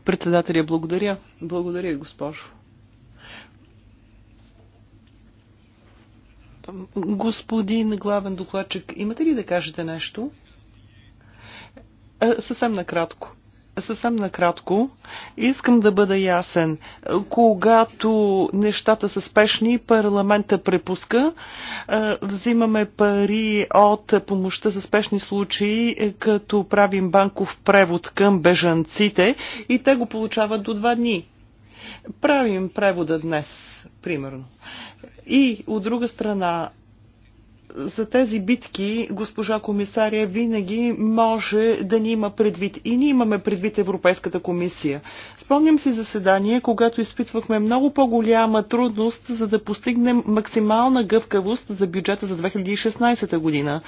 Председателя, благодаря. Благодаря, госпожо. Господин главен докладчик, имате ли да кажете нещо? Е, съвсем накратко. Съвсем накратко, искам да бъда ясен. Когато нещата са спешни, парламента препуска, е, взимаме пари от помощта за спешни случаи, е, като правим банков превод към бежанците и те го получават до два дни. Правим превода днес, примерно. И от друга страна, за тези битки госпожа комисаря винаги може да ни има предвид. И ние имаме предвид Европейската комисия. Спомням си заседание, когато изпитвахме много по-голяма трудност, за да постигнем максимална гъвкавост за бюджета за 2016 година.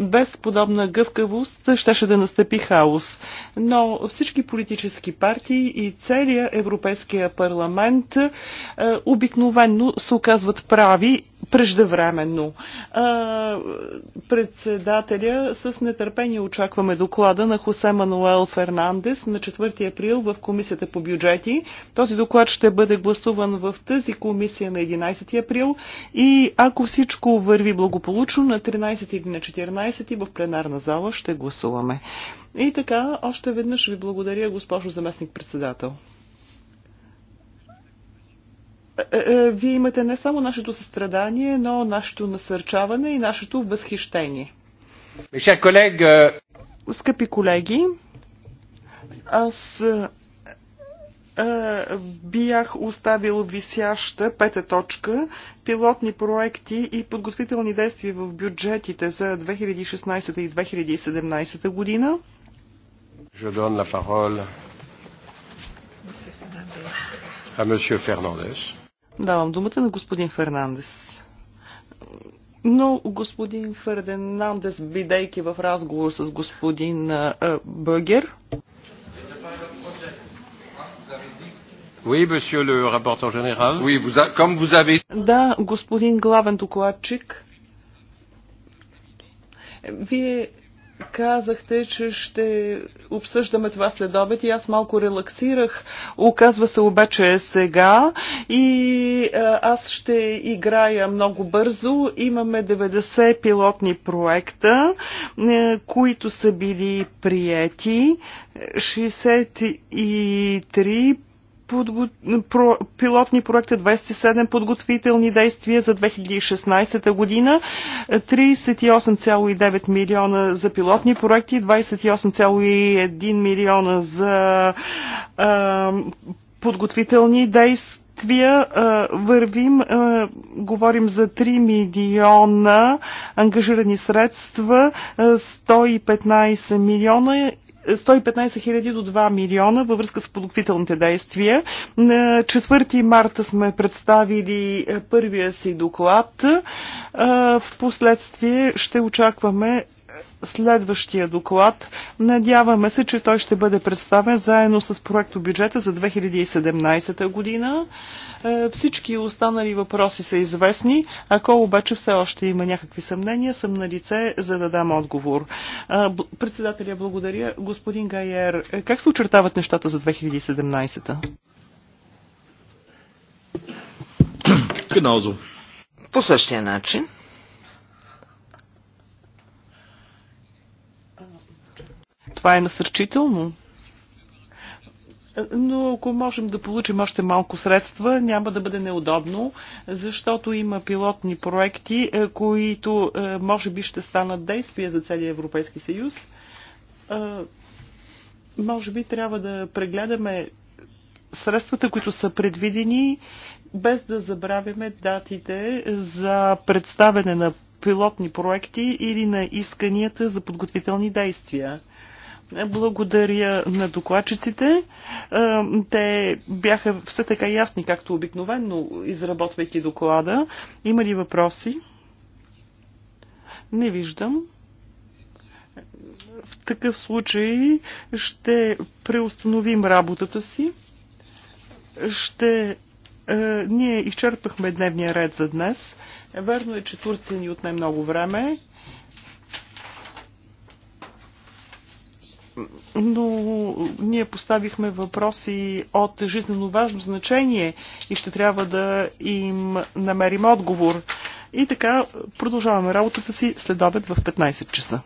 Без подобна гъвкавост щеше да настъпи хаос. Но всички политически партии и целият Европейския парламент е, обикновенно се оказват прави преждевременно. Председателя с нетърпение очакваме доклада на Хосе Мануел Фернандес на 4 април в Комисията по бюджети. Този доклад ще бъде гласуван в тази комисия на 11 април и ако всичко върви благополучно на 13 или на 14 в пленарна зала ще гласуваме. И така, още веднъж ви благодаря, госпожо заместник председател. Е, е, вие имате не само нашето състрадание, но нашето насърчаване и нашето възхищение. Euh, Скъпи колеги, аз е, бях оставил висяща пета точка пилотни проекти и подготвителни действия в бюджетите за 2016 и 2017 година. Je donne la parole à Monsieur Fernandez. Давам думата на господин Фернандес. Но господин Фернандес, бидейки в разговор с господин а, Бъгер. Oui, monsieur le rapporteur général. Oui, vous a, comme vous avez... Да, господин главен докладчик. Вие Казахте, че ще обсъждаме това след обед и аз малко релаксирах. Оказва се обаче сега и е, аз ще играя много бързо. Имаме 90 пилотни проекта, е, които са били приети. 63 подго... про... пилотни проекта, 27 подготвителни действия за 2016 година, 38,9 милиона за пилотни проекти, 28,1 милиона за а, подготвителни действия действия вървим, говорим за 3 милиона ангажирани средства, 115 милиона 115 хиляди до 2 милиона във връзка с подготвителните действия. На 4 марта сме представили е, първия си доклад. Е, в последствие ще очакваме следващия доклад. Надяваме се, че той ще бъде представен заедно с проекто бюджета за 2017 година. Е, всички останали въпроси са известни. Ако обаче все още има някакви съмнения, съм на лице, за да дам отговор. Е, председателя, благодаря. Господин Гайер, е, как се очертават нещата за 2017? Genauso. По същия начин. Това е насърчително. Но ако можем да получим още малко средства, няма да бъде неудобно, защото има пилотни проекти, е, които е, може би ще станат действия за целия Европейски съюз. Е, може би трябва да прегледаме средствата, които са предвидени, без да забравяме датите за представене на пилотни проекти или на исканията за подготвителни действия. Благодаря на докладчиците. Е, те бяха все така ясни, както обикновено, изработвайки доклада. Има ли въпроси? Не виждам. В такъв случай ще преустановим работата си. Ще... Е, ние изчерпахме дневния ред за днес. Верно е, че Турция ни отне много време. но ние поставихме въпроси от жизненно важно значение и ще трябва да им намерим отговор. И така продължаваме работата си след обед в 15 часа.